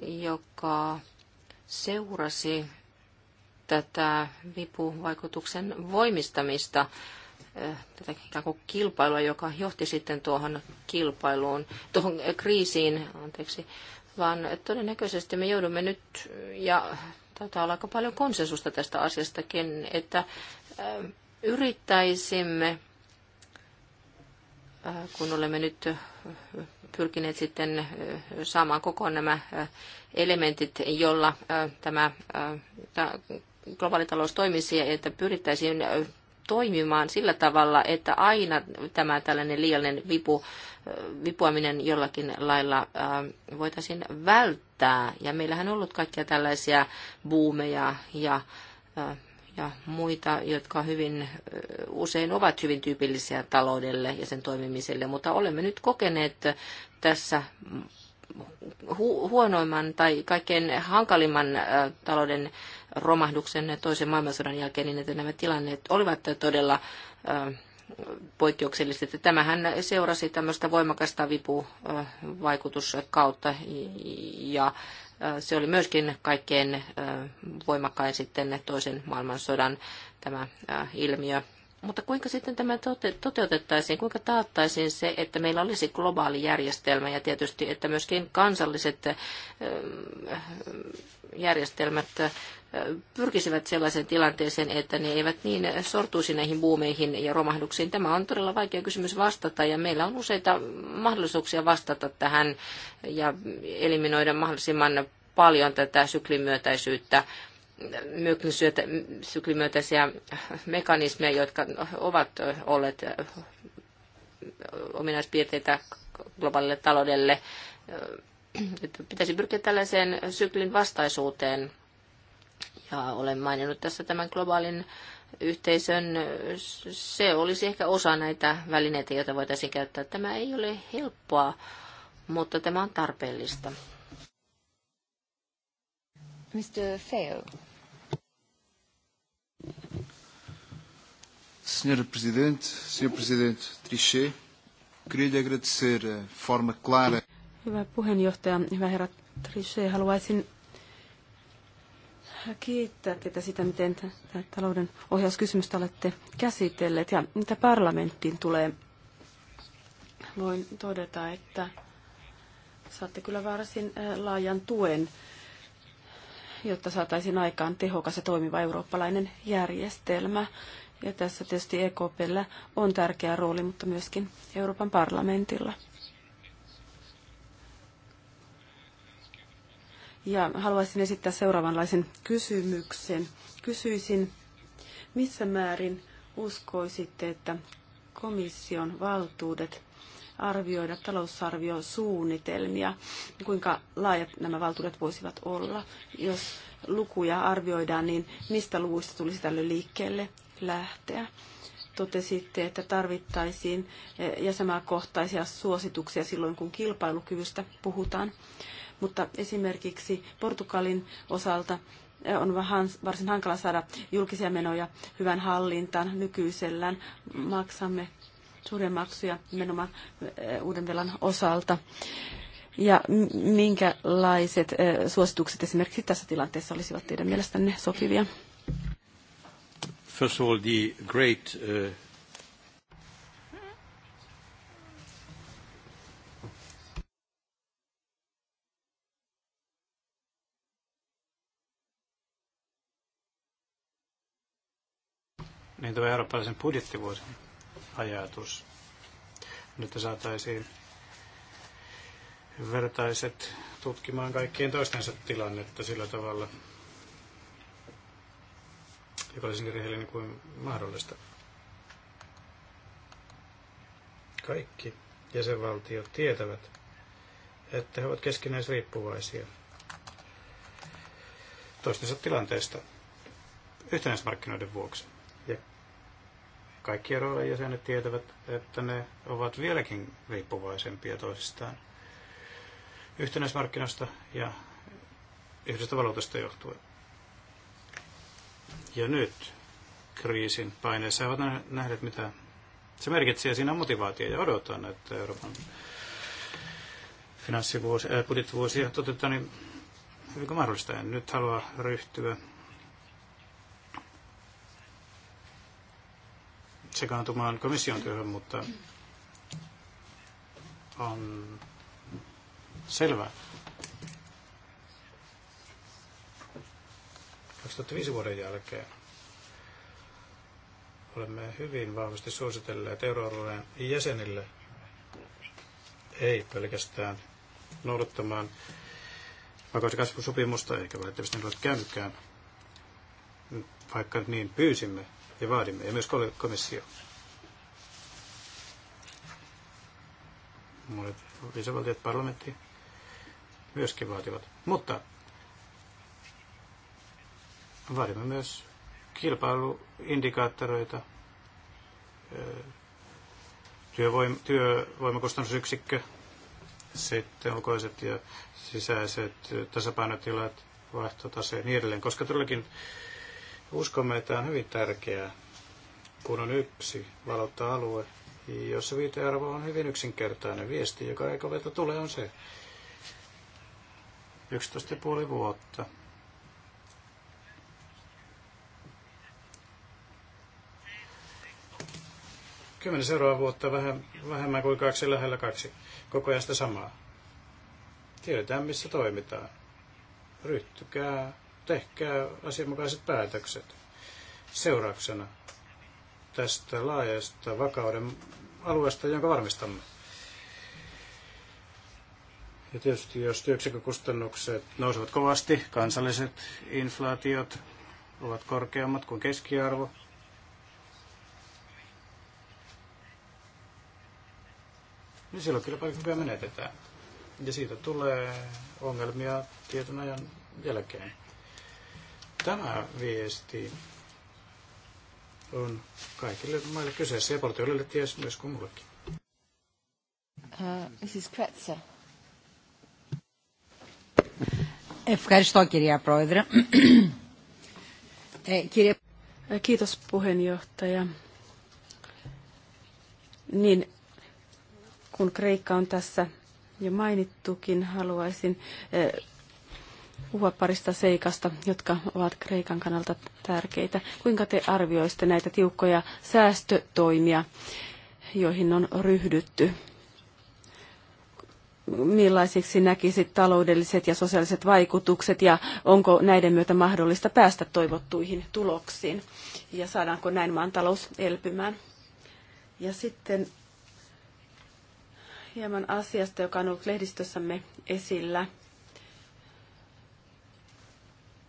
joka seurasi tätä vipuvaikutuksen voimistamista, eh, tätä ikään kuin kilpailua, joka johti sitten tuohon kilpailuun, tuohon eh, kriisiin, anteeksi, vaan todennäköisesti me joudumme nyt, ja taitaa olla aika paljon konsensusta tästä asiastakin, että eh, yrittäisimme, kun olemme nyt pyrkineet sitten saamaan kokoon nämä elementit, jolla tämä globaalitalous toimisi ja että pyrittäisiin toimimaan sillä tavalla, että aina tämä tällainen liiallinen vipu, vipuaminen jollakin lailla voitaisiin välttää. Ja meillähän on ollut kaikkia tällaisia buumeja ja ja muita, jotka hyvin usein ovat hyvin tyypillisiä taloudelle ja sen toimimiselle, mutta olemme nyt kokeneet tässä hu- huonoimman tai kaikkein hankalimman talouden romahduksen toisen maailmansodan jälkeen, niin että nämä tilanneet olivat todella poikkeukselliset. Ja tämähän seurasi tämmöistä voimakasta vipuvaikutuskautta ja se oli myöskin kaikkein voimakkain sitten toisen maailmansodan tämä ilmiö. Mutta kuinka sitten tämä toteutettaisiin, kuinka taattaisiin se, että meillä olisi globaali järjestelmä ja tietysti, että myöskin kansalliset järjestelmät pyrkisivät sellaiseen tilanteeseen, että ne eivät niin sortuisi näihin buumeihin ja romahduksiin. Tämä on todella vaikea kysymys vastata ja meillä on useita mahdollisuuksia vastata tähän ja eliminoida mahdollisimman paljon tätä syklimyötäisyyttä myrkkysyklymyönteisiä mekanismeja, jotka ovat olleet ominaispiirteitä globaalille taloudelle. Pitäisi pyrkiä tällaiseen syklin vastaisuuteen. Ja olen maininnut tässä tämän globaalin yhteisön. Se olisi ehkä osa näitä välineitä, joita voitaisiin käyttää. Tämä ei ole helppoa, mutta tämä on tarpeellista. Mr. Feo. Senhora Presidente, Senhor Presidente Trichet, queria lhe agradecer a forma clara. Hyvä puheenjohtaja, hyvä herra Trichet, haluaisin kiittää teitä sitä, miten tätä talouden ohjauskysymystä olette käsitelleet. Ja mitä parlamenttiin tulee, voin todeta, että saatte kyllä varsin laajan tuen, jotta saataisiin aikaan tehokas ja toimiva eurooppalainen järjestelmä. Ja tässä tietysti EKPllä on tärkeä rooli, mutta myöskin Euroopan parlamentilla. Ja haluaisin esittää seuraavanlaisen kysymyksen. Kysyisin, missä määrin uskoisitte, että komission valtuudet arvioida talousarviosuunnitelmia, kuinka laajat nämä valtuudet voisivat olla. Jos lukuja arvioidaan, niin mistä luvuista tulisi tällöin liikkeelle? lähteä. Totesitte, että tarvittaisiin eh, jäsenmaakohtaisia suosituksia silloin, kun kilpailukyvystä puhutaan. Mutta esimerkiksi Portugalin osalta eh, on varsin hankala saada julkisia menoja hyvän hallintaan nykyisellään. Maksamme suuria maksuja nimenomaan eh, uuden velan osalta. Ja minkälaiset suositukset esimerkiksi tässä tilanteessa olisivat teidän mielestänne sopivia? First of all, the great uh, niin tuo eurooppalaisen budjettivuosin ajatus. Nyt saataisiin vertaiset tutkimaan kaikkien toistensa tilannetta sillä tavalla, joka olisi niin rehellinen kuin mahdollista. Kaikki jäsenvaltiot tietävät, että he ovat keskinäisriippuvaisia toistensa tilanteesta yhtenäismarkkinoiden vuoksi. Ja kaikki euroalueen jäsenet tietävät, että ne ovat vieläkin riippuvaisempia toisistaan yhtenäismarkkinoista ja yhdestä valuutasta johtuen ja nyt kriisin paineessa he ovat nähneet, mitä se merkitsee. Siinä motivaatio ja odotan, että Euroopan finanssivuosi, äh, budjettivuosia toteutetaan niin hyvin kuin mahdollista. En nyt halua ryhtyä sekaantumaan komission työhön, mutta on selvää, 2005 vuoden jälkeen olemme hyvin vahvasti suositelleet euroalueen jäsenille, ei pelkästään noudattamaan vakaus- kasvusopimusta, eikä valitettavasti ole käynytkään, vaikka niin pyysimme ja vaadimme, ja myös komissio. Monet lisävaltiot parlamentti myöskin vaativat. Mutta Vaadimme myös kilpailuindikaattoreita, työvoim- työvoimakustannusyksikkö, sitten ulkoiset ja sisäiset tasapainotilat, vaihtotase ja niin edelleen, koska todellakin uskomme, että tämä on hyvin tärkeää, kun on yksi valuutta-alue, jossa viitearvo on hyvin yksinkertainen viesti, joka EKVltä tulee, on se 11,5 vuotta Kymmenen seuraavaa vuotta vähän, vähemmän kuin kaksi lähellä kaksi. Koko ajan sitä samaa. Tiedetään, missä toimitaan. Ryhtykää, tehkää asianmukaiset päätökset. Seurauksena tästä laajasta vakauden alueesta, jonka varmistamme. Ja tietysti jos työksikökustannukset nousevat kovasti, kansalliset inflaatiot ovat korkeammat kuin keskiarvo, niin silloin kilpailukykyä menetetään. Ja siitä tulee ongelmia tietyn ajan jälkeen. Tämä viesti on kaikille maille kyseessä ja valtioille ties myös kuin mullekin. Kiitos uh, puheenjohtaja. Niin, kun Kreikka on tässä jo mainittukin, haluaisin eh, puhua parista seikasta, jotka ovat Kreikan kannalta tärkeitä. Kuinka te arvioisitte näitä tiukkoja säästötoimia, joihin on ryhdytty? Millaisiksi näkisit taloudelliset ja sosiaaliset vaikutukset ja onko näiden myötä mahdollista päästä toivottuihin tuloksiin ja saadaanko näin maan talous elpymään? Ja sitten hieman asiasta, joka on ollut lehdistössämme esillä.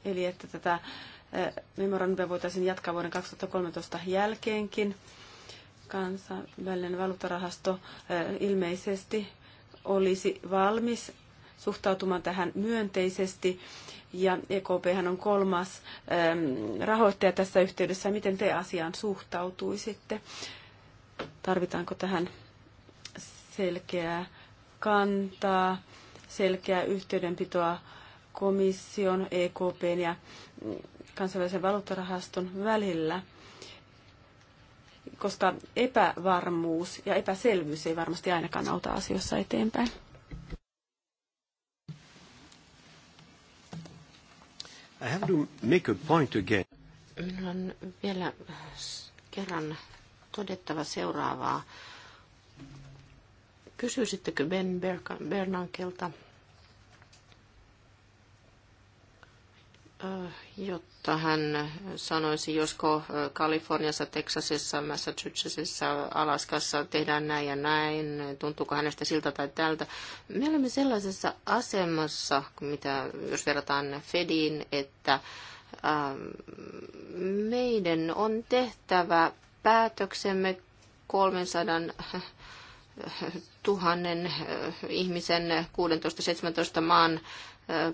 Eli että tätä memorandumia voitaisiin jatkaa vuoden 2013 jälkeenkin. Kansainvälinen valuuttarahasto ilmeisesti olisi valmis suhtautumaan tähän myönteisesti. Ja EKP on kolmas rahoittaja tässä yhteydessä. Miten te asiaan suhtautuisitte? Tarvitaanko tähän selkeää kantaa, selkeää yhteydenpitoa komission, EKPn ja kansainvälisen valuuttarahaston välillä, koska epävarmuus ja epäselvyys ei varmasti ainakaan auta asioissa eteenpäin. I have to make a point again. Minun on vielä kerran todettava seuraavaa. Kysyisittekö Ben Bernankelta, jotta hän sanoisi, josko Kaliforniassa, Teksasissa, Massachusettsissa, Alaskassa tehdään näin ja näin, tuntuuko hänestä siltä tai tältä. Me olemme sellaisessa asemassa, mitä jos verrataan Fediin, että meidän on tehtävä päätöksemme 300 tuhannen äh, ihmisen 16-17 maan, äh,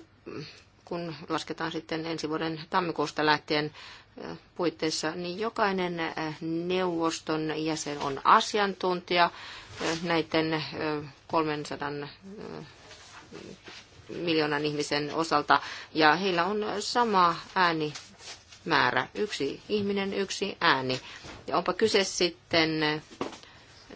kun lasketaan sitten ensi vuoden tammikuusta lähtien äh, puitteissa, niin jokainen neuvoston jäsen on asiantuntija näiden 300 miljoonan ihmisen osalta, ja heillä on sama ääni määrä. Yksi ihminen, yksi ääni. Ja onpa kyse sitten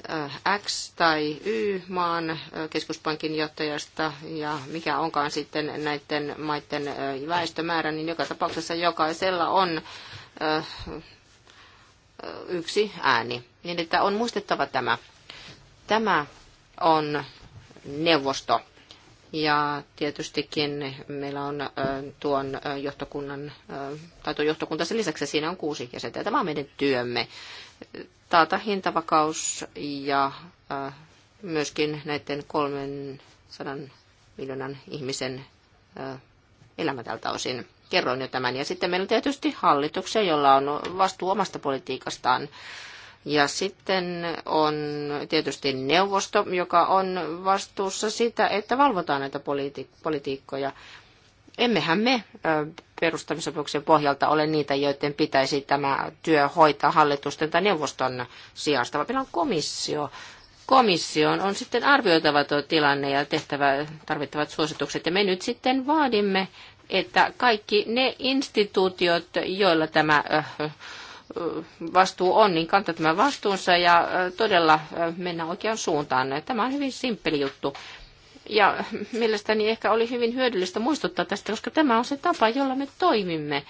Äh, X- tai Y-maan äh, keskuspankin johtajasta ja mikä onkaan sitten näiden maiden äh, väestömäärä, niin joka tapauksessa jokaisella on yksi ääni. Niin että on muistettava tämä. Tämä on neuvosto. Ja tietystikin meillä on tuon johtokunnan, tai tuon sen lisäksi siinä on kuusi jäsentä. Tämä on meidän työmme taata hintavakaus ja myöskin näiden 300 miljoonan ihmisen elämä tältä osin. Kerroin jo tämän. Ja sitten meillä on tietysti hallituksia, jolla on vastuu omasta politiikastaan. Ja sitten on tietysti neuvosto, joka on vastuussa sitä, että valvotaan näitä politiikkoja. Emmehän me perustamisopimuksen pohjalta ole niitä, joiden pitäisi tämä työ hoitaa hallitusten tai neuvoston sijasta, vaan meillä on komissio. Komission on sitten arvioitava tuo tilanne ja tehtävä tarvittavat suositukset. Ja me nyt sitten vaadimme, että kaikki ne instituutiot, joilla tämä vastuu on, niin kantaa tämän vastuunsa ja todella mennä oikeaan suuntaan. Tämä on hyvin simppeli juttu. Ja mielestäni ehkä oli hyvin hyödyllistä muistuttaa tästä, koska tämä on se tapa, jolla me toimimme.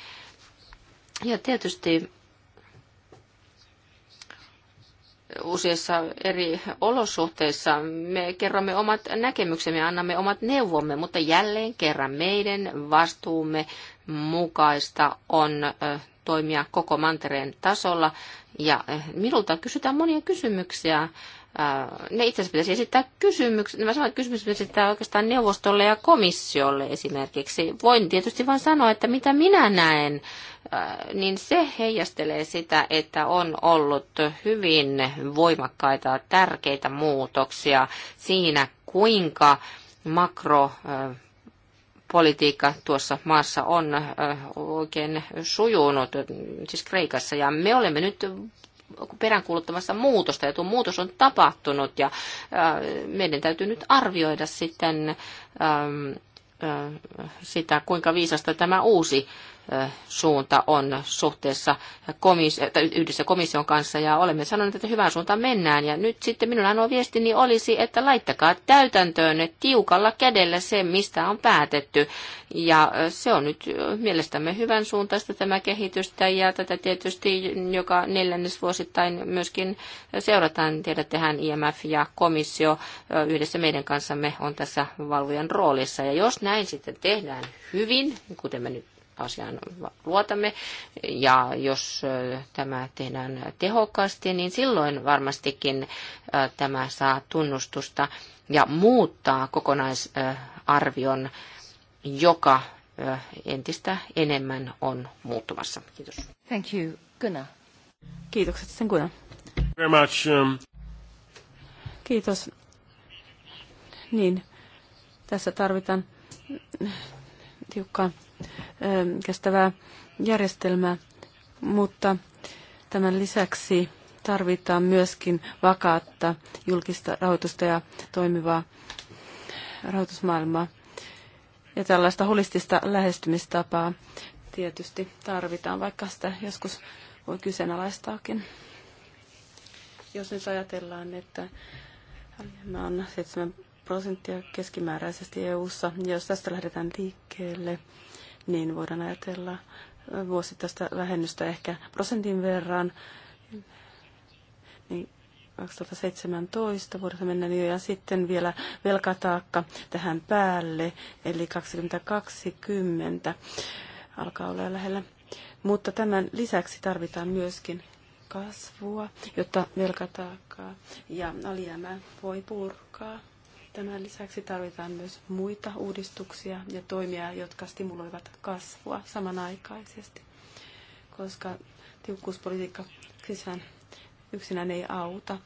Ja tietysti useissa eri olosuhteissa me kerromme omat näkemyksemme, annamme omat neuvomme, mutta jälleen kerran meidän vastuumme mukaista on toimia koko mantereen tasolla. Ja minulta kysytään monia kysymyksiä Äh, ne itse asiassa pitäisi esittää kysymykset, nämä samat kysymykset pitäisi esittää oikeastaan neuvostolle ja komissiolle esimerkiksi. Voin tietysti vain sanoa, että mitä minä näen, äh, niin se heijastelee sitä, että on ollut hyvin voimakkaita, tärkeitä muutoksia siinä, kuinka makro äh, politiikka tuossa maassa on oikein sujunut, siis Kreikassa. Ja me olemme nyt peräänkuuluttamassa muutosta ja tuo muutos on tapahtunut ja meidän täytyy nyt arvioida sitten sitä, kuinka viisasta tämä uusi suunta on suhteessa komis- yhdessä komission kanssa ja olemme sanoneet, että hyvään suuntaan mennään. Ja nyt sitten minun ainoa viestini olisi, että laittakaa täytäntöön tiukalla kädellä se, mistä on päätetty. Ja se on nyt mielestämme hyvän suuntaista tämä kehitystä ja tätä tietysti joka neljännesvuosittain myöskin seurataan. Tiedättehän IMF ja komissio yhdessä meidän kanssamme on tässä valvojan roolissa. Ja jos näin sitten tehdään hyvin, kuten me nyt asiaan luotamme. Ja jos äh, tämä tehdään tehokkaasti, niin silloin varmastikin äh, tämä saa tunnustusta ja muuttaa kokonaisarvion, joka äh, entistä enemmän on muuttumassa. Kiitos. Thank you. Gunnar. Kiitokset sen Gunnar. Very much. Um... Kiitos. Niin, tässä tarvitaan tiukkaa kestävää järjestelmää, mutta tämän lisäksi tarvitaan myöskin vakaatta julkista rahoitusta ja toimivaa rahoitusmaailmaa. Ja tällaista holistista lähestymistapaa tietysti tarvitaan, vaikka sitä joskus voi kyseenalaistaakin. Jos nyt ajatellaan, että alijäämä on 7 prosenttia keskimääräisesti EU-ssa, jos tästä lähdetään liikkeelle, niin voidaan ajatella vuosittaista vähennystä ehkä prosentin verran. Niin 2017 vuodessa mennään jo ja sitten vielä velkataakka tähän päälle, eli 2020 alkaa olla lähellä. Mutta tämän lisäksi tarvitaan myöskin kasvua, jotta velkataakkaa ja alijäämää voi purkaa. Tämän lisäksi tarvitaan myös muita uudistuksia ja toimia, jotka stimuloivat kasvua samanaikaisesti, koska tiukkuuspolitiikka sisään yksinään ei auta,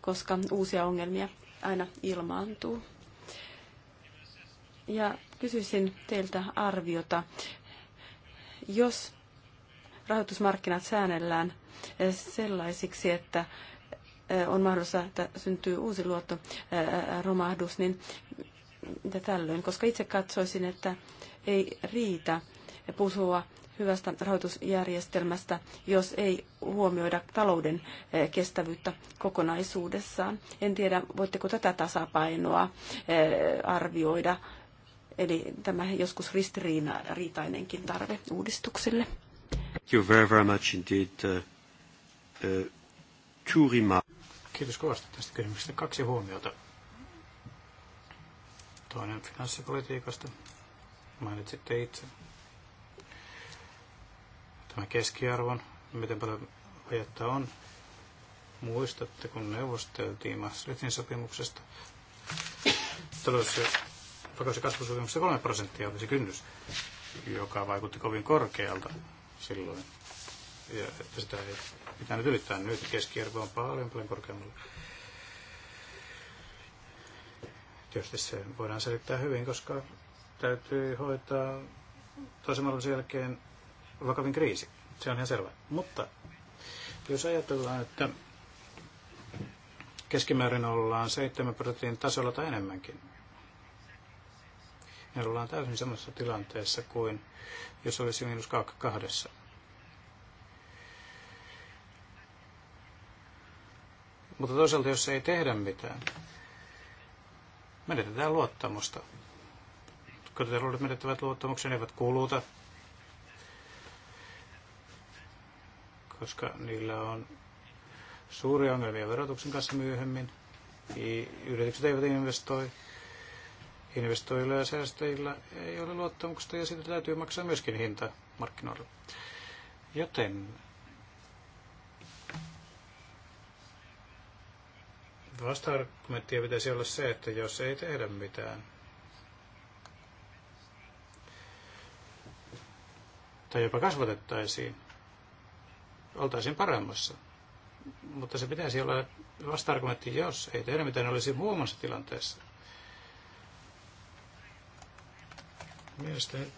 koska uusia ongelmia aina ilmaantuu. Ja kysyisin teiltä arviota, jos rahoitusmarkkinat säännellään sellaisiksi, että on mahdollista, että syntyy uusi luottoromahdus, niin mitä tällöin? Koska itse katsoisin, että ei riitä puhua hyvästä rahoitusjärjestelmästä, jos ei huomioida talouden kestävyyttä kokonaisuudessaan. En tiedä, voitteko tätä tasapainoa arvioida. Eli tämä joskus ristiriitainenkin tarve uudistuksille. Thank you very, very much indeed. Uh, uh, two remarks. Kiitos kovasti tästä kysymyksestä. Kaksi huomiota. Toinen finanssipolitiikasta. Mainitsitte itse tämän keskiarvon, miten paljon vajetta on. Muistatte, kun neuvosteltiin Maastrichtin sopimuksesta, talous- ja kasvusopimuksessa 3 prosenttia oli se kynnys, joka vaikutti kovin korkealta silloin. Ja että sitä ei nyt ylittää nyt. Keskiarvo on paljon, paljon korkeammalla. Tietysti se voidaan selittää hyvin, koska täytyy hoitaa toisen maailman jälkeen vakavin kriisi. Se on ihan selvä. Mutta jos ajatellaan, että keskimäärin ollaan 7 prosentin tasolla tai enemmänkin, niin ollaan täysin samassa tilanteessa kuin jos olisi miinus kahdessa. Mutta toisaalta, jos ei tehdä mitään, menetetään luottamusta. Kotitaloudet menettävät luottamuksen, eivät kuluta, koska niillä on suuria ongelmia verotuksen kanssa myöhemmin. Yritykset eivät investoi. Investoijilla ja säästäjillä ei ole luottamuksesta ja siitä täytyy maksaa myöskin hinta markkinoilla. Joten Vasta-argumenttia pitäisi olla se, että jos ei tehdä mitään, tai jopa kasvatettaisiin, oltaisiin paremmassa. Mutta se pitäisi olla vasta-argumentti, jos ei tehdä mitään, olisi huomassa tilanteessa. Mielestäni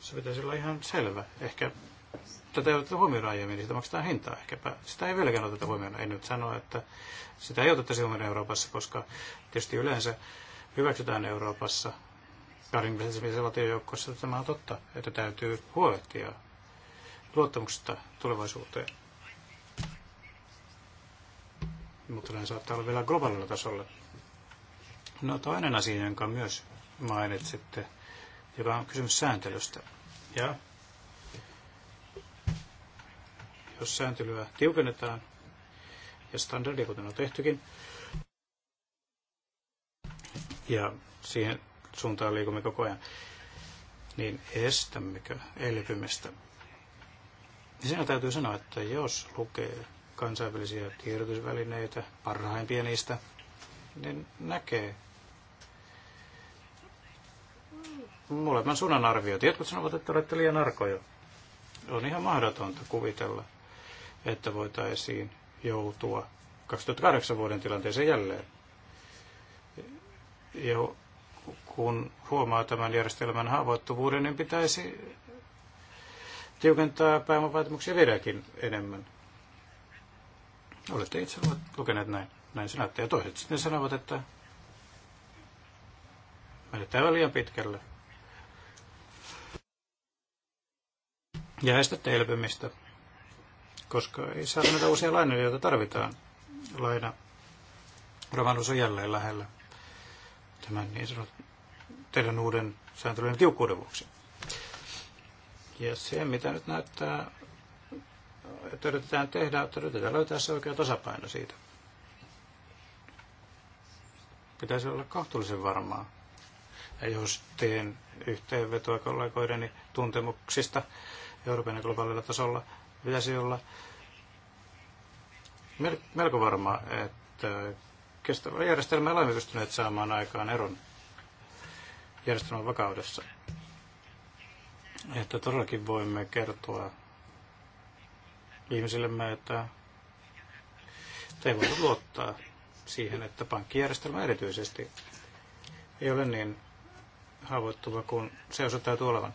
se pitäisi olla ihan selvä. Ehkä tätä ei oteta huomioon aiemmin, niin sitä maksetaan hintaa ehkäpä. Sitä ei vieläkään oteta huomioon. En nyt sano, että sitä ei otettaisi huomioon Euroopassa, koska tietysti yleensä hyväksytään Euroopassa 27 valtiojoukkoissa tämä on totta, että täytyy huolehtia luottamuksesta tulevaisuuteen. Mutta näin saattaa olla vielä globaalilla tasolla. No toinen asia, jonka myös mainitsitte, joka on kysymys sääntelystä. Ja jos sääntelyä tiukennetaan ja standardia, kuten on tehtykin. Ja siihen suuntaan liikumme koko ajan. Niin estämmekö elpymistä? Ja niin siinä täytyy sanoa, että jos lukee kansainvälisiä tiedotusvälineitä, parhaimpia niistä, niin näkee Molemmat suunnan arviot. Jotkut sanovat, että olette liian arkoja. On ihan mahdotonta kuvitella, että voitaisiin joutua 2008 vuoden tilanteeseen jälleen. Ja kun huomaa tämän järjestelmän haavoittuvuuden, niin pitäisi tiukentaa pääomavaatimuksia vieläkin enemmän. Olette itse lukeneet näin, näin sanatte. Ja toiset sitten sanovat, että menetään liian pitkälle. Ja estätte elpymistä koska ei saada näitä uusia lainoja, joita tarvitaan. Laina romahdus on jälleen lähellä tämän niin sanot, teidän uuden sääntelyn tiukkuuden vuoksi. Ja se, mitä nyt näyttää, että yritetään tehdä, että yritetään löytää se oikea tasapaino siitä. Pitäisi olla kohtuullisen varmaa. Ja jos teen yhteenvetoa kollegoideni tuntemuksista Euroopan ja globaalilla tasolla, pitäisi olla melko varma, että kestävä järjestelmä olemme pystyneet saamaan aikaan eron järjestelmän vakaudessa. Että todellakin voimme kertoa ihmisillemme, että te voi luottaa siihen, että pankkijärjestelmä erityisesti ei ole niin haavoittuva kuin se osoittautuu olevan.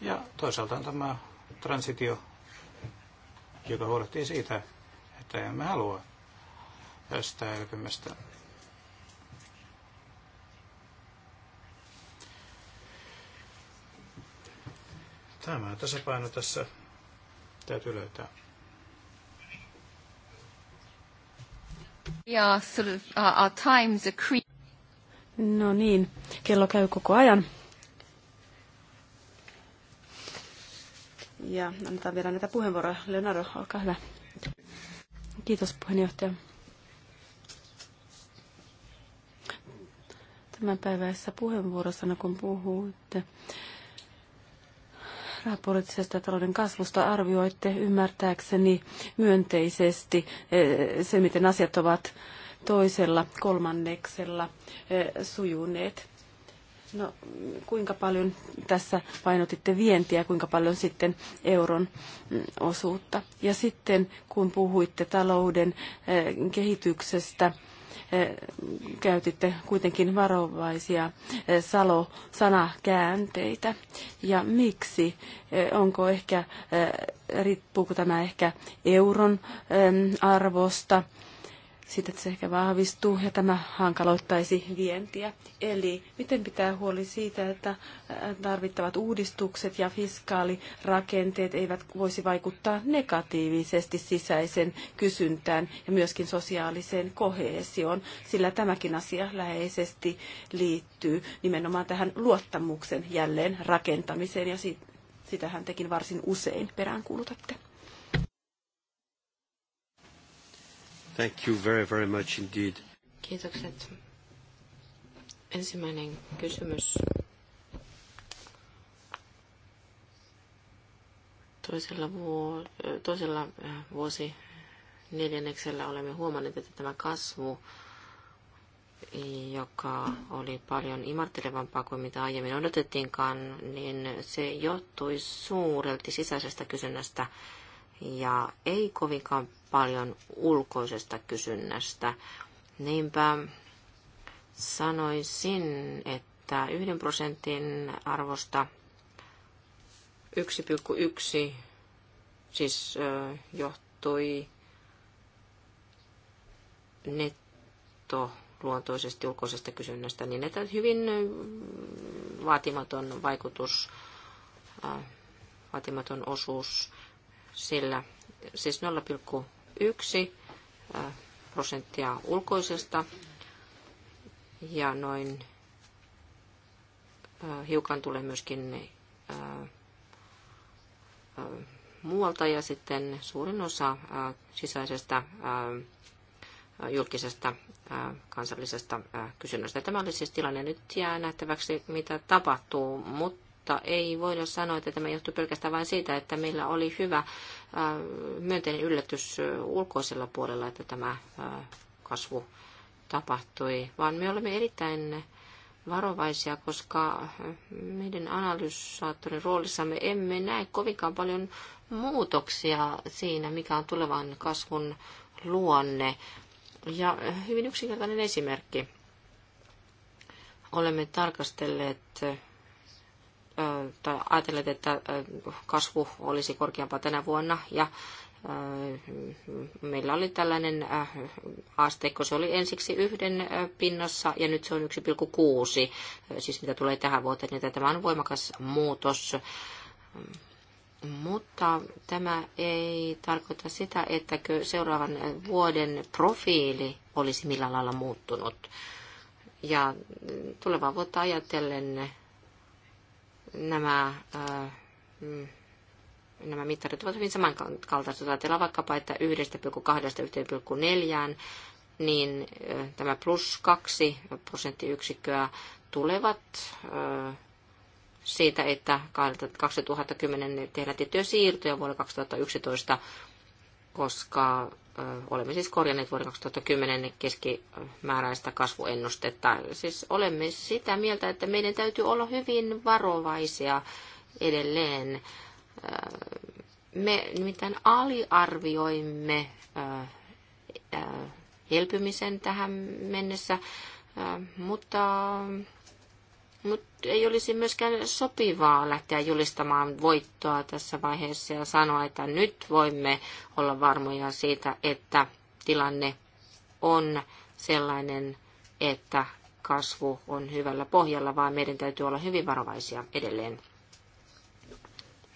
Ja toisaalta on tämä transitio joka huolehtii siitä, että emme halua tästä elpymästä. Tämä tasapaino tässä täytyy löytää. Yeah, sort of, uh, our times a cre- No niin, kello käy koko ajan. Ja annetaan vielä näitä puheenvuoroja. Leonardo, olkaa hyvä. Kiitos puheenjohtaja. Tämänpäiväisessä puheenvuorossa, kun puhuitte rahapoliittisesta talouden kasvusta, arvioitte ymmärtääkseni myönteisesti eh, se, miten asiat ovat toisella kolmanneksella eh, sujuneet No, kuinka paljon tässä painotitte vientiä, kuinka paljon sitten euron mm, osuutta? Ja sitten kun puhuitte talouden eh, kehityksestä, eh, käytitte kuitenkin varovaisia eh, salo-sanakäänteitä. Ja miksi? Onko ehkä, riippuuko tämä ehkä euron arvosta sitten se ehkä vahvistuu ja tämä hankaloittaisi vientiä. Eli miten pitää huoli siitä, että tarvittavat uudistukset ja fiskaalirakenteet eivät voisi vaikuttaa negatiivisesti sisäisen kysyntään ja myöskin sosiaaliseen koheesioon, sillä tämäkin asia läheisesti liittyy nimenomaan tähän luottamuksen jälleen rakentamiseen ja sitähän tekin varsin usein peräänkuulutatte. Thank you very, very much indeed. Kiitokset. Ensimmäinen kysymys. Toisella, vuo, toisella äh, vuosi neljänneksellä olemme huomanneet, että tämä kasvu, joka oli paljon imartelevampaa kuin mitä aiemmin odotettiinkaan, niin se johtui suurelti sisäisestä kysynnästä ja ei kovinkaan paljon ulkoisesta kysynnästä. Niinpä sanoisin, että yhden prosentin arvosta 1,1 siis johtui netto luontoisesti ulkoisesta kysynnästä, niin että hyvin vaatimaton vaikutus, vaatimaton osuus sillä siis 0,1 prosenttia ulkoisesta ja noin hiukan tulee myöskin muualta ja sitten suurin osa sisäisestä julkisesta kansallisesta kysynnästä. Tämä oli siis tilanne. Nyt jää nähtäväksi, mitä tapahtuu, mutta mutta ei voida sanoa, että tämä johtui pelkästään vain siitä, että meillä oli hyvä äh, myönteinen yllätys äh, ulkoisella puolella, että tämä äh, kasvu tapahtui, vaan me olemme erittäin varovaisia, koska meidän analysaattorin roolissamme emme näe kovinkaan paljon muutoksia siinä, mikä on tulevan kasvun luonne. Ja hyvin yksinkertainen esimerkki. Olemme tarkastelleet tai että kasvu olisi korkeampaa tänä vuonna ja meillä oli tällainen asteikko, se oli ensiksi yhden pinnassa ja nyt se on 1,6, siis mitä tulee tähän vuoteen, niin tämä on voimakas muutos. Mutta tämä ei tarkoita sitä, että seuraavan vuoden profiili olisi millään lailla muuttunut. Ja tulevaa vuotta ajatellen nämä, äh, mm, nämä mittarit ovat hyvin samankaltaiset. Ajatellaan vaikkapa, että 1,2-1,4, niin äh, tämä plus 2 prosenttiyksikköä tulevat äh, siitä, että 2010 tehdään tiettyjä siirtoja vuonna 2011, koska olemme siis korjanneet vuoden 2010 keskimääräistä kasvuennustetta. Siis olemme sitä mieltä, että meidän täytyy olla hyvin varovaisia edelleen. Me nimittäin aliarvioimme elpymisen tähän mennessä, mutta mutta ei olisi myöskään sopivaa lähteä julistamaan voittoa tässä vaiheessa ja sanoa, että nyt voimme olla varmoja siitä, että tilanne on sellainen, että kasvu on hyvällä pohjalla, vaan meidän täytyy olla hyvin varovaisia edelleen.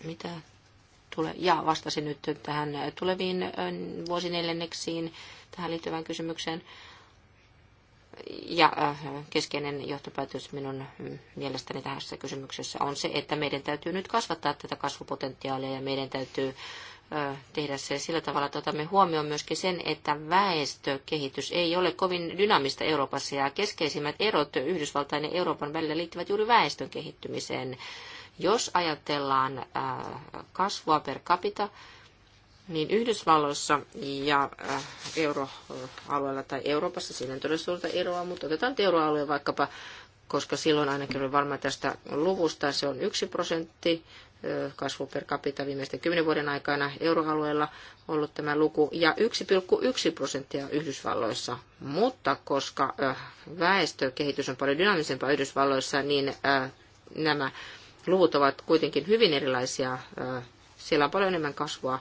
Mitä tulee? Ja vastasin nyt tähän tuleviin vuosineljänneksiin tähän liittyvään kysymykseen. Ja äh, keskeinen johtopäätös minun mm, mielestäni tässä kysymyksessä on se, että meidän täytyy nyt kasvattaa tätä kasvupotentiaalia ja meidän täytyy äh, tehdä se sillä tavalla, että otamme huomioon myöskin sen, että väestökehitys ei ole kovin dynaamista Euroopassa ja keskeisimmät erot Yhdysvaltain ja Euroopan välillä liittyvät juuri väestön kehittymiseen. Jos ajatellaan äh, kasvua per capita, niin Yhdysvalloissa ja äh, euroalueella tai Euroopassa, siinä on todella suurta eroa, mutta otetaan euroalue vaikkapa, koska silloin ainakin oli varma tästä luvusta, se on yksi prosentti äh, kasvu per capita viimeisten kymmenen vuoden aikana euroalueella ollut tämä luku ja 1,1 prosenttia Yhdysvalloissa. Mutta koska äh, väestökehitys on paljon dynaamisempaa Yhdysvalloissa, niin nämä luvut ovat kuitenkin hyvin erilaisia. Siellä on paljon enemmän kasvua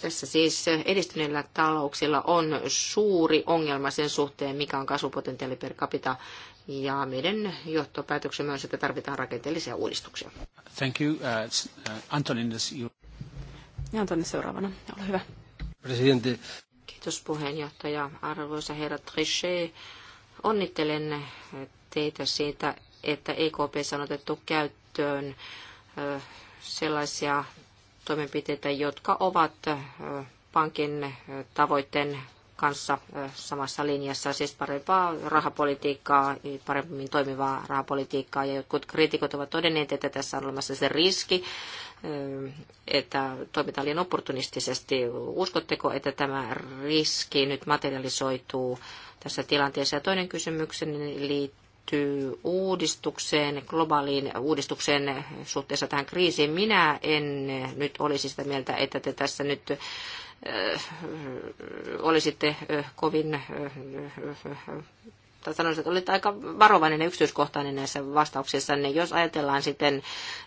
tässä siis edistyneillä talouksilla on suuri ongelma sen suhteen, mikä on kasvupotentiaali per capita. Ja meidän johtopäätöksemme on, että tarvitaan rakenteellisia uudistuksia. Thank you. Uh, uh Antonin, you... Antoni seuraavana. Ole hyvä. Presidente. Kiitos puheenjohtaja. Arvoisa herra Trichet, onnittelen teitä siitä, että EKP on otettu käyttöön sellaisia toimenpiteitä, jotka ovat pankin tavoitteen kanssa samassa linjassa, siis parempaa rahapolitiikkaa, paremmin toimivaa rahapolitiikkaa. Ja jotkut kriitikot ovat todenneet, että tässä on olemassa se riski, että toimitaan liian opportunistisesti. Uskotteko, että tämä riski nyt materialisoituu tässä tilanteessa? Ja toinen kysymykseni liittyy liittyy uudistukseen, globaaliin uudistukseen suhteessa tähän kriisiin. Minä en nyt olisi sitä mieltä, että te tässä nyt äh, olisitte äh, kovin äh, tai sanoisin, että olit aika varovainen ja yksityiskohtainen näissä vastauksissa, niin jos ajatellaan sitten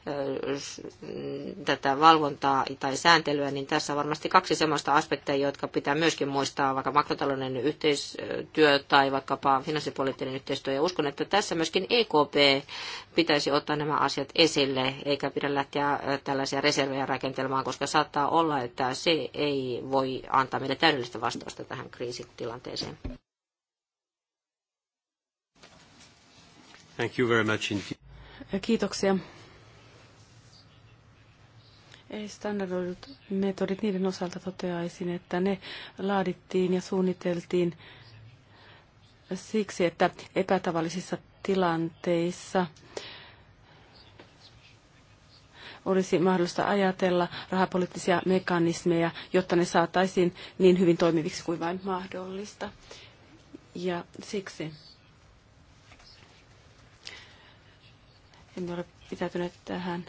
mm, tätä valvontaa tai sääntelyä, niin tässä on varmasti kaksi sellaista aspektia, jotka pitää myöskin muistaa, vaikka makrotalouden yhteistyö tai vaikkapa finanssipoliittinen yhteistyö. Ja uskon, että tässä myöskin EKP pitäisi ottaa nämä asiat esille, eikä pidä lähteä tällaisia reservejä rakentelmaan, koska saattaa olla, että se ei voi antaa meille täydellistä vastausta tähän kriisitilanteeseen. Thank you very much indeed. Kiitoksia. Ei standardoidut metodit, niiden osalta toteaisin, että ne laadittiin ja suunniteltiin siksi, että epätavallisissa tilanteissa olisi mahdollista ajatella rahapoliittisia mekanismeja, jotta ne saataisiin niin hyvin toimiviksi kuin vain mahdollista. Ja siksi emme ole pitäytyneet tähän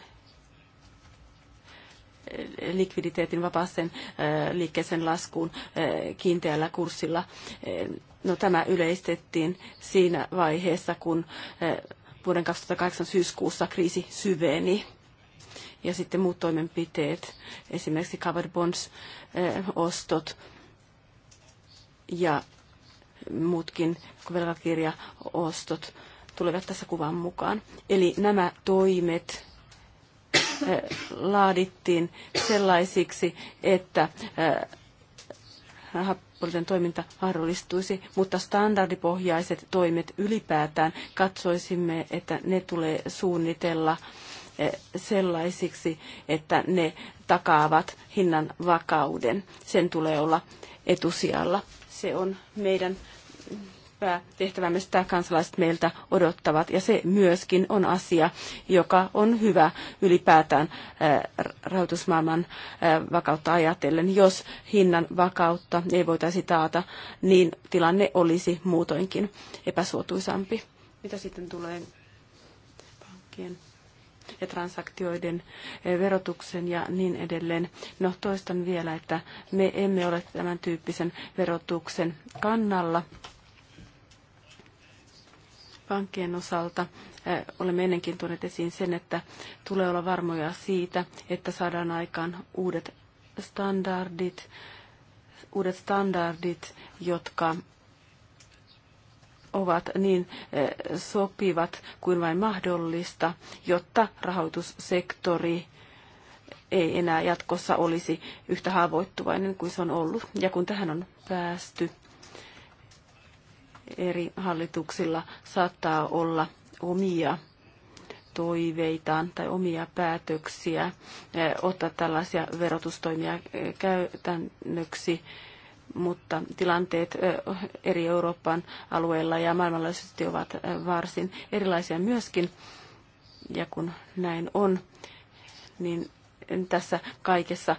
eh, likviditeetin vapaaseen eh, liikkeeseen laskuun eh, kiinteällä kurssilla. No, tämä yleistettiin siinä vaiheessa, kun vuoden 2008 syyskuussa kriisi syveni. Ja sitten muut toimenpiteet, esimerkiksi covered bonds-ostot ja muutkin velkakirjaostot tulevat tässä kuvan mukaan. Eli nämä toimet eh, laadittiin sellaisiksi, että eh, happoliten toiminta mahdollistuisi, mutta standardipohjaiset toimet ylipäätään katsoisimme, että ne tulee suunnitella eh, sellaisiksi, että ne takaavat hinnan vakauden. Sen tulee olla etusijalla. Se on meidän päätehtävämme sitä kansalaiset meiltä odottavat. Ja se myöskin on asia, joka on hyvä ylipäätään rahoitusmaailman vakautta ajatellen. Jos hinnan vakautta ei voitaisi taata, niin tilanne olisi muutoinkin epäsuotuisampi. Mitä sitten tulee pankkien ja transaktioiden verotuksen ja niin edelleen. No toistan vielä, että me emme ole tämän tyyppisen verotuksen kannalla pankkien osalta olemme ennenkin tuoneet esiin sen, että tulee olla varmoja siitä, että saadaan aikaan uudet standardit, uudet standardit, jotka ovat niin sopivat kuin vain mahdollista, jotta rahoitussektori ei enää jatkossa olisi yhtä haavoittuvainen kuin se on ollut. Ja kun tähän on päästy, eri hallituksilla saattaa olla omia toiveitaan tai omia päätöksiä e, ottaa tällaisia verotustoimia e, käytännöksi, mutta tilanteet e, eri Euroopan alueilla ja maailmanlaajuisesti ovat varsin erilaisia myöskin. Ja kun näin on, niin tässä kaikessa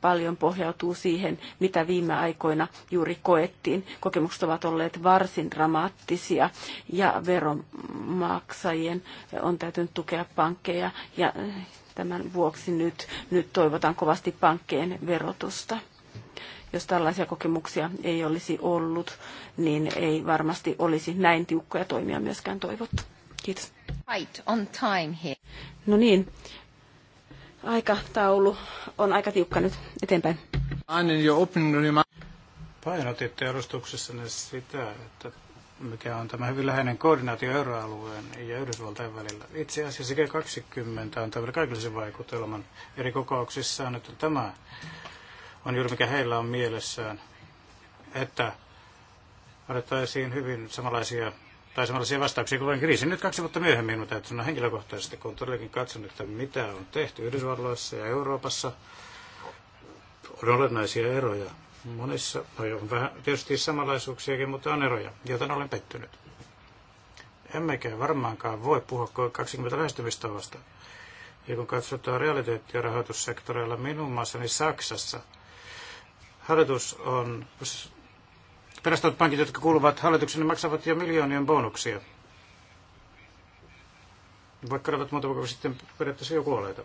paljon pohjautuu siihen, mitä viime aikoina juuri koettiin. Kokemukset ovat olleet varsin dramaattisia ja veronmaksajien on täytynyt tukea pankkeja ja tämän vuoksi nyt, nyt toivotan kovasti pankkeen verotusta jos tällaisia kokemuksia ei olisi ollut, niin ei varmasti olisi näin tiukkoja toimia myöskään toivottu. Kiitos. Right on time here. No niin, Aikataulu on aika tiukka nyt eteenpäin. Painotitte edustuksessanne sitä, että mikä on tämä hyvin läheinen koordinaatio euroalueen ja Yhdysvaltain välillä. Itse asiassa G20 on tämmöinen kaikillisen vaikutelman eri kokouksissaan, että tämä on juuri mikä heillä on mielessään, että otettaisiin hyvin samanlaisia tai samanlaisia vastauksia kuin kriisi. Nyt kaksi vuotta myöhemmin, mutta täytyy sanoa henkilökohtaisesti, kun todellakin katson, että mitä on tehty Yhdysvalloissa ja Euroopassa, on olennaisia eroja. Monissa no on vähän tietysti samanlaisuuksiakin, mutta on eroja, joten olen pettynyt. Emmekä varmaankaan voi puhua 20 lähestymistavasta. Ja kun katsotaan realiteettia rahoitussektoreilla minun maassani Saksassa, hallitus on pelastavat pankit, jotka kuuluvat hallituksen, maksavat jo miljoonien bonuksia. Vaikka olivat muutama kuukausi sitten periaatteessa jo kuolleita.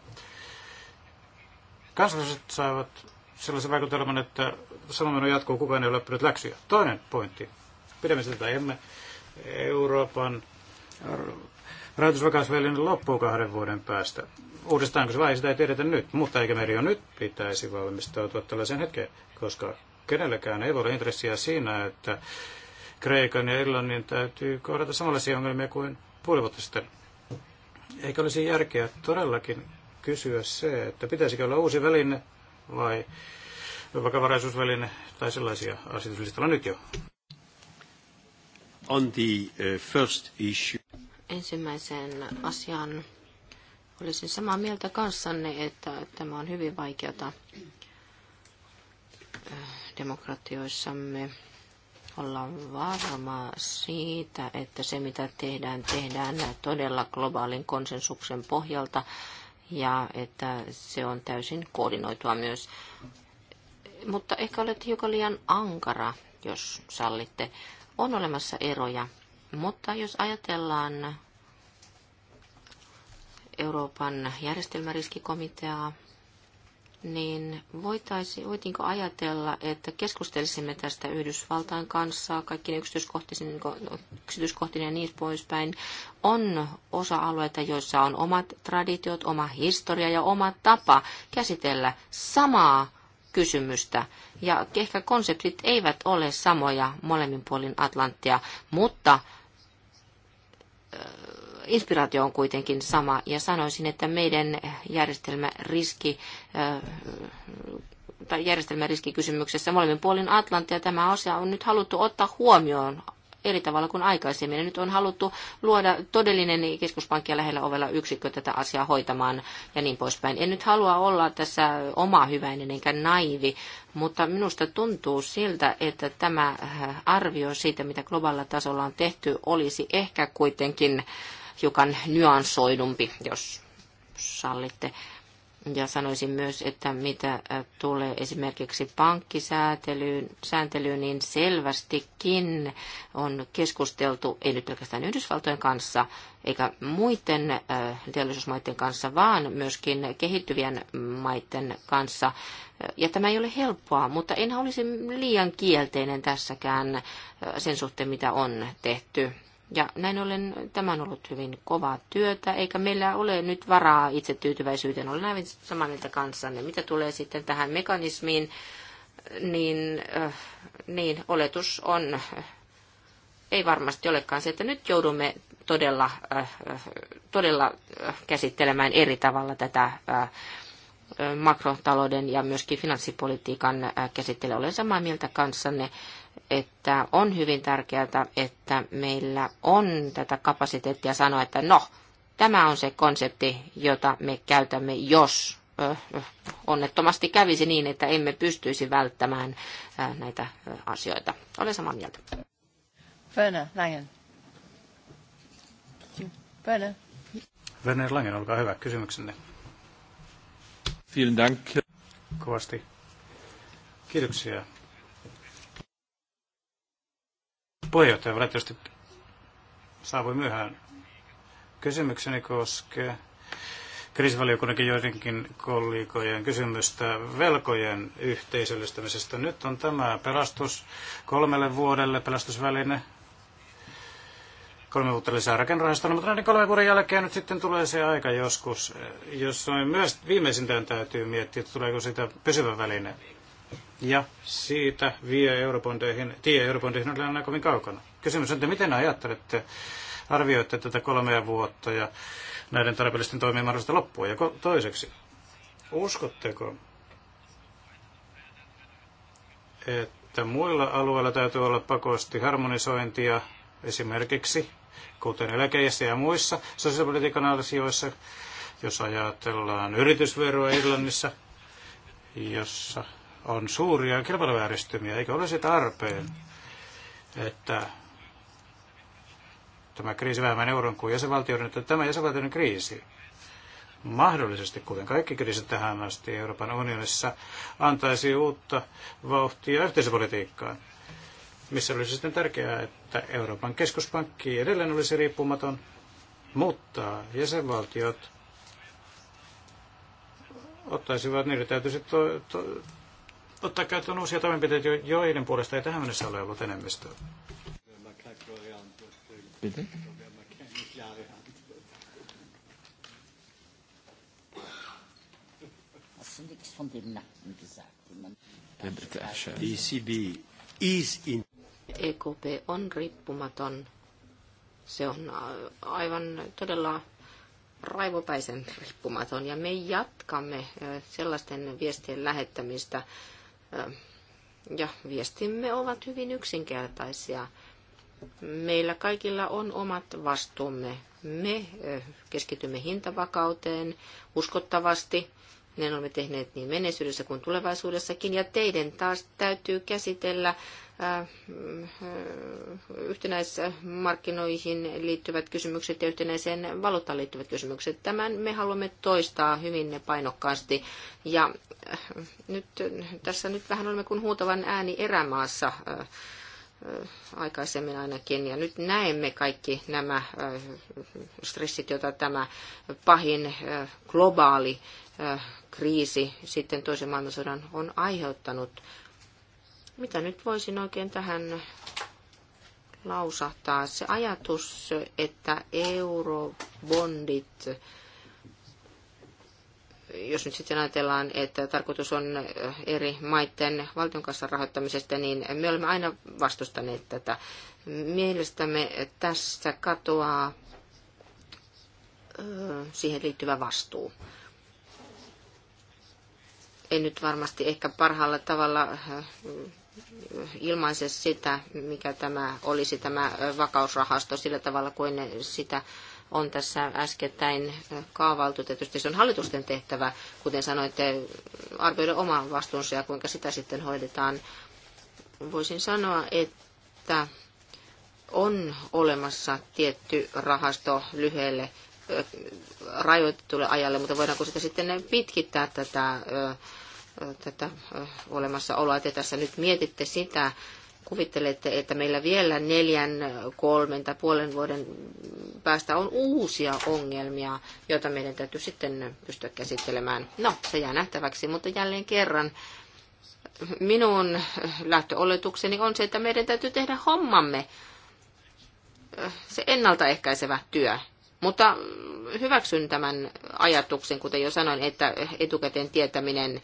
Kansalaiset saavat sellaisen vaikutelman, että sanominen jatkuu, kukaan ei ole oppinut läksyjä. Toinen pointti, pidämme sitä emme, Euroopan rahoitusvakausvälinen loppuu kahden vuoden päästä. Uudestaanko se vai sitä ei tiedetä nyt, mutta eikä meri jo nyt pitäisi valmistautua tällaiseen hetkeen, koska kenelläkään ei voi olla intressiä siinä, että Kreikan ja Irlannin täytyy kohdata samanlaisia ongelmia kuin puoli vuotta sitten. Eikö olisi järkeä todellakin kysyä se, että pitäisikö olla uusi väline vai vakavaraisuusväline tai sellaisia asetuslistalla nyt jo? On the uh, first issue. ensimmäisen asian olisin samaa mieltä kanssanne, että tämä on hyvin vaikeata demokratioissamme olla varma siitä, että se mitä tehdään, tehdään todella globaalin konsensuksen pohjalta ja että se on täysin koordinoitua myös. Mutta ehkä olet hiukan liian ankara, jos sallitte. On olemassa eroja, mutta jos ajatellaan Euroopan järjestelmäriskikomiteaa, niin voitaisi, voitiinko ajatella, että keskustelisimme tästä Yhdysvaltain kanssa, kaikki ne yksityiskohtinen ja niin poispäin, on osa-alueita, joissa on omat traditiot, oma historia ja oma tapa käsitellä samaa kysymystä. Ja ehkä konseptit eivät ole samoja molemmin puolin Atlanttia, mutta inspiraatio on kuitenkin sama ja sanoisin, että meidän järjestelmäriski äh, tai järjestelmäriskikysymyksessä molemmin puolin Atlantia tämä asia on nyt haluttu ottaa huomioon eri tavalla kuin aikaisemmin. Ja nyt on haluttu luoda todellinen keskuspankkia lähellä ovella yksikkö tätä asiaa hoitamaan ja niin poispäin. En nyt halua olla tässä oma hyväinen enkä naivi, mutta minusta tuntuu siltä, että tämä äh, arvio siitä, mitä globaalilla tasolla on tehty, olisi ehkä kuitenkin äh, hiukan nyansoidumpi, jos sallitte. Ja sanoisin myös, että mitä tulee esimerkiksi pankkisääntelyyn, sääntelyyn, niin selvästikin on keskusteltu, ei nyt pelkästään Yhdysvaltojen kanssa, eikä muiden teollisuusmaiden kanssa, vaan myöskin kehittyvien maiden kanssa. Ja tämä ei ole helppoa, mutta en olisi liian kielteinen tässäkään sen suhteen, mitä on tehty. Ja näin ollen tämä on ollut hyvin kovaa työtä, eikä meillä ole nyt varaa tyytyväisyyteen Olen näin samaa mieltä kanssanne. Mitä tulee sitten tähän mekanismiin, niin, äh, niin oletus on, äh, ei varmasti olekaan se, että nyt joudumme todella, äh, äh todella äh, käsittelemään eri tavalla tätä äh, äh makrotalouden ja myöskin finanssipolitiikan käsittelyä. Olen samaa mieltä kanssanne että on hyvin tärkeää, että meillä on tätä kapasiteettia sanoa, että no, tämä on se konsepti, jota me käytämme, jos onnettomasti kävisi niin, että emme pystyisi välttämään näitä asioita. Olen samaa mieltä. Werner Langen. Werner. Werner Langen, olkaa hyvä. Kysymyksenne. Vielen Dank. Kovasti. Kiitoksia Puheenjohtaja tietysti saavui myöhään. Kysymykseni koskee kriisivaliokunnankin joidenkin kollegojen kysymystä velkojen yhteisöllistämisestä. Nyt on tämä pelastus kolmelle vuodelle, pelastusväline, kolme vuotta lisää rakennerahastoa, mutta näiden kolmen vuoden jälkeen nyt sitten tulee se aika joskus, eh, jos on myös viimeisintään täytyy miettiä, että tuleeko siitä pysyvä väline ja siitä vie eurobondeihin, tie eurobondeihin on aina kovin kaukana. Kysymys on, että miten ajattelette, arvioitte tätä kolmea vuotta ja näiden tarpeellisten toimien mahdollista loppua? Ja toiseksi, uskotteko, että muilla alueilla täytyy olla pakosti harmonisointia esimerkiksi, kuten eläkeissä ja muissa sosiaalipolitiikan asioissa, jos ajatellaan yritysveroa Irlannissa, jossa on suuria kilpailuvääristymiä, eikä olisi tarpeen, että tämä kriisi vähemmän euron kuin jäsenvaltioiden, että tämä jäsenvaltioiden kriisi mahdollisesti, kuten kaikki kriisit tähän asti Euroopan unionissa, antaisi uutta vauhtia yhteisöpolitiikkaan, missä olisi sitten tärkeää, että Euroopan keskuspankki edelleen olisi riippumaton, mutta jäsenvaltiot ottaisivat, niiden täytyisi to, to, ottaa käyttöön uusia toimenpiteitä, joiden puolesta ei tähän mennessä ole ollut enemmistöä. Bitte? ECB is in... EKP on riippumaton. Se on äh, aivan todella raivopäisen riippumaton ja me jatkamme äh, sellaisten viestien lähettämistä, ja viestimme ovat hyvin yksinkertaisia. Meillä kaikilla on omat vastuumme. Me keskitymme hintavakauteen uskottavasti. Ne olemme tehneet niin menneisyydessä kuin tulevaisuudessakin. Ja teidän taas täytyy käsitellä Äh, äh, yhtenäismarkkinoihin liittyvät kysymykset ja yhtenäiseen valuuttaan liittyvät kysymykset. Tämän me haluamme toistaa hyvin painokkaasti. Ja äh, nyt, tässä nyt vähän olemme kuin huutavan ääni erämaassa aikaisemmin ainakin. Ja nyt näemme kaikki nämä stressit, joita tämä pahin globaali kriisi sitten toisen maailmansodan on aiheuttanut mitä nyt voisin oikein tähän lausahtaa? Se ajatus, että eurobondit jos nyt sitten ajatellaan, että tarkoitus on eri maiden valtion kanssa rahoittamisesta, niin me olemme aina vastustaneet tätä. Mielestämme tässä katoaa siihen liittyvä vastuu. En nyt varmasti ehkä parhaalla tavalla ilmaise sitä, mikä tämä olisi tämä vakausrahasto sillä tavalla kuin sitä on tässä äskettäin kaavailtu. Tietysti se on hallitusten tehtävä, kuten sanoitte, arvioida oma vastuunsa ja kuinka sitä sitten hoidetaan. Voisin sanoa, että on olemassa tietty rahasto lyhyelle rajoitetulle ajalle, mutta voidaanko sitä sitten pitkittää tätä tätä olemassaoloa. Te tässä nyt mietitte sitä, kuvittelette, että meillä vielä neljän, kolmen tai puolen vuoden päästä on uusia ongelmia, joita meidän täytyy sitten pystyä käsittelemään. No, se jää nähtäväksi, mutta jälleen kerran minun lähtöoletukseni on se, että meidän täytyy tehdä hommamme se ennaltaehkäisevä työ. Mutta hyväksyn tämän ajatuksen, kuten jo sanoin, että etukäteen tietäminen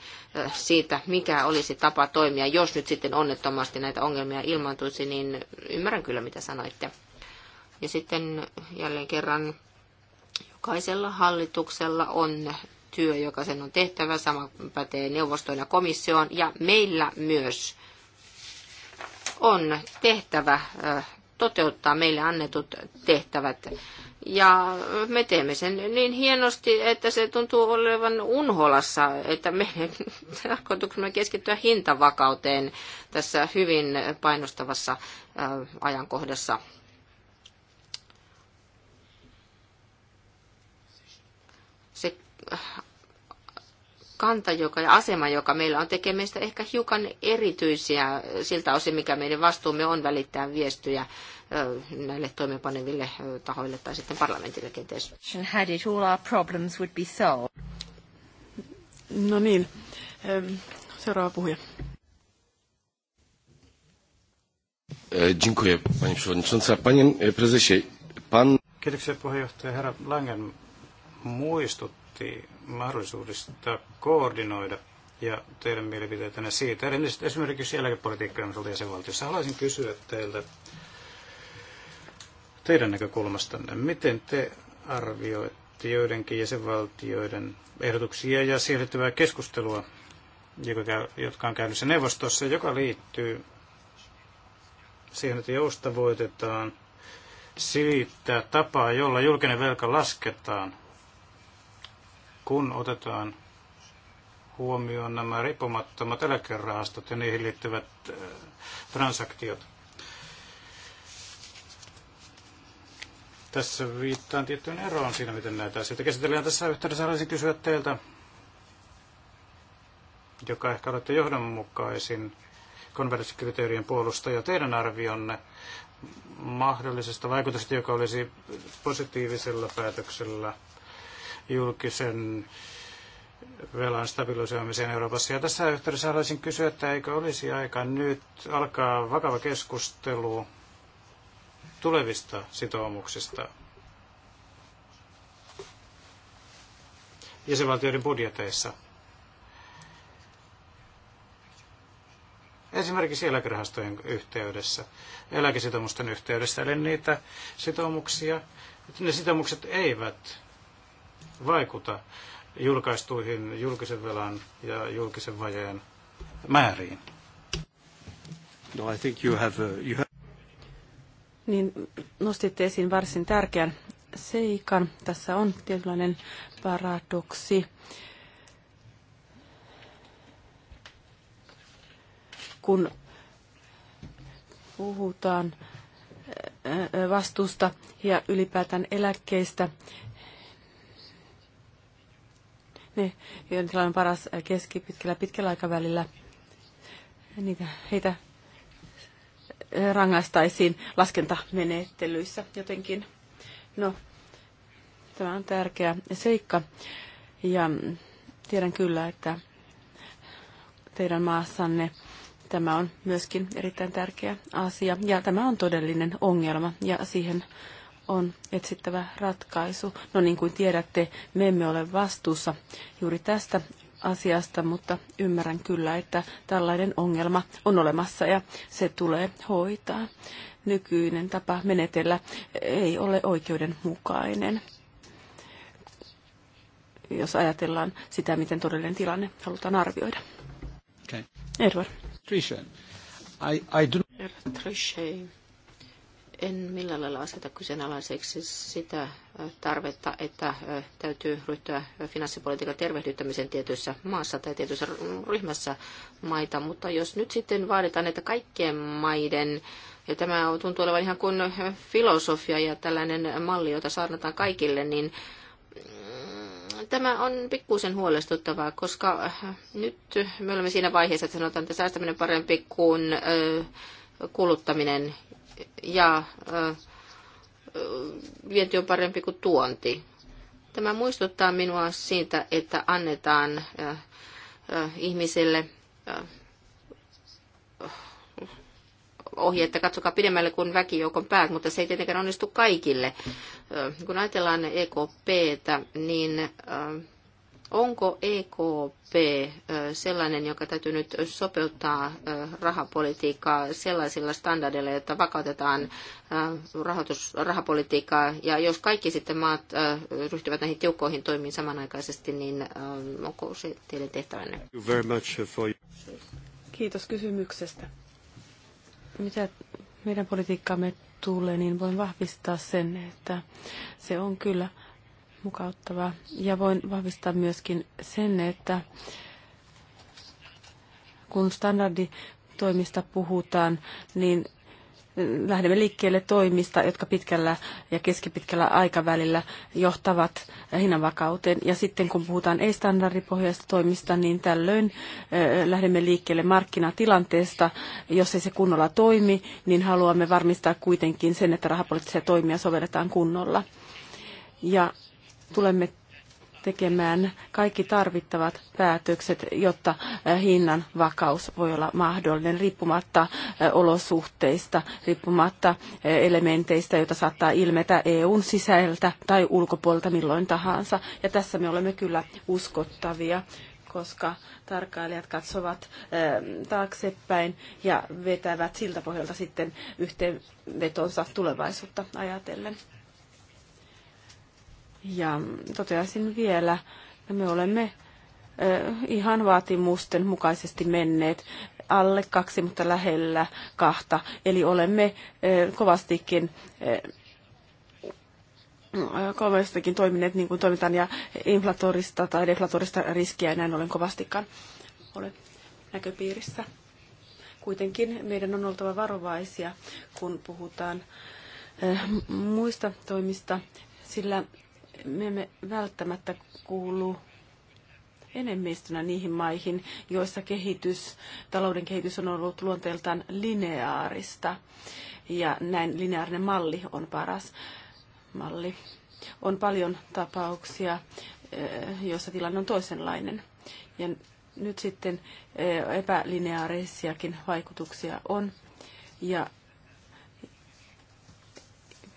siitä, mikä olisi tapa toimia, jos nyt sitten onnettomasti näitä ongelmia ilmaantuisi, niin ymmärrän kyllä, mitä sanoitte. Ja sitten jälleen kerran jokaisella hallituksella on työ, joka sen on tehtävä. Sama pätee neuvostoon ja komissioon. Ja meillä myös on tehtävä toteuttaa meille annetut tehtävät ja me teemme sen niin hienosti, että se tuntuu olevan unholassa, että meidän [LAUGHS] on keskittyä hintavakauteen tässä hyvin painostavassa äh, ajankohdassa. Se äh, kanta joka, ja asema, joka meillä on, tekee meistä ehkä hiukan erityisiä siltä osin, mikä meidän vastuumme on välittää viestyjä näille toimeenpaneville tahoille tai sitten parlamentille kenties. Had it, all our problems would be solved. No niin, ähm, seuraava puhuja. E, dziękuję, Pani Przewodnicząca. Panie e, Prezesie, Pan... Kiitoksia puheenjohtaja. Herra Langen muistutti mahdollisuudesta koordinoida ja teidän mielipiteitänne siitä. esimerkiksi eläkepolitiikkojen osalta jäsenvaltiossa haluaisin kysyä teiltä, teidän näkökulmastanne. Miten te arvioitte joidenkin jäsenvaltioiden ehdotuksia ja siirtyvää keskustelua, jotka on käynnissä neuvostossa, joka liittyy siihen, että joustavoitetaan siitä tapaa, jolla julkinen velka lasketaan, kun otetaan huomioon nämä riippumattomat eläkerahastot ja niihin liittyvät äh, transaktiot. Tässä viittaan tiettyyn eroon siinä, miten näitä asioita käsitellään. Tässä yhteydessä haluaisin kysyä teiltä, joka ehkä olette johdonmukaisin konvergenssikriteerien puolustaja, teidän arvionne mahdollisesta vaikutusta, joka olisi positiivisella päätöksellä julkisen velan stabilisoimiseen Euroopassa. Ja tässä yhteydessä haluaisin kysyä, että eikö olisi aika nyt alkaa vakava keskustelu tulevista sitoumuksista jäsenvaltioiden budjeteissa. Esimerkiksi eläkerahastojen yhteydessä, eläkesitoumusten yhteydessä, eli niitä sitoumuksia, että ne sitoumukset eivät vaikuta julkaistuihin julkisen velan ja julkisen vajeen määriin. No, I think you have, uh, you have niin nostitte esiin varsin tärkeän seikan. Tässä on tietynlainen paradoksi. Kun puhutaan vastuusta ja ylipäätään eläkkeistä, Niin joilla on paras keskipitkällä pitkällä aikavälillä, niitä, heitä rangaistaisiin laskentamenettelyissä jotenkin. No, tämä on tärkeä seikka. Ja tiedän kyllä, että teidän maassanne tämä on myöskin erittäin tärkeä asia. Ja tämä on todellinen ongelma ja siihen on etsittävä ratkaisu. No niin kuin tiedätte, me emme ole vastuussa juuri tästä asiasta, mutta ymmärrän kyllä, että tällainen ongelma on olemassa ja se tulee hoitaa. Nykyinen tapa menetellä ei ole oikeudenmukainen, jos ajatellaan sitä, miten todellinen tilanne halutaan arvioida. Okay. Edward. Trichet. I, I do... Trichet en millään lailla aseta kyseenalaiseksi sitä tarvetta, että täytyy ryhtyä finanssipolitiikan tervehdyttämisen tietyssä maassa tai tietyssä ryhmässä maita, mutta jos nyt sitten vaaditaan, että kaikkien maiden, ja tämä tuntuu olevan ihan kuin filosofia ja tällainen malli, jota saarnataan kaikille, niin mm, tämä on pikkuisen huolestuttavaa, koska äh, nyt me olemme siinä vaiheessa, että sanotaan, että säästäminen parempi kuin kuluttaminen ja vienti on parempi kuin tuonti. Tämä muistuttaa minua siitä, että annetaan ihmisille ohje, että katsokaa pidemmälle kuin väkijoukon päät, mutta se ei tietenkään onnistu kaikille. Kun ajatellaan EKPtä, niin onko EKP sellainen, joka täytyy nyt sopeuttaa rahapolitiikkaa sellaisilla standardeilla, jotta vakautetaan rahoitus, rahapolitiikkaa. Ja jos kaikki sitten maat ryhtyvät näihin tiukkoihin toimiin samanaikaisesti, niin onko se teidän tehtävänne? Kiitos kysymyksestä. Mitä meidän politiikkaamme tulee, niin voin vahvistaa sen, että se on kyllä mukauttavaa. Ja voin vahvistaa myöskin sen, että kun standarditoimista puhutaan, niin mm, lähdemme liikkeelle toimista, jotka pitkällä ja keskipitkällä aikavälillä johtavat hinnanvakauteen. Ja sitten kun puhutaan ei-standardipohjaisista toimista, niin tällöin eh, lähdemme liikkeelle markkinatilanteesta. Jos ei se kunnolla toimi, niin haluamme varmistaa kuitenkin sen, että rahapoliittisia toimia sovelletaan kunnolla. Ja Tulemme tekemään kaikki tarvittavat päätökset, jotta eh, hinnan vakaus voi olla mahdollinen riippumatta eh, olosuhteista, riippumatta eh, elementeistä, joita saattaa ilmetä EUn sisältä tai ulkopuolta milloin tahansa. Ja tässä me olemme kyllä uskottavia koska tarkkailijat katsovat taaksepäin ja vetävät siltä pohjalta sitten yhteenvetonsa tulevaisuutta ajatellen. Ja toteaisin vielä, että me olemme ihan vaatimusten mukaisesti menneet alle kaksi, mutta lähellä kahta. Eli olemme kovastikin kovastikin toimineet niin kuin toimitaan ja inflatorista tai deflatorista riskiä ei näin ollen kovastikaan ole näköpiirissä. Kuitenkin meidän on oltava varovaisia, kun puhutaan muista toimista, sillä me emme välttämättä kuulu enemmistönä niihin maihin, joissa kehitys, talouden kehitys on ollut luonteeltaan lineaarista. Ja näin lineaarinen malli on paras malli. On paljon tapauksia, eh, joissa tilanne on toisenlainen. Ja nyt sitten eh, epälineaarisiakin vaikutuksia on. Ja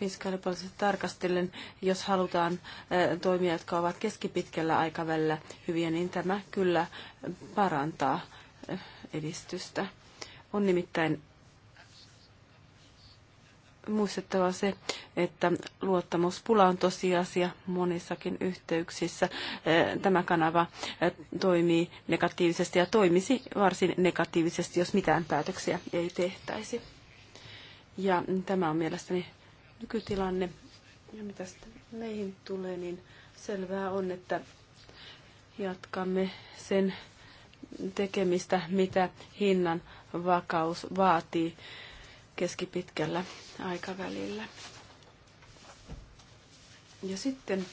fiskaalipoliittisesti tarkastellen, jos halutaan toimia, jotka ovat keskipitkällä aikavälillä hyviä, niin tämä kyllä parantaa edistystä. On nimittäin muistettava se, että luottamuspula on tosiasia monissakin yhteyksissä. Tämä kanava toimii negatiivisesti ja toimisi varsin negatiivisesti, jos mitään päätöksiä ei tehtäisi. Ja tämä on mielestäni nykytilanne. Ja mitä sitten meihin tulee, niin selvää on, että jatkamme sen tekemistä, mitä hinnan vakaus vaatii keskipitkällä aikavälillä. Ja sitten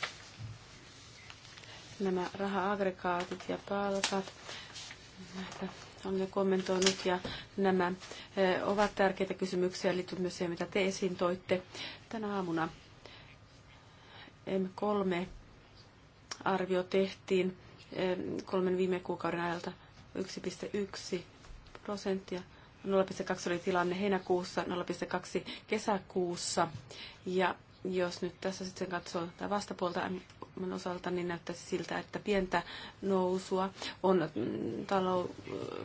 nämä raha-aggregaatit ja palkat, näitä on jo kommentoinut ja nämä eh, ovat tärkeitä kysymyksiä liittyen myös siihen, mitä te esiin toitte tänä aamuna. M3-arvio tehtiin eh, kolmen viime kuukauden ajalta 1,1 prosenttia. 0,2 oli tilanne heinäkuussa, 0,2 kesäkuussa ja jos nyt tässä sitten katsoo tätä vastapuolta osalta, niin näyttäisi siltä, että pientä nousua on mm, talou-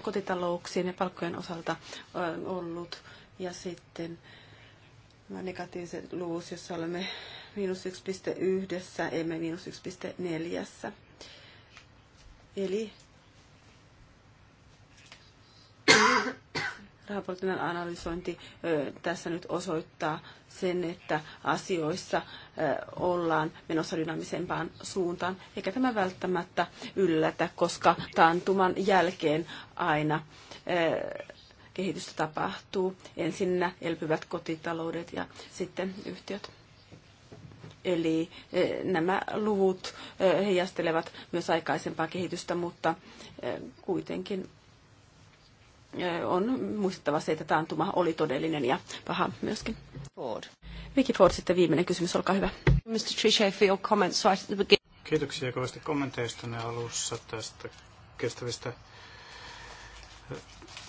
kotitalouksien ja palkkojen osalta ollut. Ja sitten negatiiviset luvut, jossa olemme miinus 1,1, emme miinus 1,4. Eli raportin analysointi tässä nyt osoittaa sen, että asioissa ollaan menossa dynaamisempaan suuntaan, eikä tämä välttämättä yllätä, koska taantuman jälkeen aina kehitystä tapahtuu. Ensinnä elpyvät kotitaloudet ja sitten yhtiöt. Eli nämä luvut heijastelevat myös aikaisempaa kehitystä, mutta kuitenkin on muistettava se, että taantuma oli todellinen ja paha myöskin. Ford. Vicky Ford, sitten viimeinen kysymys, olkaa hyvä. Mr. Trichet, for your comments right at the beginning. Kiitoksia kovasti kommenteistanne alussa tästä kestävistä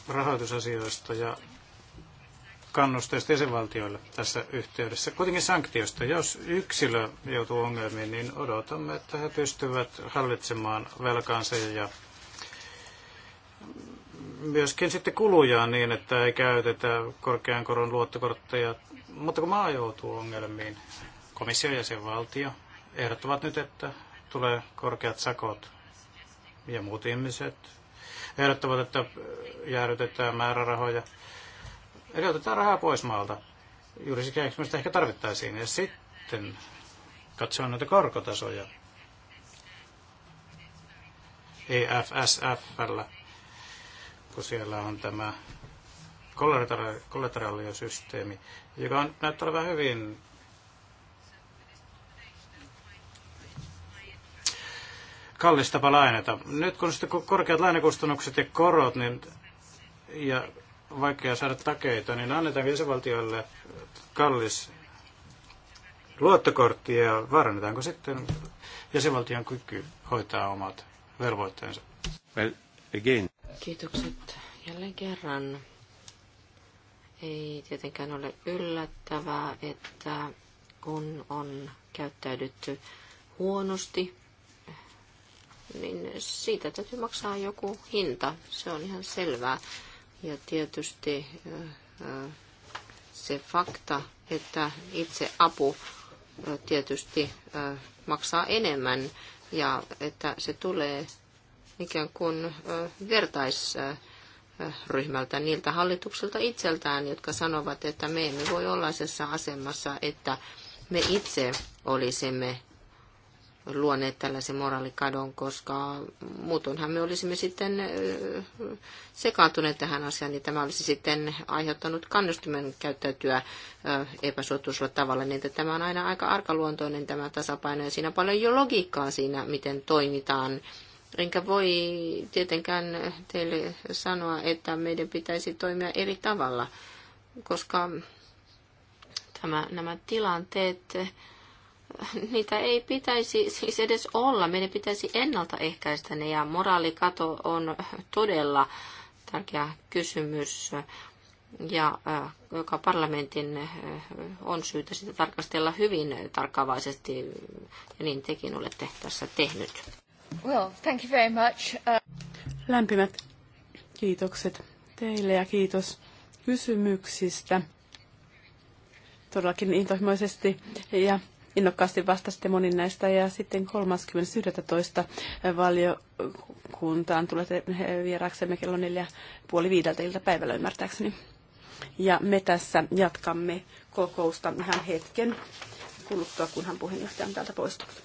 rahoitusasioista ja kannusteista jäsenvaltioille tässä yhteydessä. Kuitenkin sanktioista. Jos yksilö joutuu ongelmiin, niin odotamme, että he pystyvät hallitsemaan velkaansa ja myöskin sitten kulujaan niin, että ei käytetä korkean koron luottokortteja. Mutta kun maa joutuu ongelmiin, komissio ja sen valtio ehdottavat nyt, että tulee korkeat sakot ja muut ihmiset ehdottavat, että jäädytetään määrärahoja. Eli otetaan rahaa pois maalta. Juuri se mistä ehkä tarvittaisiin. Ja sitten katsoa näitä korkotasoja. EFSFllä kun siellä on tämä kollateraaliosysteemi, joka on, näyttää vähän hyvin kallis tapa lainata. Nyt kun sitten korkeat lainakustannukset ja korot, niin ja vaikea saada takeita, niin annetaan jäsenvaltioille kallis luottokortti ja varannetaanko sitten jäsenvaltion kyky hoitaa omat velvoitteensa? Well, again. Kiitokset jälleen kerran. Ei tietenkään ole yllättävää, että kun on käyttäydytty huonosti, niin siitä täytyy maksaa joku hinta. Se on ihan selvää. Ja tietysti se fakta, että itse apu tietysti maksaa enemmän ja että se tulee ikään kuin vertaisryhmältä, niiltä hallitukselta itseltään, jotka sanovat, että me emme voi olla sellaisessa asemassa, että me itse olisimme luoneet tällaisen moraalikadon, koska muutoinhan me olisimme sitten sekaantuneet tähän asiaan, niin tämä olisi sitten aiheuttanut kannustimen käyttäytyä epäsuotuisella tavalla, niin että tämä on aina aika arkaluontoinen tämä tasapaino, ja siinä on paljon jo logiikkaa siinä, miten toimitaan Enkä voi tietenkään teille sanoa, että meidän pitäisi toimia eri tavalla, koska tämä, nämä tilanteet, niitä ei pitäisi siis edes olla. Meidän pitäisi ennaltaehkäistä ne ja moraalikato on todella tärkeä kysymys ja äh, joka parlamentin äh, on syytä sitä tarkastella hyvin tarkkaavaisesti, ja niin tekin olette tässä tehnyt. Well, thank you very much. Uh... Lämpimät kiitokset teille ja kiitos kysymyksistä. Todellakin intohimoisesti ja innokkaasti vastasitte monin näistä ja sitten 30.11. valiokuntaan tulette vieraaksemme kello neljä puoli viideltä iltapäivällä ymmärtääkseni. Ja me tässä jatkamme kokousta ihan hetken kuluttua, kunhan puheenjohtaja on täältä poistunut.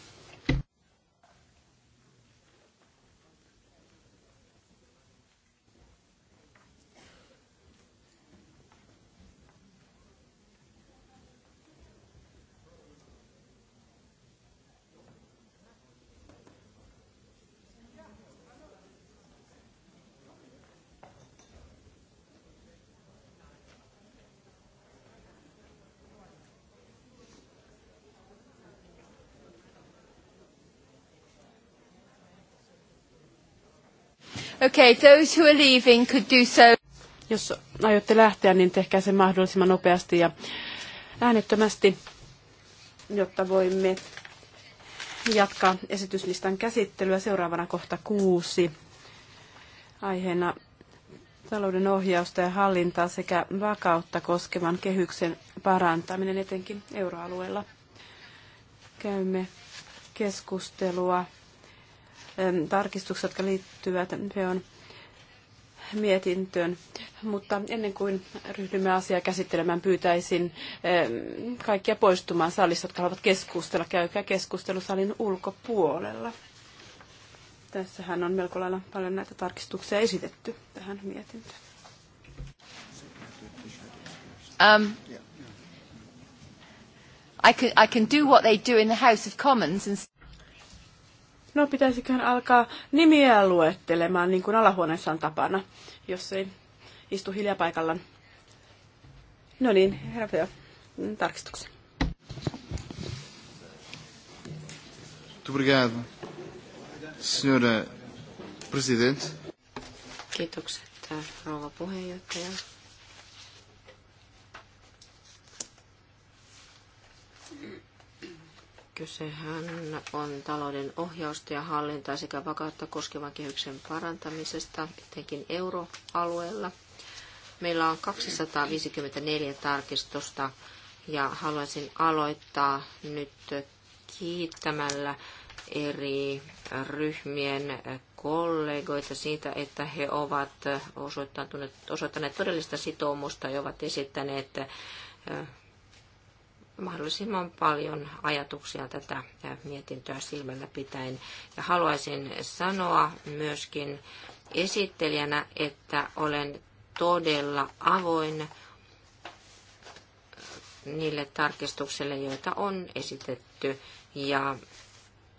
Okay, those who are leaving could do so. Jos aiotte lähteä, niin tehkää se mahdollisimman nopeasti ja äänettömästi, jotta voimme jatkaa esityslistan käsittelyä. Seuraavana kohta kuusi. Aiheena talouden ohjausta ja hallintaa sekä vakautta koskevan kehyksen parantaminen etenkin euroalueella. Käymme keskustelua tarkistukset, jotka liittyvät FEON mietintöön. Mutta ennen kuin ryhdymme asiaa käsittelemään, pyytäisin kaikkia poistumaan salista, jotka haluavat keskustella. Käykää keskustelu salin ulkopuolella. Tässähän on melko lailla paljon näitä tarkistuksia esitetty tähän mietintöön. Um, I, can, I can do what they do in the House of Commons and No pitäisiköhän alkaa nimiä luettelemaan, niin kuin alahuoneessa on tapana, jos ei istu hiljaa paikallaan. No niin, herra Feo, mm, tarkistuksen. Obrigado, senhora presidente. Kiitokset, rouva puheenjohtaja. Kysehän on talouden ohjausta ja hallintaa sekä vakautta koskevan kehyksen parantamisesta, etenkin euroalueella. Meillä on 254 tarkistusta ja haluaisin aloittaa nyt kiittämällä eri ryhmien kollegoita siitä, että he ovat osoittaneet todellista sitoumusta ja ovat esittäneet mahdollisimman paljon ajatuksia tätä mietintöä silmällä pitäen. Ja haluaisin sanoa myöskin esittelijänä, että olen todella avoin niille tarkistuksille, joita on esitetty. Ja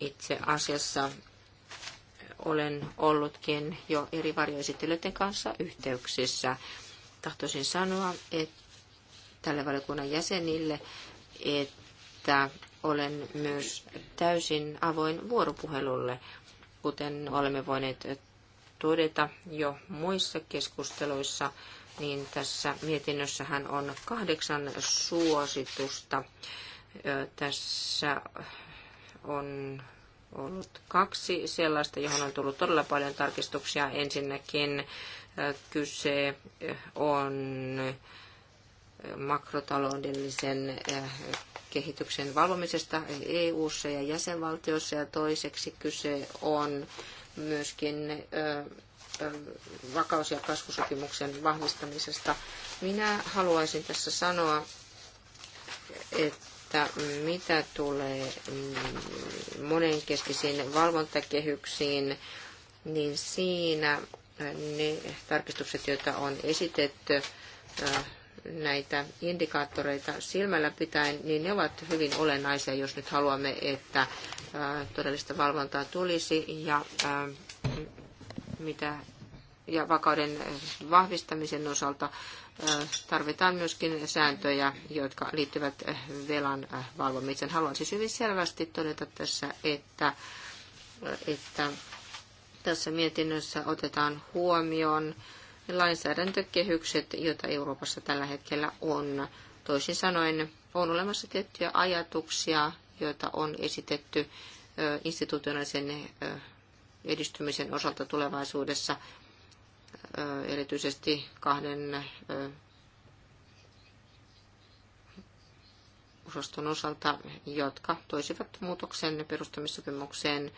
itse asiassa olen ollutkin jo eri varjoesittelyiden kanssa yhteyksissä. Tahtoisin sanoa, että tälle valiokunnan jäsenille että olen myös täysin avoin vuoropuhelulle, kuten olemme voineet todeta jo muissa keskusteluissa, niin tässä mietinnössähän on kahdeksan suositusta. Tässä on ollut kaksi sellaista, johon on tullut todella paljon tarkistuksia. Ensinnäkin kyse on makrotaloudellisen eh, kehityksen valvomisesta EU-ssa ja jäsenvaltioissa ja toiseksi kyse on myöskin eh, eh, vakaus- ja kasvusopimuksen vahvistamisesta. Minä haluaisin tässä sanoa, että mitä tulee monenkeskisiin valvontakehyksiin, niin siinä ne tarkistukset, joita on esitetty, näitä indikaattoreita silmällä pitäen, niin ne ovat hyvin olennaisia, jos nyt haluamme, että äh, todellista valvontaa tulisi ja äh, mitä ja vakauden vahvistamisen osalta äh, tarvitaan myöskin sääntöjä, jotka liittyvät velan valvomiseen. Haluan siis hyvin selvästi todeta tässä, että, että tässä mietinnössä otetaan huomioon lainsäädäntökehykset, joita Euroopassa tällä hetkellä on. Toisin sanoen on olemassa tiettyjä ajatuksia, joita on esitetty institutionaalisen edistymisen osalta tulevaisuudessa, erityisesti kahden osaston osalta, jotka toisivat muutoksen perustamissopimukseen.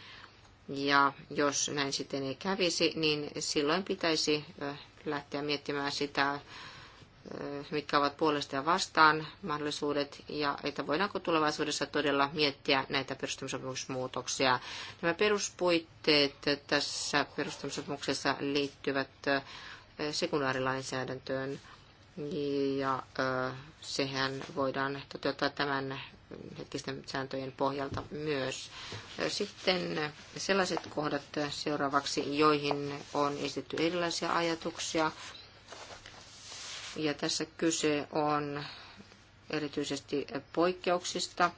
Ja jos näin sitten ei kävisi, niin silloin pitäisi lähteä miettimään sitä, mitkä ovat puolesta ja vastaan mahdollisuudet, ja että voidaanko tulevaisuudessa todella miettiä näitä perustamisopimusmuutoksia. Nämä peruspuitteet tässä perustamisopimuksessa liittyvät sekundaarilainsäädäntöön, ja sehän voidaan toteuttaa tämän hetkisten sääntöjen pohjalta myös. Sitten sellaiset kohdat seuraavaksi, joihin on esitetty erilaisia ajatuksia. Ja tässä kyse on erityisesti poikkeuksista.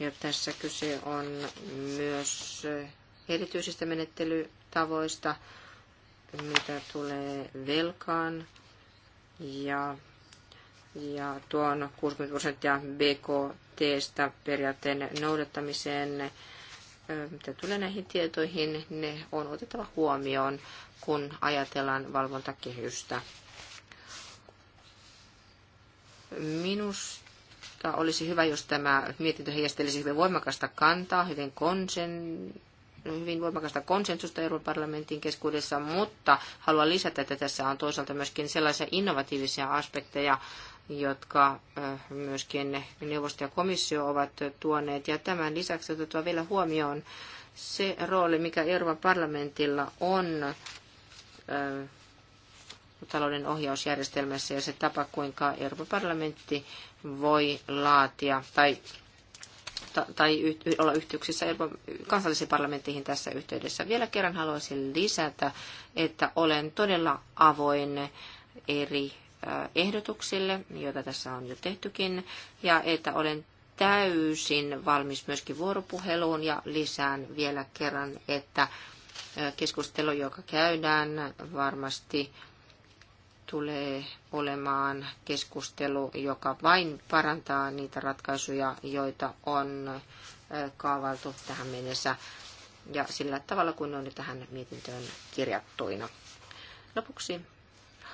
Ja tässä kyse on myös erityisistä menettelytavoista, mitä tulee velkaan ja ja tuon 60 prosenttia BKTstä periaatteen noudattamiseen. Mitä tulee näihin tietoihin, ne on otettava huomioon, kun ajatellaan valvontakehystä. Minusta olisi hyvä, jos tämä mietintö heijastelisi hyvin voimakasta kantaa, hyvin, konsen, hyvin voimakasta konsensusta Euroopan parlamentin keskuudessa, mutta haluan lisätä, että tässä on toisaalta myöskin sellaisia innovatiivisia aspekteja, jotka myöskin neuvosto ja komissio ovat tuoneet. Ja tämän lisäksi otetaan vielä huomioon se rooli, mikä Euroopan parlamentilla on talouden ohjausjärjestelmässä ja se tapa, kuinka Euroopan parlamentti voi laatia tai, tai olla yhteyksissä Euroopan kansallisiin parlamenttiin tässä yhteydessä. Vielä kerran haluaisin lisätä, että olen todella avoin eri ehdotuksille, joita tässä on jo tehtykin, ja että olen täysin valmis myöskin vuoropuheluun ja lisään vielä kerran, että keskustelu, joka käydään, varmasti tulee olemaan keskustelu, joka vain parantaa niitä ratkaisuja, joita on kaavailtu tähän mennessä ja sillä tavalla, kun ne on tähän mietintöön kirjattuina. Lopuksi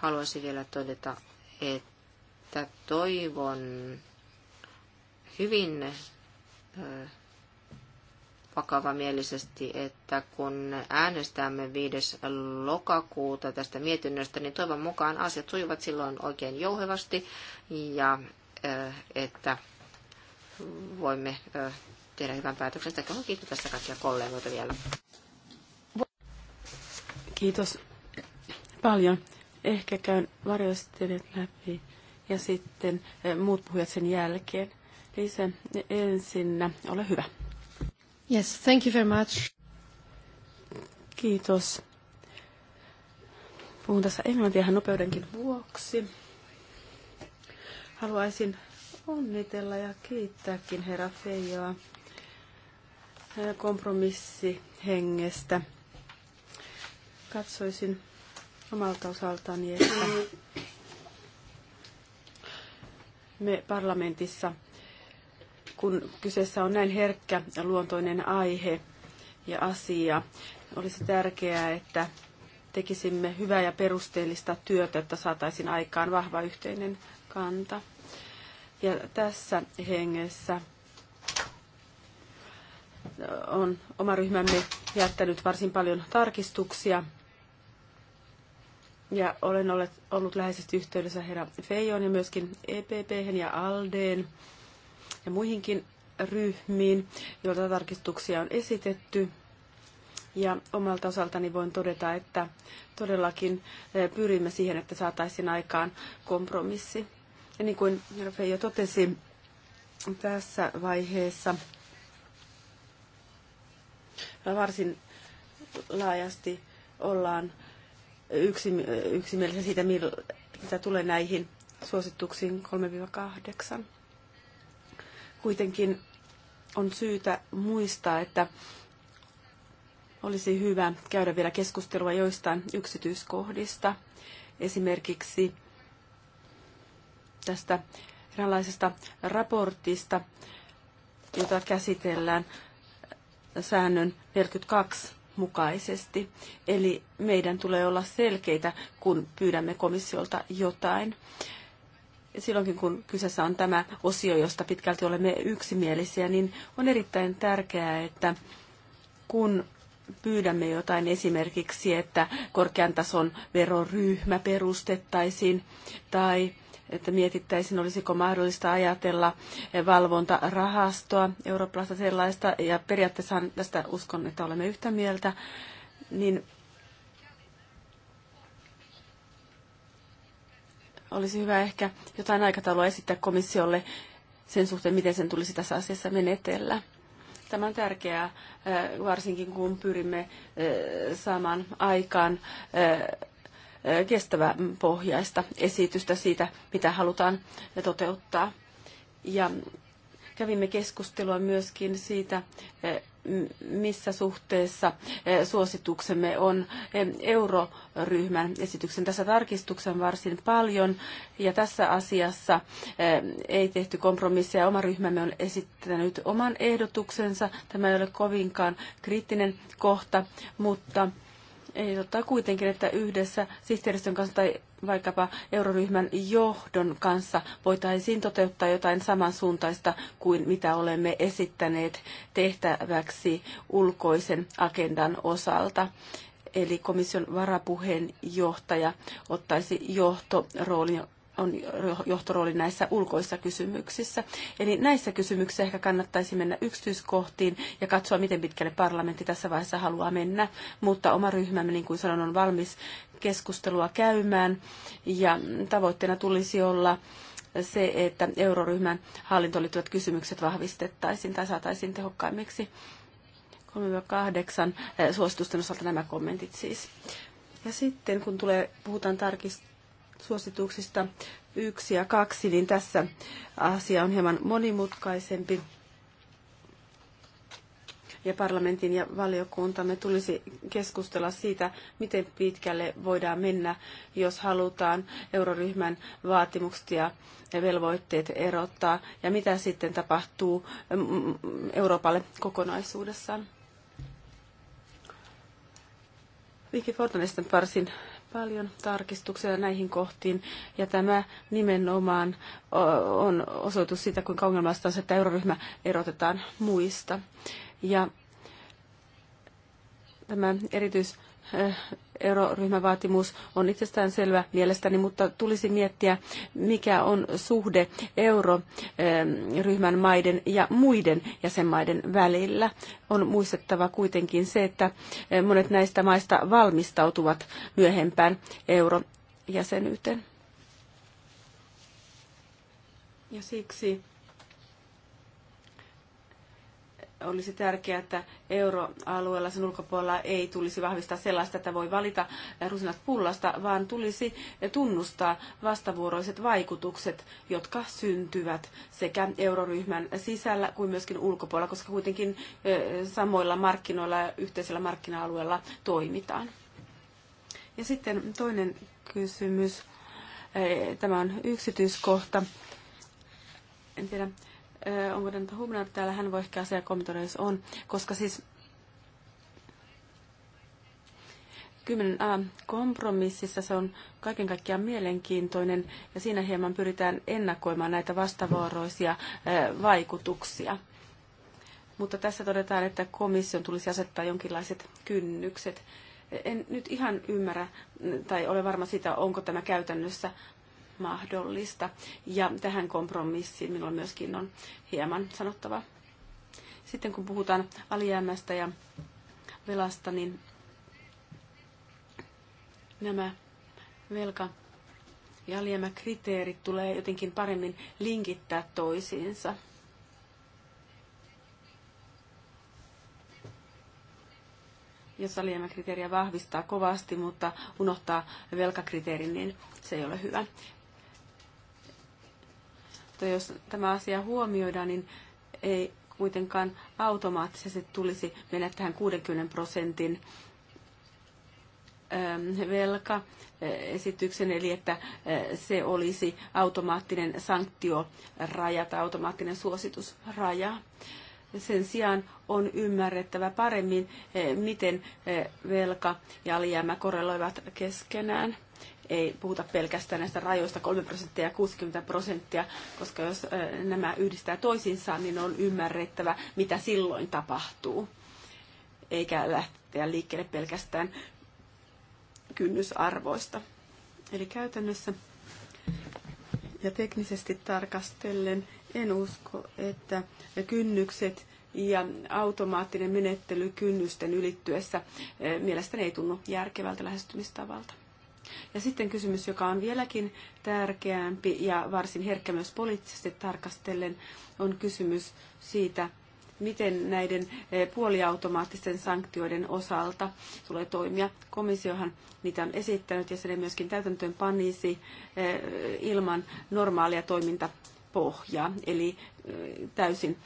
haluaisin vielä todeta, että toivon hyvin vakavamielisesti, että kun äänestämme 5. lokakuuta tästä mietinnöstä, niin toivon mukaan asiat sujuvat silloin oikein jouhevasti ja että voimme tehdä hyvän päätöksen. Sitä kiitos tässä kaikkia kollegoita vielä. Kiitos paljon. Ehkä käyn varjostelijat läpi ja sitten eh, muut puhujat sen jälkeen. Liisa, ensinnä, ole hyvä. Yes, thank you very much. Kiitos. Puhun tässä englantia nopeudenkin vuoksi. Haluaisin onnitella ja kiittääkin herra Feijoa eh, kompromissihengestä. Katsoisin omalta osaltani, että me parlamentissa, kun kyseessä on näin herkkä ja luontoinen aihe ja asia, olisi tärkeää, että tekisimme hyvää ja perusteellista työtä, että saataisiin aikaan vahva yhteinen kanta. Ja tässä hengessä on oma ryhmämme jättänyt varsin paljon tarkistuksia ja olen ollut, ollut läheisesti yhteydessä herra Feijoon ja myöskin epp ja Aldeen ja muihinkin ryhmiin, joilta tarkistuksia on esitetty. Ja omalta osaltani voin todeta, että todellakin e, pyrimme siihen, että saataisiin aikaan kompromissi. Ja niin kuin herra Feijo totesi tässä vaiheessa, varsin laajasti ollaan yksimielisen siitä, mitä tulee näihin suosituksiin 3-8. Kuitenkin on syytä muistaa, että olisi hyvä käydä vielä keskustelua joistain yksityiskohdista, esimerkiksi tästä eräänlaisesta raportista, jota käsitellään säännön 42 mukaisesti. Eli meidän tulee olla selkeitä, kun pyydämme komissiolta jotain. Silloinkin kun kyseessä on tämä osio, josta pitkälti olemme yksimielisiä, niin on erittäin tärkeää, että kun pyydämme jotain esimerkiksi, että korkean tason veroryhmä perustettaisiin tai että mietittäisiin, olisiko mahdollista ajatella valvontarahastoa, eurooppalaista sellaista, ja periaatteessa tästä uskon, että olemme yhtä mieltä, niin olisi hyvä ehkä jotain aikataulua esittää komissiolle sen suhteen, miten sen tulisi tässä asiassa menetellä. Tämä on tärkeää, äh, varsinkin kun pyrimme äh, saamaan aikaan äh, kestävää pohjaista esitystä siitä, mitä halutaan toteuttaa. Ja kävimme keskustelua myöskin siitä, missä suhteessa suosituksemme on euroryhmän esityksen. Tässä tarkistuksen varsin paljon ja tässä asiassa ei tehty kompromisseja. Oma ryhmämme on esittänyt oman ehdotuksensa. Tämä ei ole kovinkaan kriittinen kohta, mutta totta, kuitenkin, että yhdessä sihteeristön kanssa tai vaikkapa euroryhmän johdon kanssa voitaisiin toteuttaa jotain samansuuntaista kuin mitä olemme esittäneet tehtäväksi ulkoisen agendan osalta. Eli komission varapuheenjohtaja ottaisi johtoroolin on johtorooli näissä ulkoissa kysymyksissä. Eli näissä kysymyksissä ehkä kannattaisi mennä yksityiskohtiin ja katsoa, miten pitkälle parlamentti tässä vaiheessa haluaa mennä. Mutta oma ryhmämme, niin kuin sanon, on valmis keskustelua käymään ja tavoitteena tulisi olla se, että euroryhmän hallintoon liittyvät kysymykset vahvistettaisiin tai saataisiin tehokkaimmiksi. 3-8 eh, suositusten osalta nämä kommentit siis. Ja sitten kun tulee, puhutaan tarkistuksista, suosituksista yksi ja kaksi, niin tässä asia on hieman monimutkaisempi. Ja parlamentin ja valiokuntamme tulisi keskustella siitä, miten pitkälle voidaan mennä, jos halutaan euroryhmän vaatimukset ja velvoitteet erottaa, ja mitä sitten tapahtuu mm, mm, Euroopalle kokonaisuudessaan. Vicky Fortunesten varsin paljon tarkistuksia näihin kohtiin, ja tämä nimenomaan on osoitus siitä, kuinka ongelmasta on se, että euroryhmä erotetaan muista. Ja tämä erityis euroryhmävaatimus on itsestään selvä mielestäni, mutta tulisi miettiä, mikä on suhde euroryhmän eh, maiden ja muiden jäsenmaiden välillä. On muistettava kuitenkin se, että eh, monet näistä maista valmistautuvat myöhempään eurojäsenyyteen. Ja siksi olisi tärkeää, että euroalueella sen ulkopuolella ei tulisi vahvistaa sellaista, että voi valita rusinat pullasta, vaan tulisi tunnustaa vastavuoroiset vaikutukset, jotka syntyvät sekä euroryhmän sisällä kuin myöskin ulkopuolella, koska kuitenkin samoilla markkinoilla ja yhteisellä markkina-alueella toimitaan. Ja sitten toinen kysymys. Tämä on yksityiskohta. En tiedä, onko Danuta Hubner täällä, hän voi ehkä asiaa kommentoida, jos on, koska siis kymmenen äh, kompromississa se on kaiken kaikkiaan mielenkiintoinen ja siinä hieman pyritään ennakoimaan näitä vastavuoroisia vaikutuksia. Mutta tässä todetaan, että komission tulisi asettaa jonkinlaiset kynnykset. En nyt ihan ymmärrä tai ole varma siitä, onko tämä käytännössä mahdollista. Ja tähän kompromissiin minulla myöskin on hieman sanottava. Sitten kun puhutaan alijäämästä ja velasta, niin nämä velka- ja alijäämäkriteerit tulee jotenkin paremmin linkittää toisiinsa. jos alijäämäkriteeriä vahvistaa kovasti, mutta unohtaa velkakriteerin, niin se ei ole hyvä että jos tämä asia huomioidaan, niin ei kuitenkaan automaattisesti tulisi mennä tähän 60 prosentin ähm, velkaesityksen, eli että äh, se olisi automaattinen sanktioraja tai automaattinen suositusraja. Sen sijaan on ymmärrettävä paremmin, äh, miten äh, velka ja alijäämä korreloivat keskenään ei puhuta pelkästään näistä rajoista 3 prosenttia ja 60 prosenttia, koska jos nämä yhdistää toisiinsa, niin on ymmärrettävä, mitä silloin tapahtuu, eikä lähteä liikkeelle pelkästään kynnysarvoista. Eli käytännössä ja teknisesti tarkastellen en usko, että kynnykset ja automaattinen menettely kynnysten ylittyessä mielestäni ei tunnu järkevältä lähestymistavalta. Ja sitten kysymys, joka on vieläkin tärkeämpi ja varsin herkkä myös poliittisesti tarkastellen, on kysymys siitä, miten näiden e, puoliautomaattisten sanktioiden osalta tulee toimia. Komissiohan niitä on esittänyt ja se ne myöskin täytäntöön panisi e, ilman normaalia toimintapohjaa, eli e, täysin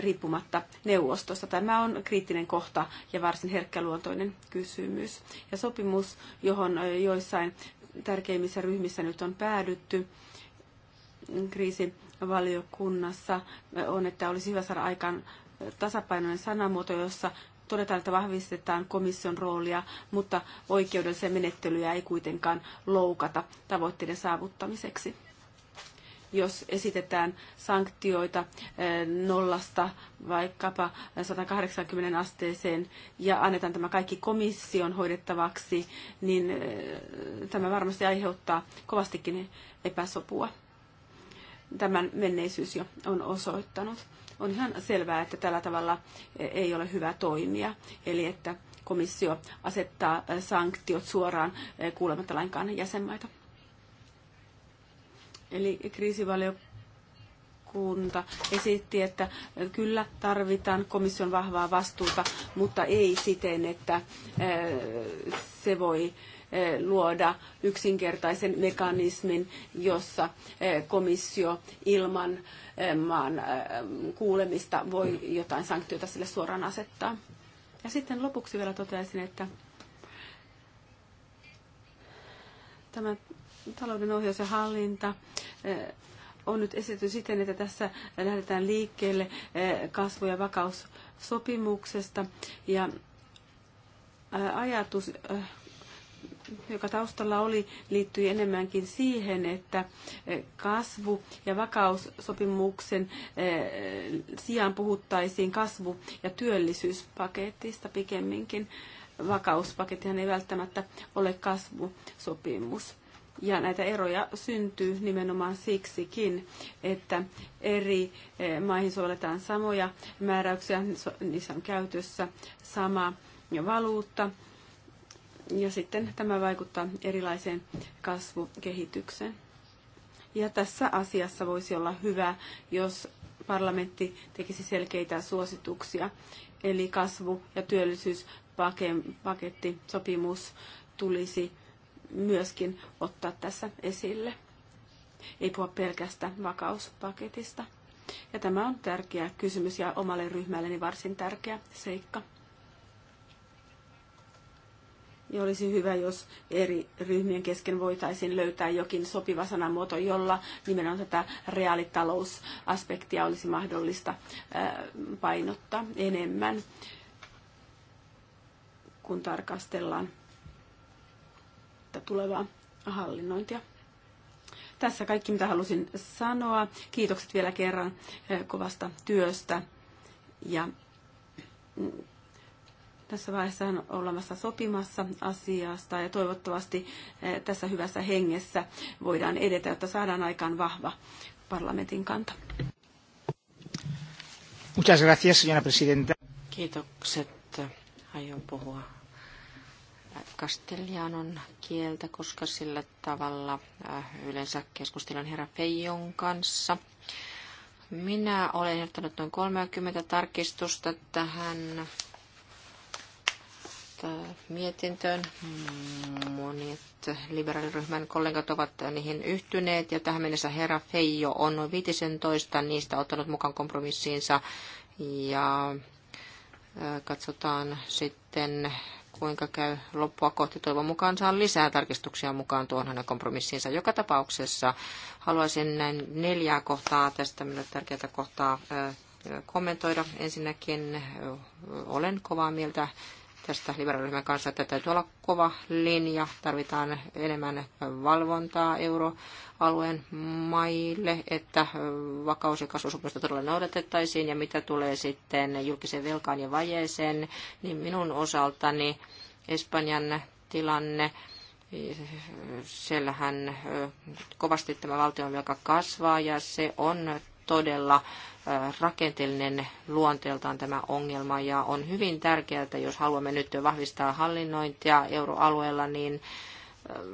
riippumatta neuvostosta. Tämä on kriittinen kohta ja varsin herkkäluontoinen kysymys. Ja sopimus, johon joissain tärkeimmissä ryhmissä nyt on päädytty kriisivaliokunnassa, on, että olisi hyvä saada aikaan tasapainoinen sanamuoto, jossa todetaan, että vahvistetaan komission roolia, mutta oikeudellisia menettelyjä ei kuitenkaan loukata tavoitteiden saavuttamiseksi jos esitetään sanktioita eh, nollasta vaikkapa 180 asteeseen ja annetaan tämä kaikki komission hoidettavaksi, niin eh, tämä varmasti aiheuttaa kovastikin epäsopua. Tämän menneisyys jo on osoittanut. On ihan selvää, että tällä tavalla eh, ei ole hyvä toimia, eli että komissio asettaa sanktiot suoraan kuulematta lainkaan jäsenmaita. Eli kriisivaliokunta esitti, että kyllä tarvitaan komission vahvaa vastuuta, mutta ei siten, että se voi luoda yksinkertaisen mekanismin, jossa komissio ilman maan kuulemista voi jotain sanktiota sille suoraan asettaa. Ja sitten lopuksi vielä toteaisin, että tämä talouden ohjaus ja hallinta eh, on nyt esitetty siten, että tässä lähdetään liikkeelle eh, kasvu- ja vakaussopimuksesta. Ja eh, ajatus, joka taustalla oli, liittyi enemmänkin siihen, että kasvu- ja vakaussopimuksen sijaan puhuttaisiin kasvu- ja työllisyyspaketista pikemminkin. Vakauspakettihan ei välttämättä ole kasvusopimus ja näitä eroja syntyy nimenomaan siksikin, että eri eh, maihin sovelletaan samoja määräyksiä, niissä on käytössä sama valuutta. Ja sitten tämä vaikuttaa erilaiseen kasvukehitykseen. Ja tässä asiassa voisi olla hyvä, jos parlamentti tekisi selkeitä suosituksia. Eli kasvu- ja työllisyyspaketti, sopimus tulisi myöskin ottaa tässä esille. Ei puhua pelkästä vakauspaketista. Ja tämä on tärkeä kysymys ja omalle ryhmälleni varsin tärkeä seikka. Ja olisi hyvä, jos eri ryhmien kesken voitaisiin löytää jokin sopiva sanamuoto, jolla nimenomaan tätä reaalitalousaspektia olisi mahdollista painottaa enemmän, kun tarkastellaan että tulevaa hallinnointia. Tässä kaikki, mitä halusin sanoa. Kiitokset vielä kerran eh, kovasta työstä. Ja mm, tässä vaiheessa on olemassa sopimassa asiasta ja toivottavasti eh, tässä hyvässä hengessä voidaan edetä, jotta saadaan aikaan vahva parlamentin kanta. Muchas gracias, señora presidenta. Kiitokset. Aion puhua Castellanon kieltä, koska sillä tavalla äh, yleensä keskustelen herra Feijon kanssa. Minä olen ehdottanut noin 30 tarkistusta tähän äh, mietintöön. Monet liberaaliryhmän kollegat ovat niihin yhtyneet ja tähän mennessä herra Feijo on noin 15 niistä ottanut mukaan kompromissiinsa ja äh, katsotaan sitten kuinka käy loppua kohti. Toivon mukaan saan lisää tarkistuksia mukaan tuon hänen kompromissiinsa. Joka tapauksessa haluaisin näin neljää kohtaa tästä minulle tärkeää kohtaa kommentoida. Ensinnäkin olen kovaa mieltä tästä liberaaliryhmän kanssa, että täytyy olla kova linja, tarvitaan enemmän valvontaa euroalueen maille, että vakaus- ja kasvusopimusta todella noudatettaisiin, ja mitä tulee sitten julkiseen velkaan ja vajeeseen, niin minun osaltani Espanjan tilanne, siellähän kovasti tämä valtionvelka kasvaa, ja se on todella Äh, rakenteellinen luonteeltaan tämä ongelma ja on hyvin tärkeää, että jos haluamme nyt vahvistaa hallinnointia euroalueella, niin ähm,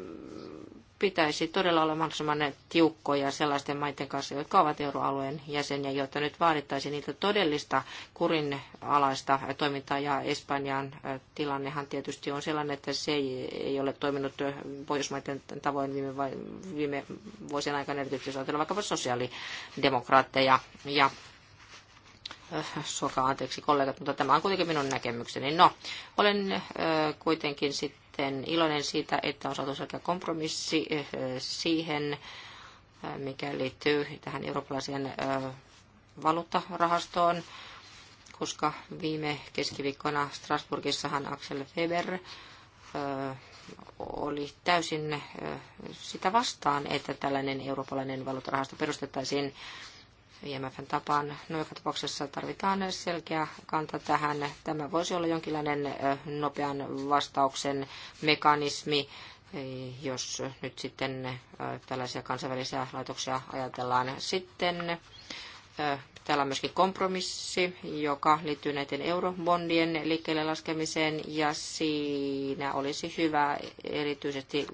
pitäisi todella olla mahdollisimman tiukkoja sellaisten maiden kanssa, jotka ovat euroalueen jäseniä, jotta nyt vaadittaisiin niitä todellista kurinalaista toimintaa. Ja Espanjan tilannehan tietysti on sellainen, että se ei ole toiminut Pohjoismaiden tavoin viime, vai, viime vuosien aikana, erityisesti jos ajatellaan vaikkapa sosiaalidemokraatteja. Ja suokaa anteeksi kollegat, mutta tämä on kuitenkin minun näkemykseni. No, olen kuitenkin sitten joten iloinen siitä, että on saatu selkeä kompromissi eh, siihen, eh, mikä liittyy tähän eurooppalaiseen eh, valuuttarahastoon, koska viime keskiviikkona Strasburgissahan Axel Weber oli täysin sitä vastaan, että tällainen eurooppalainen valuuttarahasto perustettaisiin IMFn tapaan. No joka tapauksessa tarvitaan selkeä kanta tähän. Tämä voisi olla jonkinlainen nopean vastauksen mekanismi, e, jos nyt sitten tällaisia kansainvälisiä laitoksia ajatellaan. Sitten Täällä on myöskin kompromissi, joka liittyy näiden eurobondien liikkeelle laskemiseen, ja siinä olisi hyvä erityisesti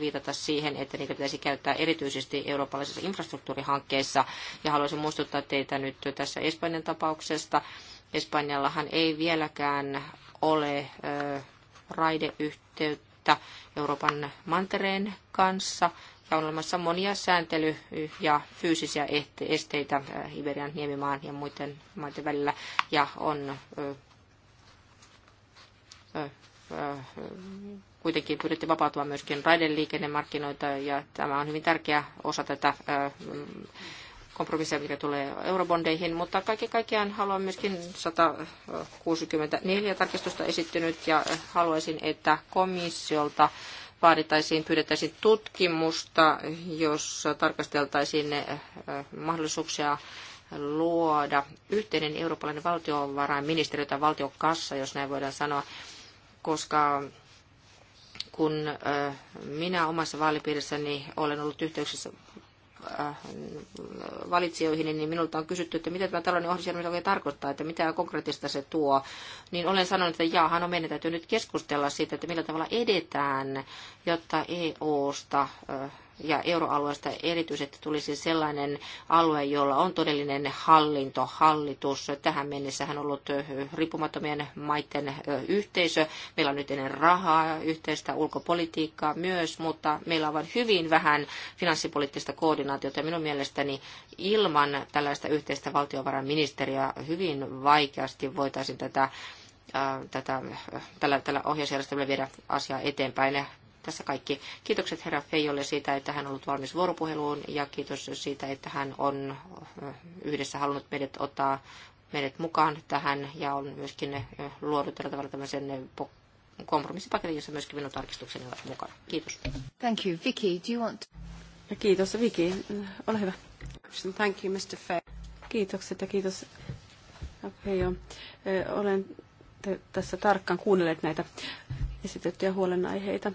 viitata siihen, että niitä pitäisi käyttää erityisesti eurooppalaisissa infrastruktuurihankkeissa. Ja haluaisin muistuttaa teitä nyt tässä Espanjan tapauksesta. Espanjallahan ei vieläkään ole raideyhteyttä Euroopan mantereen kanssa. Ja on olemassa monia sääntely- ja fyysisiä esteitä Iberian niemimaan ja muiden maiden välillä. Ja on kuitenkin pyritty vapautua myöskin raideliikennemarkkinoita ja tämä on hyvin tärkeä osa tätä kompromissia, mikä tulee eurobondeihin, mutta kaiken kaikkiaan haluan myöskin 164 tarkistusta esittynyt ja haluaisin, että komissiolta vaadittaisiin, pyydettäisiin tutkimusta, jos tarkasteltaisiin ne mahdollisuuksia luoda yhteinen eurooppalainen valtiovarainministeriö tai valtiokassa, jos näin voidaan sanoa, koska kun minä omassa vaalipiirissäni olen ollut yhteyksissä valitsijoihin, niin minulta on kysytty, että mitä tämä talouden ohjausjärjestelmä oikein tarkoittaa, että mitä konkreettista se tuo, niin olen sanonut, että jaahan, on no meidän täytyy nyt keskustella siitä, että millä tavalla edetään, jotta EU-sta ja euroalueesta erityisesti tulisi sellainen alue, jolla on todellinen hallinto, hallitus. Tähän mennessä on ollut riippumattomien maiden yhteisö. Meillä on nyt ennen rahaa, yhteistä ulkopolitiikkaa myös, mutta meillä on vain hyvin vähän finanssipoliittista koordinaatiota. Minun mielestäni ilman tällaista yhteistä valtiovarainministeriä hyvin vaikeasti voitaisiin tätä tätä, tällä, tällä ohjausjärjestelmällä viedä asiaa eteenpäin. Tässä kaikki. Kiitokset herra Feijolle siitä, että hän on ollut valmis vuoropuheluun ja kiitos siitä, että hän on eh, yhdessä halunnut meidät ottaa meidät mukaan tähän ja on myöskin eh, luonut tällä tavalla tämmöisen eh, kompromissipaketin, jossa myöskin minun tarkistukseni ovat mukana. Kiitos. Thank you. Vicky, do you want... Kiitos Vicky. Ole hyvä. Thank you, Mr. Fe. Kiitokset ja kiitos. Okay, jo. Olen tässä tarkkaan kuunnelleet näitä esitettyjä huolenaiheita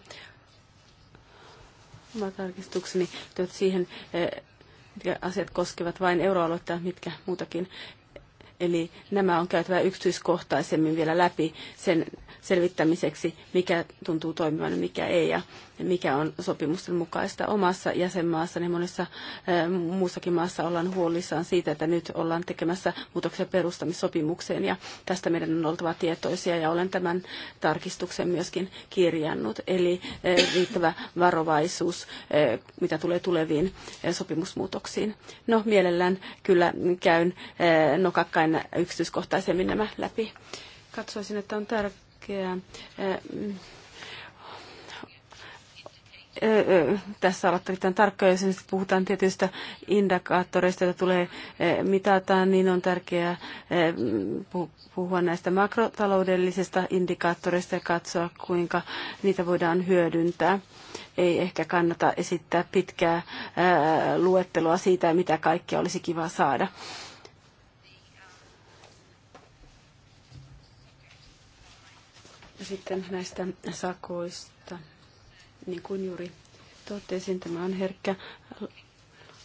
oma tarkistukseni siihen, eh, mitkä asiat koskevat vain euroaluetta, mitkä muutakin. Eli nämä on käytävä yksityiskohtaisemmin vielä läpi sen selvittämiseksi, mikä tuntuu toimivan ja mikä ei, ja mikä on sopimusten mukaista omassa jäsenmaassa, niin monessa eh, muussakin maassa ollaan huolissaan siitä, että nyt ollaan tekemässä muutoksia perustamissopimukseen, ja tästä meidän on oltava tietoisia, ja olen tämän tarkistuksen myöskin kirjannut, eli eh, riittävä varovaisuus, eh, mitä tulee tuleviin sopimusmuutoksiin. No, mielellään kyllä käyn nokakkain mennä yksityiskohtaisemmin nämä läpi. Katsoisin, että on tärkeää tässä olla erittäin tarkkoja, jos puhutaan tietyistä indikaattoreista, joita tulee mitata, niin on tärkeää puhua näistä makrotaloudellisista indikaattoreista ja katsoa, kuinka niitä voidaan hyödyntää. Ei ehkä kannata esittää pitkää luetteloa siitä, mitä kaikkea olisi kiva saada Sitten näistä sakoista, niin kuin juuri totesin, tämä on herkkä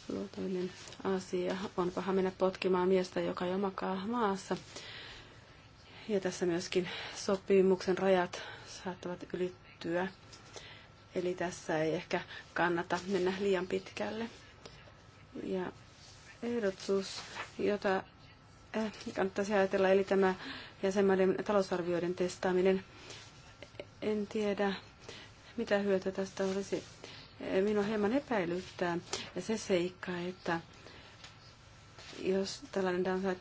luotoinen asia. On paha mennä potkimaan miestä, joka jo makaa maassa. Ja tässä myöskin sopimuksen rajat saattavat ylittyä. Eli tässä ei ehkä kannata mennä liian pitkälle. Ja ehdotus, jota eh, kannattaisi ajatella, eli tämä jäsenmaiden talousarvioiden testaaminen – en tiedä, mitä hyötyä tästä olisi. Minua hieman epäilyttää ja se seikka, että jos tällainen downside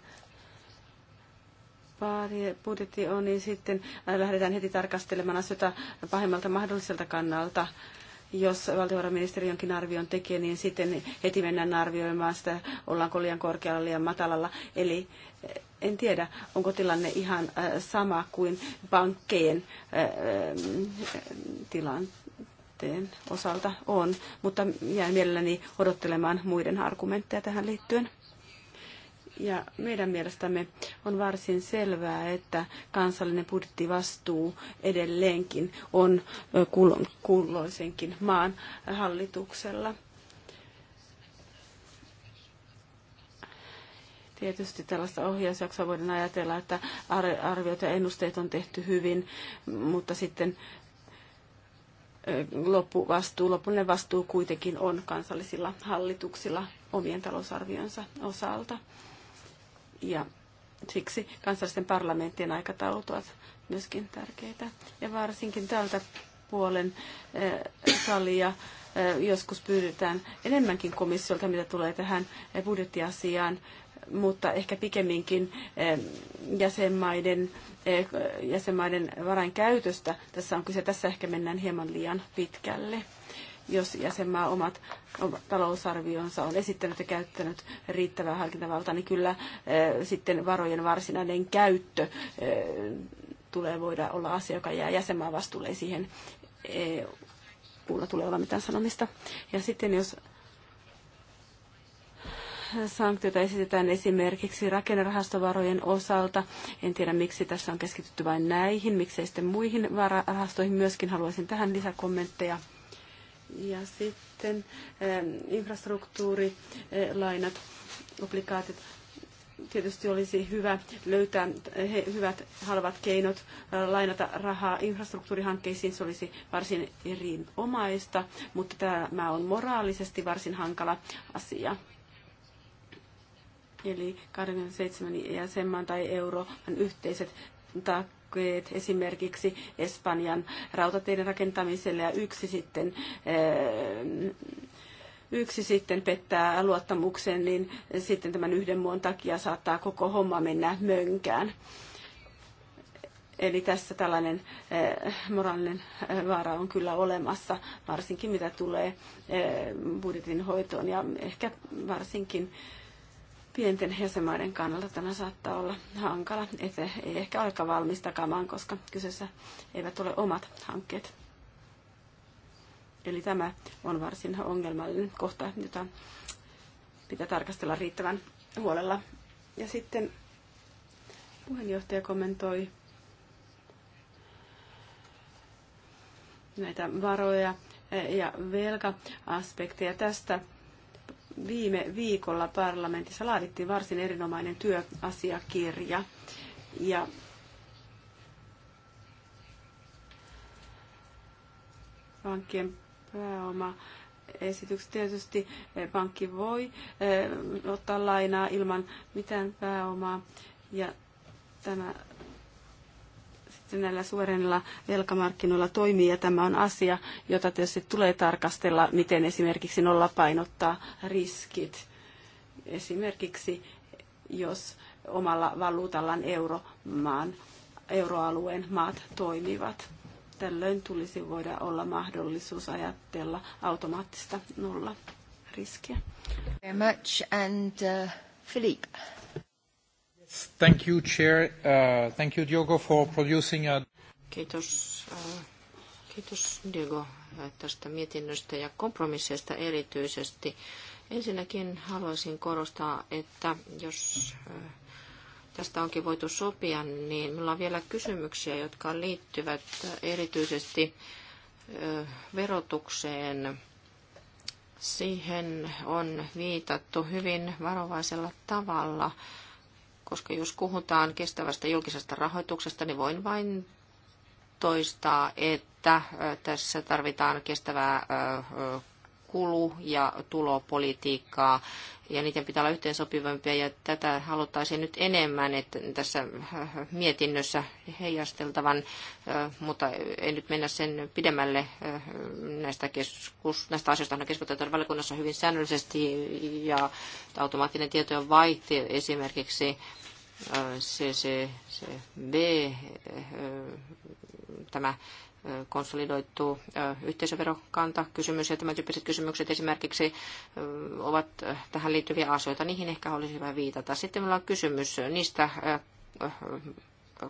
budjetti on, niin sitten äh, lähdetään heti tarkastelemaan asioita pahimmalta mahdolliselta kannalta jos valtiovarainministeri jonkin arvion tekee, niin sitten heti mennään arvioimaan sitä, ollaanko liian korkealla, liian matalalla. Eli eh, en tiedä, onko tilanne ihan eh, sama kuin pankkien eh, tilanteen osalta on, mutta jäin mielelläni odottelemaan muiden argumentteja tähän liittyen. Ja meidän mielestämme on varsin selvää, että kansallinen budjettivastuu edelleenkin on kulloisenkin maan hallituksella. Tietysti tällaista ohjausjaksoa voidaan ajatella, että arviot ja ennusteet on tehty hyvin, mutta sitten loppuvastuu, lopullinen vastuu kuitenkin on kansallisilla hallituksilla omien talousarvionsa osalta. Ja siksi kansallisten parlamenttien aikataulut ovat myöskin tärkeitä. Ja varsinkin tältä puolen eh, salia eh, joskus pyydetään enemmänkin komissiolta, mitä tulee tähän eh, budjettiasiaan, mutta ehkä pikemminkin jäsenmaiden, jäsenmaiden varainkäytöstä tässä on kyse. Tässä ehkä mennään hieman liian pitkälle jos jäsenmaa omat talousarvionsa on esittänyt ja käyttänyt riittävää harkintavaltaa, niin kyllä eh, sitten varojen varsinainen käyttö eh, tulee voida olla asia, joka jää jäsenmaan vastuulle, siihen EUlla tulee olla mitään sanomista. Ja sitten jos sanktioita esitetään esimerkiksi rakennerahastovarojen osalta. En tiedä, miksi tässä on keskitytty vain näihin, miksei sitten muihin rahastoihin. Myöskin haluaisin tähän lisäkommentteja. Ja sitten ähm, infrastruktuurilainat, äh, obligaatit. Tietysti olisi hyvä löytää äh, hyvät, halvat keinot äh, lainata rahaa infrastruktuurihankkeisiin. Se olisi varsin erinomaista, mutta tämä on moraalisesti varsin hankala asia eli 27 jäsenmaan tai euroon yhteiset ta- hankkeet esimerkiksi Espanjan rautateiden rakentamiselle ja yksi sitten eh, yksi sitten pettää luottamuksen, niin sitten tämän yhden muun takia saattaa koko homma mennä mönkään. Eli tässä tällainen eh, moraalinen eh, vaara on kyllä olemassa, varsinkin mitä tulee budjetin hoitoon ja ehkä varsinkin pienten jäsenmaiden kannalta tämä saattaa olla hankala, että ei ehkä aika valmistakaan, koska kyseessä eivät ole omat hankkeet. Eli tämä on varsin ongelmallinen kohta, jota pitää tarkastella riittävän huolella. Ja sitten puheenjohtaja kommentoi näitä varoja ja velka-aspekteja tästä Viime viikolla parlamentissa laadittiin varsin erinomainen työasiakirja ja pankkien pääoma esityksessä Tietysti eh, pankki voi eh, ottaa lainaa ilman mitään pääomaa ja tämä näillä suorilla velkamarkkinoilla toimii ja tämä on asia, jota tietysti tulee tarkastella, miten esimerkiksi nolla painottaa riskit. Esimerkiksi jos omalla valuutallaan euromaan, euroalueen maat toimivat. Tällöin tulisi voida olla mahdollisuus ajatella automaattista nolla riskiä. Very much and, uh, Philippe. Thank you, Chair. Uh, thank you, Diogo, for producing a... Kiitos, uh, kiitos Diego äh, tästä mietinnöstä ja kompromisseista erityisesti. Ensinnäkin haluaisin korostaa, että jos äh, tästä onkin voitu sopia, niin minulla on vielä kysymyksiä, jotka liittyvät erityisesti äh, verotukseen. Siihen on viitattu hyvin varovaisella tavalla koska jos puhutaan kestävästä julkisesta rahoituksesta, niin voin vain toistaa, että tässä tarvitaan kestävää kulu- ja tulopolitiikkaa, ja niiden pitää olla yhteensopivampia, ja tätä haluttaisiin nyt enemmän että tässä mietinnössä heijasteltavan, mutta ei nyt mennä sen pidemmälle näistä, keskus, näistä asioista on keskusteltu valiokunnassa hyvin säännöllisesti, ja automaattinen tietojen vaihti esimerkiksi CCCB, tämä konsolidoittu yhteisöverokanta kysymys ja tämän tyyppiset kysymykset esimerkiksi ovat tähän liittyviä asioita. Niihin ehkä olisi hyvä viitata. Sitten meillä on kysymys niistä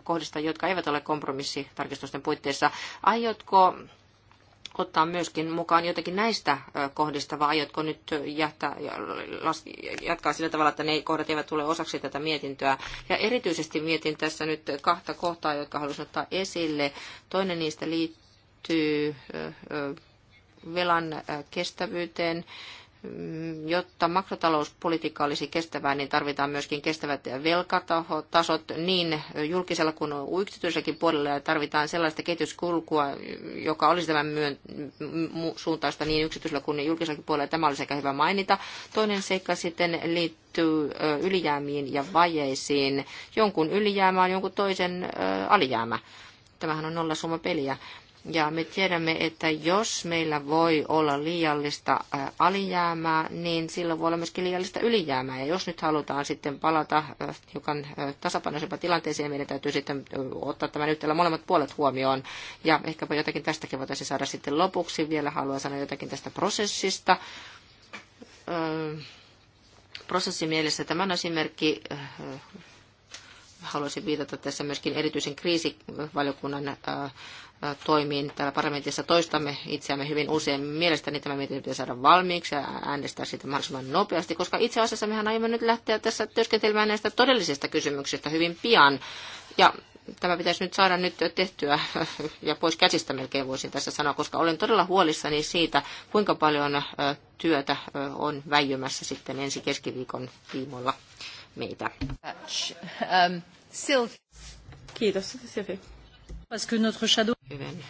kohdista, jotka eivät ole kompromissitarkistusten puitteissa. Aiotko ottaa myöskin mukaan jotakin näistä kohdista, vai aiotko nyt jättää, jatkaa sillä tavalla, että ne kohdat eivät tule osaksi tätä mietintöä? Ja erityisesti mietin tässä nyt kahta kohtaa, jotka haluaisin ottaa esille. Toinen niistä liittyy velan kestävyyteen jotta makrotalouspolitiikka olisi kestävää, niin tarvitaan myöskin kestävät velkatasot niin julkisella kuin yksityiselläkin puolella ja tarvitaan sellaista kehityskulkua, joka olisi tämän myön, suuntaista niin yksityisellä kuin julkisellakin puolella. Tämä olisi ehkä hyvä mainita. Toinen seikka sitten liittyy ylijäämiin ja vajeisiin. Jonkun ylijäämä on jonkun toisen alijäämä. Tämähän on nollasumma peliä ja me tiedämme, että jos meillä voi olla liiallista alijäämää, niin silloin voi olla myöskin liiallista ylijäämää. Ja jos nyt halutaan sitten palata hiukan tasapainoisempaan tilanteeseen, meidän täytyy sitten ottaa tämän yhtälö molemmat puolet huomioon. Ja ehkäpä jotakin tästäkin voitaisiin saada sitten lopuksi. Vielä haluan sanoa jotakin tästä prosessista prosessimielessä tämän esimerkki haluaisin viitata tässä myöskin erityisen kriisivaliokunnan äh, äh, toimiin. Täällä parlamentissa toistamme itseämme hyvin usein. Mielestäni tämä mietintö pitää saada valmiiksi ja äänestää sitä mahdollisimman nopeasti, koska itse asiassa mehän aiomme nyt lähteä tässä työskentelemään näistä todellisista kysymyksistä hyvin pian. Ja tämä pitäisi nyt saada nyt tehtyä ja pois käsistä melkein voisin tässä sanoa, koska olen todella huolissani siitä, kuinka paljon äh, työtä on väijymässä sitten ensi keskiviikon tiimoilla meitä. Um, Sylvie. Kiitos, Sylvie. Hyvin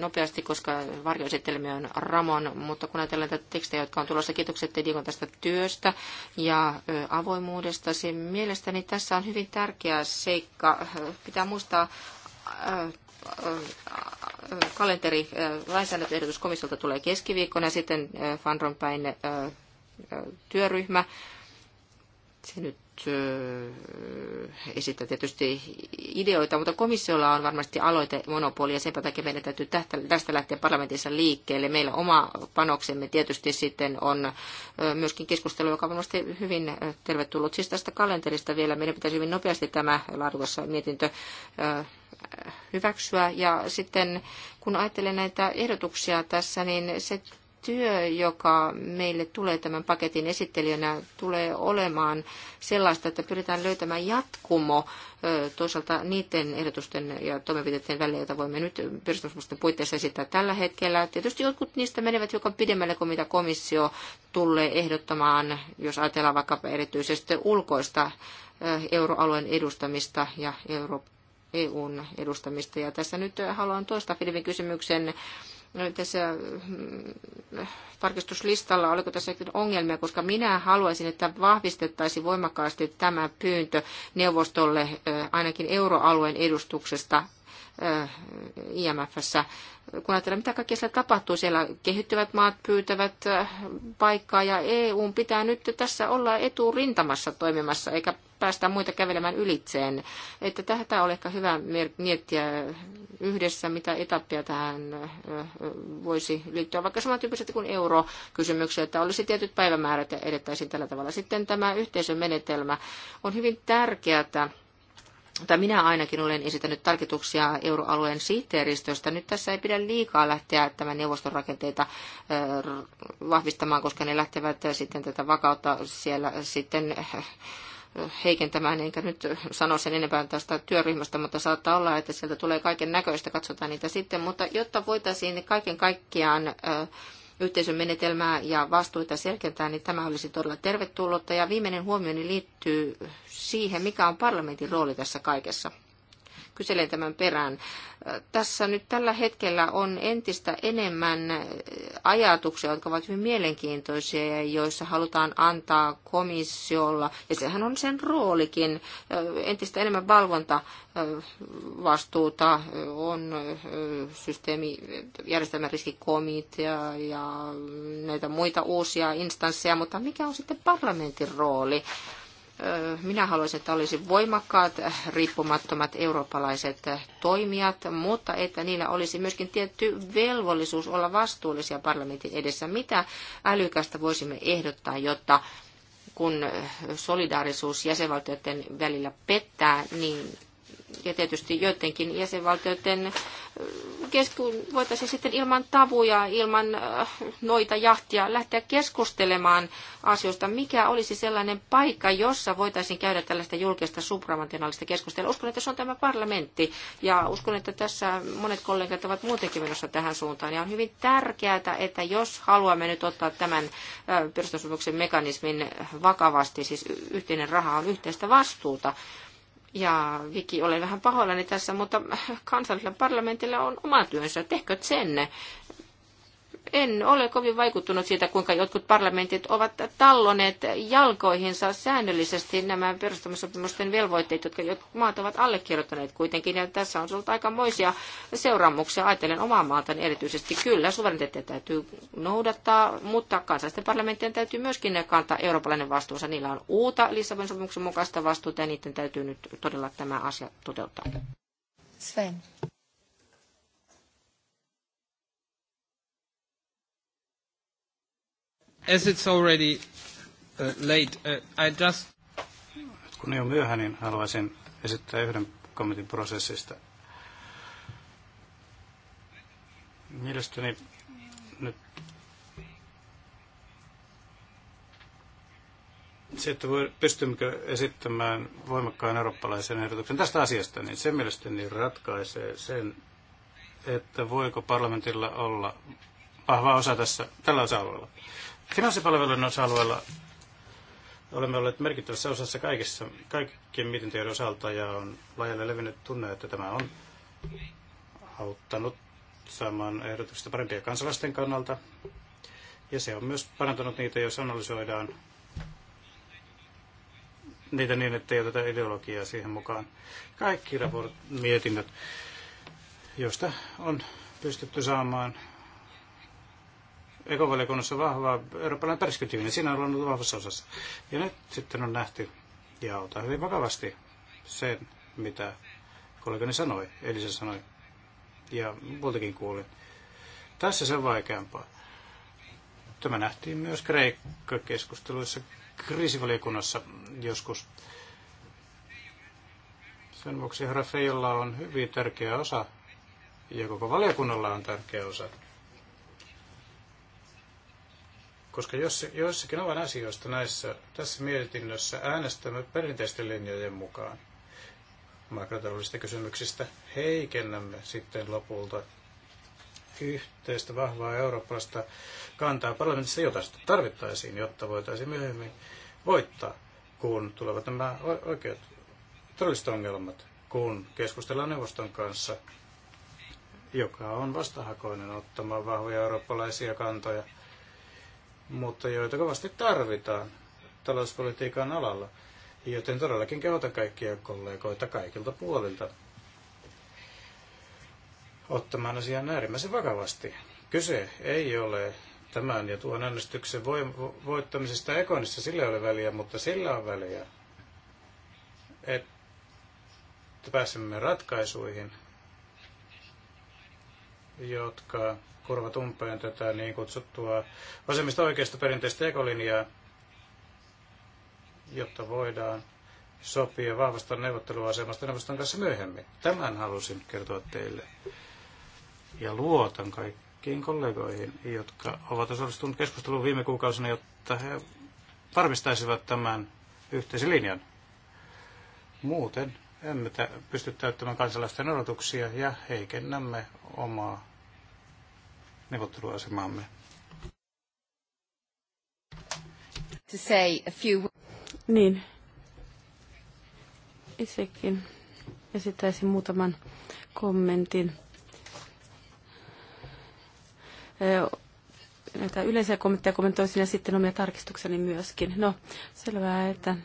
nopeasti, koska varjoesittelemme on Ramon, mutta kun ajatellaan tätä tekstejä, jotka on tulossa, kiitokset Tedikon tästä työstä ja avoimuudesta. Se mielestäni tässä on hyvin tärkeä seikka. Pitää muistaa kalenteri, lainsäädäntöehdotus komissiolta tulee keskiviikkona ja sitten Fandron päin työryhmä. Se nyt esittää tietysti ideoita, mutta komissiolla on varmasti aloite monopoli ja senpä takia meidän täytyy tästä lähteä parlamentissa liikkeelle. Meillä oma panoksemme tietysti sitten on myöskin keskustelu, joka on varmasti hyvin tervetullut. Siis tästä kalenterista vielä meidän pitäisi hyvin nopeasti tämä laadukas mietintö hyväksyä. Ja sitten kun ajattelen näitä ehdotuksia tässä, niin se työ, joka meille tulee tämän paketin esittelijänä, tulee olemaan sellaista, että pyritään löytämään jatkumo toisaalta niiden ehdotusten ja toimenpiteiden välillä, joita voimme nyt perustuslasten puitteissa esittää tällä hetkellä. Tietysti jotkut niistä menevät hiukan pidemmälle kuin mitä komissio tulee ehdottamaan, jos ajatellaan vaikkapa erityisesti ulkoista euroalueen edustamista ja Euroopan EUn edustamista. Ja tässä nyt haluan toistaa Filipin kysymyksen tässä mm, tarkistuslistalla, oliko tässä ongelmia, koska minä haluaisin, että vahvistettaisiin voimakkaasti tämä pyyntö neuvostolle ainakin euroalueen edustuksesta IMFssä. Kun ajatellaan, mitä kaikkea siellä tapahtuu, siellä kehittyvät maat pyytävät paikkaa ja EU pitää nyt tässä olla eturintamassa toimimassa, eikä päästä muita kävelemään ylitseen. Että tätä on ehkä hyvä miettiä yhdessä, mitä etappia tähän voisi liittyä, vaikka samantyyppisesti kuin eurokysymyksiä, että olisi tietyt päivämäärät ja edettäisiin tällä tavalla. Sitten tämä yhteisön menetelmä on hyvin tärkeää, tai minä ainakin olen esittänyt tarkituksia euroalueen sihteeristöstä. Nyt tässä ei pidä liikaa lähteä tämän neuvoston rakenteita vahvistamaan, koska ne lähtevät sitten tätä vakautta siellä sitten heikentämään, enkä nyt sano sen enempää tästä työryhmästä, mutta saattaa olla, että sieltä tulee kaiken näköistä, katsotaan niitä sitten, mutta jotta voitaisiin kaiken kaikkiaan yhteisön menetelmää ja vastuita selkentää, niin tämä olisi todella tervetullutta. Ja viimeinen huomioni liittyy siihen, mikä on parlamentin rooli tässä kaikessa kyselee tämän perään. Tässä nyt tällä hetkellä on entistä enemmän ajatuksia, jotka ovat hyvin mielenkiintoisia ja joissa halutaan antaa komissiolla, ja sehän on sen roolikin, entistä enemmän valvonta vastuuta on systeemi, järjestelmän riskikomitea ja näitä muita uusia instansseja, mutta mikä on sitten parlamentin rooli? Minä haluaisin, että olisi voimakkaat, riippumattomat eurooppalaiset toimijat, mutta että niillä olisi myöskin tietty velvollisuus olla vastuullisia parlamentin edessä. Mitä älykästä voisimme ehdottaa, jotta kun solidaarisuus jäsenvaltioiden välillä pettää, niin ja tietysti joidenkin jäsenvaltioiden kesku, voitaisiin sitten ilman tavuja, ilman äh, noita jahtia lähteä keskustelemaan asioista. Mikä olisi sellainen paikka, jossa voitaisiin käydä tällaista julkista supramationaalista keskustelua? Uskon, että se on tämä parlamentti ja uskon, että tässä monet kollegat ovat muutenkin menossa tähän suuntaan. Ja on hyvin tärkeää, että jos haluamme nyt ottaa tämän äh, perustusopimuksen mekanismin vakavasti, siis yhteinen raha on yhteistä vastuuta, ja Viki, olen vähän pahoillani tässä, mutta kansallisella parlamentilla on oma työnsä. Tehkö sen? en ole kovin vaikuttunut siitä, kuinka jotkut parlamentit ovat talloneet jalkoihinsa säännöllisesti nämä perustamissopimusten velvoitteet, jotka jotkut maat ovat allekirjoittaneet kuitenkin. Ja tässä on ollut aikamoisia seuraamuksia. Ajattelen omaa maatani erityisesti. Kyllä, suvereniteettia täytyy noudattaa, mutta kansallisten parlamenttien täytyy myöskin kantaa eurooppalainen vastuunsa. Niillä on uutta Lissabonin sopimuksen mukaista vastuuta ja niiden täytyy nyt todella tämä asia toteuttaa. Sven. As it's already uh, late, uh, I just... Kun ole myöhä, niin haluaisin esittää yhden kommentin prosessista. Mielestäni nyt se, että voi, pystymmekö esittämään voimakkaan eurooppalaisen ehdotuksen tästä asiasta, niin se mielestäni ratkaisee sen, että voiko parlamentilla olla vahva osa tässä, tällä osa-alueella. Finanssipalvelujen osa-alueella olemme olleet merkittävässä osassa kaikissa, kaikkien mietintöjen osalta ja on laajalle levinnyt tunne, että tämä on auttanut saamaan ehdotuksista parempia kansalaisten kannalta. Ja se on myös parantanut niitä, jos analysoidaan niitä niin, että ei oteta ideologiaa siihen mukaan. Kaikki raport- mietinnöt, joista on pystytty saamaan ekovaliokunnassa vahva eurooppalainen perspektiivinen. Siinä on ollut vahvassa osassa. Ja nyt sitten on nähty ja ota hyvin vakavasti sen, mitä kollegani sanoi, Elisa sanoi, ja muutakin kuulin. Tässä se on vaikeampaa. Tämä nähtiin myös Kreikka-keskusteluissa kriisivaliokunnassa joskus. Sen vuoksi herra Feijolla on hyvin tärkeä osa, ja koko valiokunnalla on tärkeä osa koska jos, joissakin ovat asioista näissä, tässä mietinnössä äänestämme perinteisten linjojen mukaan makrotaloudellisista kysymyksistä, heikennämme sitten lopulta yhteistä vahvaa eurooppalaista kantaa parlamentissa, jota tarvittaisiin, jotta voitaisiin myöhemmin voittaa, kun tulevat nämä oikeat todelliset ongelmat, kun keskustellaan neuvoston kanssa, joka on vastahakoinen ottamaan vahvoja eurooppalaisia kantoja – mutta joita kovasti tarvitaan talouspolitiikan alalla. Joten todellakin kehotan kaikkia kollegoita kaikilta puolilta ottamaan asian äärimmäisen vakavasti. Kyse ei ole tämän ja tuon äänestyksen voittamisesta Ekonissa, sillä ei ole väliä, mutta sillä on väliä, että pääsemme ratkaisuihin, jotka kurvat umpeen tätä niin kutsuttua vasemmista oikeista perinteistä ekolinjaa, jotta voidaan sopia vahvasta neuvotteluasemasta neuvoston kanssa myöhemmin. Tämän halusin kertoa teille. Ja luotan kaikkiin kollegoihin, jotka ovat osallistuneet keskusteluun viime kuukausina, jotta he varmistaisivat tämän yhteisen linjan. Muuten emme pysty täyttämään kansalaisten odotuksia ja heikennämme omaa neuvotteluasemaamme. To say a few... Niin. Itsekin esittäisin muutaman kommentin. Näitä yleisiä kommentteja kommentoisin ja sitten omia tarkistukseni myöskin. No, selvää, että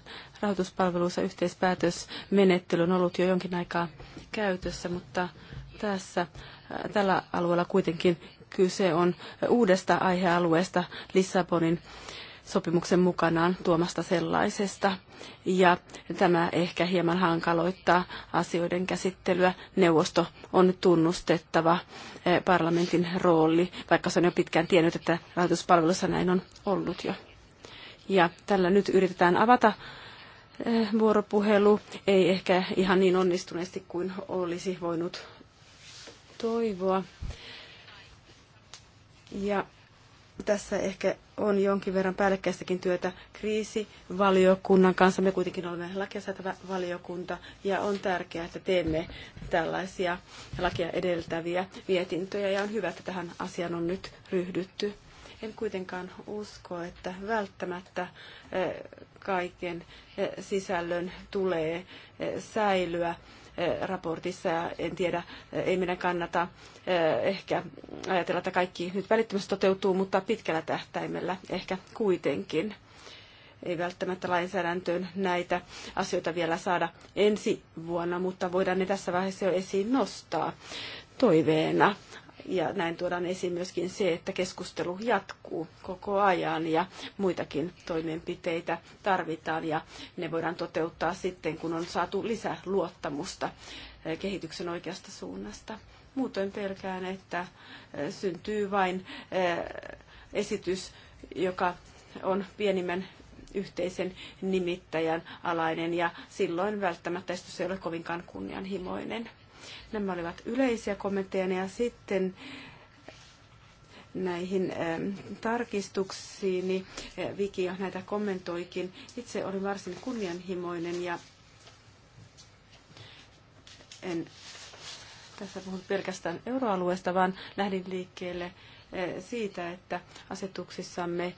rahoituspalveluissa yhteispäätösmenettely on ollut jo jonkin aikaa käytössä, mutta tässä, tällä alueella kuitenkin Kyse on uudesta aihealueesta Lissabonin sopimuksen mukanaan tuomasta sellaisesta. Ja tämä ehkä hieman hankaloittaa asioiden käsittelyä. Neuvosto on tunnustettava eh, parlamentin rooli, vaikka se on jo pitkään tiennyt, että rahoituspalvelussa näin on ollut jo. Ja tällä nyt yritetään avata eh, vuoropuhelu, ei ehkä ihan niin onnistuneesti kuin olisi voinut toivoa. Ja tässä ehkä on jonkin verran päällekkäistäkin työtä kriisivaliokunnan kanssa. Me kuitenkin olemme lakiasäätävä valiokunta ja on tärkeää, että teemme tällaisia lakia edeltäviä mietintöjä ja on hyvä, että tähän asiaan on nyt ryhdytty. En kuitenkaan usko, että välttämättä eh, kaiken eh, sisällön tulee eh, säilyä Eh, raportissa. Ja en tiedä, eh, ei meidän kannata eh, ehkä ajatella, että kaikki nyt välittömästi toteutuu, mutta pitkällä tähtäimellä ehkä kuitenkin. Ei välttämättä lainsäädäntöön näitä asioita vielä saada ensi vuonna, mutta voidaan ne tässä vaiheessa jo esiin nostaa toiveena ja näin tuodaan esiin myöskin se, että keskustelu jatkuu koko ajan ja muitakin toimenpiteitä tarvitaan ja ne voidaan toteuttaa sitten, kun on saatu lisää luottamusta eh, kehityksen oikeasta suunnasta. Muutoin pelkään, että eh, syntyy vain eh, esitys, joka on pienimmän yhteisen nimittäjän alainen ja silloin välttämättä esitys ei ole kovinkaan kunnianhimoinen. Nämä olivat yleisiä kommentteja ja sitten näihin ähm, tarkistuksiin, niin äh, Viki jo näitä kommentoikin. Itse olin varsin kunnianhimoinen ja en tässä puhu pelkästään euroalueesta, vaan lähdin liikkeelle äh, siitä, että asetuksissamme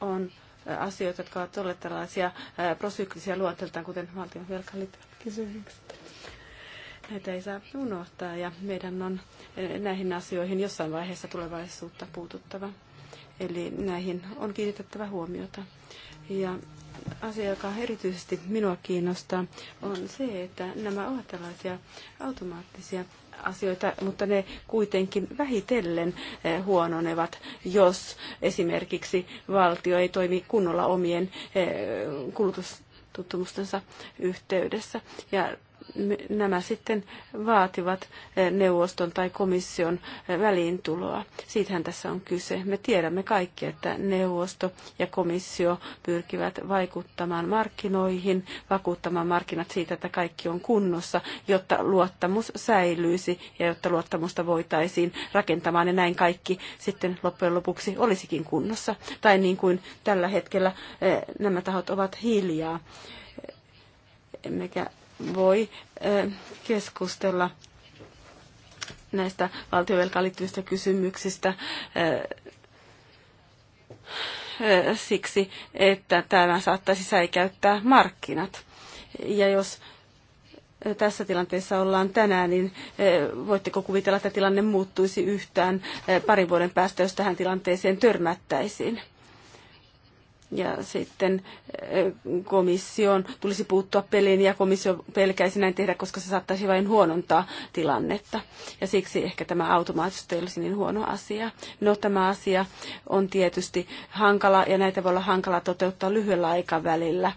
on äh, asioita, jotka ovat olleet tällaisia prosyklisiä luonteeltaan, kuten valtion velkalikysymyksiä. Näitä ei saa unohtaa ja meidän on eh, näihin asioihin jossain vaiheessa tulevaisuutta puututtava. Eli näihin on kiinnitettävä huomiota. Ja asia, joka erityisesti minua kiinnostaa, on se, että nämä ovat tällaisia automaattisia asioita, mutta ne kuitenkin vähitellen eh, huononevat, jos esimerkiksi valtio ei toimi kunnolla omien eh, kulutustuttumustensa yhteydessä. Ja nämä sitten vaativat eh, neuvoston tai komission eh, väliintuloa. Siitähän tässä on kyse. Me tiedämme kaikki, että neuvosto ja komissio pyrkivät vaikuttamaan markkinoihin, vakuuttamaan markkinat siitä, että kaikki on kunnossa, jotta luottamus säilyisi ja jotta luottamusta voitaisiin rakentamaan ja näin kaikki sitten loppujen lopuksi olisikin kunnossa. Tai niin kuin tällä hetkellä eh, nämä tahot ovat hiljaa. Emmekä voi keskustella näistä valtiovelkaan liittyvistä kysymyksistä siksi, että tämä saattaisi säikäyttää markkinat. Ja jos tässä tilanteessa ollaan tänään, niin voitteko kuvitella, että tilanne muuttuisi yhtään parin vuoden päästä, jos tähän tilanteeseen törmättäisiin? Ja sitten komission tulisi puuttua peliin ja komissio pelkäisi näin tehdä, koska se saattaisi vain huonontaa tilannetta. Ja siksi ehkä tämä automaattisesti olisi niin huono asia. No tämä asia on tietysti hankala ja näitä voi olla hankala toteuttaa lyhyellä aikavälillä.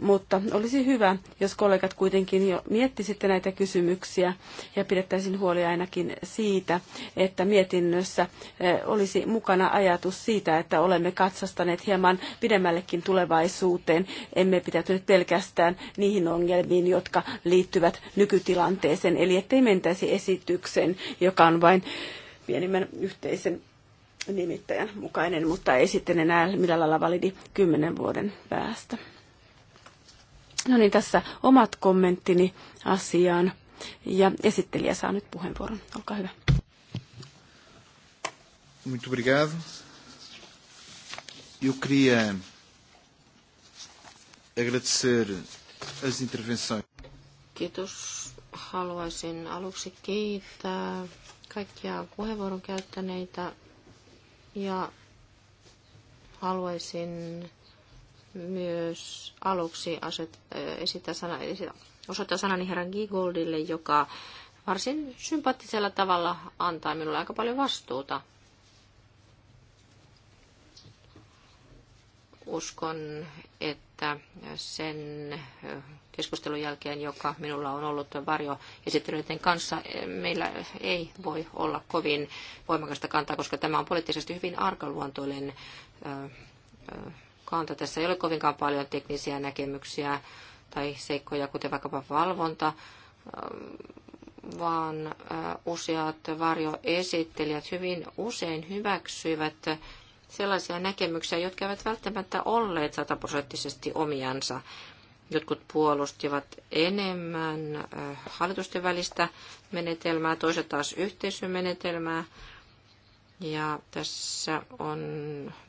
Mutta olisi hyvä, jos kollegat kuitenkin jo miettisitte näitä kysymyksiä ja pidettäisiin huoli ainakin siitä, että mietinnössä eh, olisi mukana ajatus siitä, että olemme katsastaneet hieman pidemmällekin tulevaisuuteen. Emme pitäytynyt pelkästään niihin ongelmiin, jotka liittyvät nykytilanteeseen. Eli ettei mentäisi esitykseen, joka on vain pienimmän yhteisen nimittäjän mukainen, mutta ei sitten enää millään lailla validi kymmenen vuoden päästä. No niin, tässä omat kommenttini asiaan. Ja esittelijä saa nyt puheenvuoron. Olkaa hyvä. Muito obrigado. Eu queria agradecer as intervenções. Kiitos. Haluaisin aluksi kiittää kaikkia puheenvuoron käyttäneitä ja haluaisin myös aluksi aset, äh, esittää sana, osoittaa sanani herran Gigoldille, joka varsin sympaattisella tavalla antaa minulle aika paljon vastuuta. Uskon, että sen äh, keskustelun jälkeen, joka minulla on ollut varjoesittelyiden kanssa, äh, meillä ei voi olla kovin voimakasta kantaa, koska tämä on poliittisesti hyvin arkaluontoinen kanta. Tässä ei ole kovinkaan paljon teknisiä näkemyksiä tai seikkoja, kuten vaikkapa valvonta, ähm, vaan äh, useat varjoesittelijät hyvin usein hyväksyivät sellaisia näkemyksiä, jotka eivät välttämättä olleet sataprosenttisesti omiansa. Jotkut puolustivat enemmän äh, hallitusten välistä menetelmää, toiset taas yhteisömenetelmää. menetelmää ja tässä on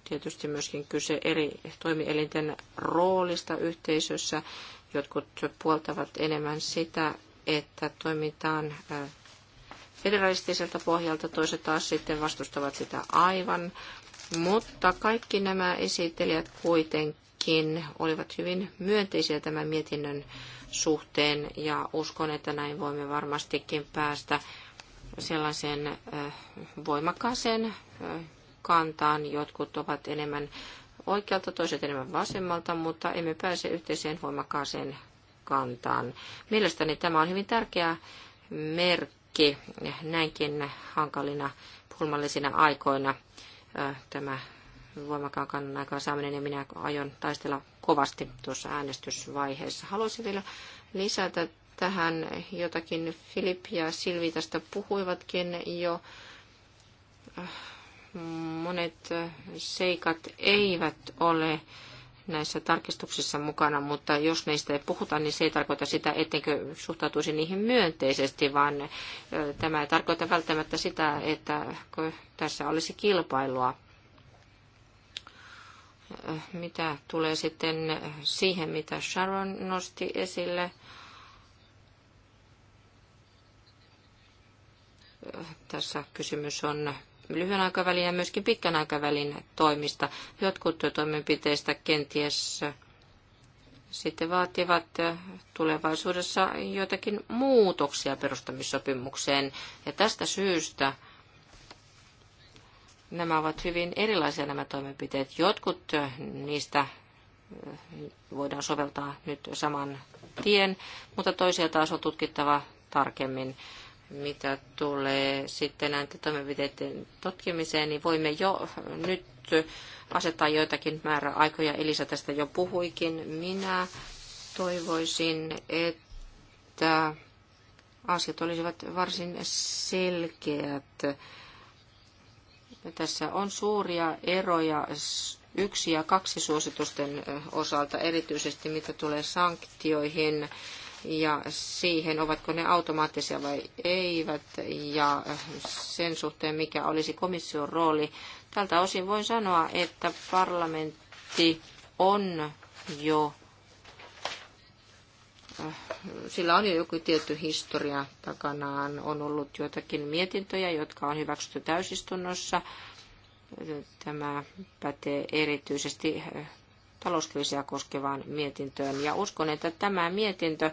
tietysti myöskin kyse eri toimielinten roolista yhteisössä. Jotkut puoltavat enemmän sitä, että toimitaan federalistiselta pohjalta, toiset taas sitten vastustavat sitä aivan. Mutta kaikki nämä esittelijät kuitenkin olivat hyvin myönteisiä tämän mietinnön suhteen ja uskon, että näin voimme varmastikin päästä sellaiseen voimakkaaseen kantaan. Jotkut ovat enemmän oikealta, toiset enemmän vasemmalta, mutta emme pääse yhteiseen voimakkaaseen kantaan. Mielestäni tämä on hyvin tärkeä merkki näinkin hankalina pulmallisina aikoina. Tämä voimakkaan kannan aikaan saaminen ja minä aion taistella kovasti tuossa äänestysvaiheessa. Haluaisin vielä lisätä tähän jotakin. Filip ja Silvi tästä puhuivatkin jo. Äh, monet äh, seikat eivät ole näissä tarkistuksissa mukana, mutta jos niistä ei puhuta, niin se ei tarkoita sitä, ettenkö suhtautuisi niihin myönteisesti, vaan äh, tämä ei tarkoita välttämättä sitä, että tässä olisi kilpailua. Mitä tulee sitten siihen, mitä Sharon nosti esille, tässä kysymys on lyhyen aikavälin ja myöskin pitkän aikavälin toimista. Jotkut toimenpiteistä kenties sitten vaativat tulevaisuudessa joitakin muutoksia perustamissopimukseen. Ja tästä syystä nämä ovat hyvin erilaisia nämä toimenpiteet. Jotkut niistä voidaan soveltaa nyt saman tien, mutta toisia taas on tutkittava tarkemmin. Mitä tulee sitten näiden toimenpiteiden tutkimiseen, niin voimme jo nyt asettaa joitakin määräaikoja. Elisa tästä jo puhuikin. Minä toivoisin, että asiat olisivat varsin selkeät. Tässä on suuria eroja yksi ja kaksi suositusten osalta, erityisesti mitä tulee sanktioihin ja siihen, ovatko ne automaattisia vai eivät, ja sen suhteen, mikä olisi komission rooli. Tältä osin voin sanoa, että parlamentti on jo, äh, sillä on jo joku tietty historia takanaan. On ollut joitakin mietintöjä, jotka on hyväksytty täysistunnossa. Tämä pätee erityisesti talouskriisiä koskevaan mietintöön. Ja uskon, että tämä mietintö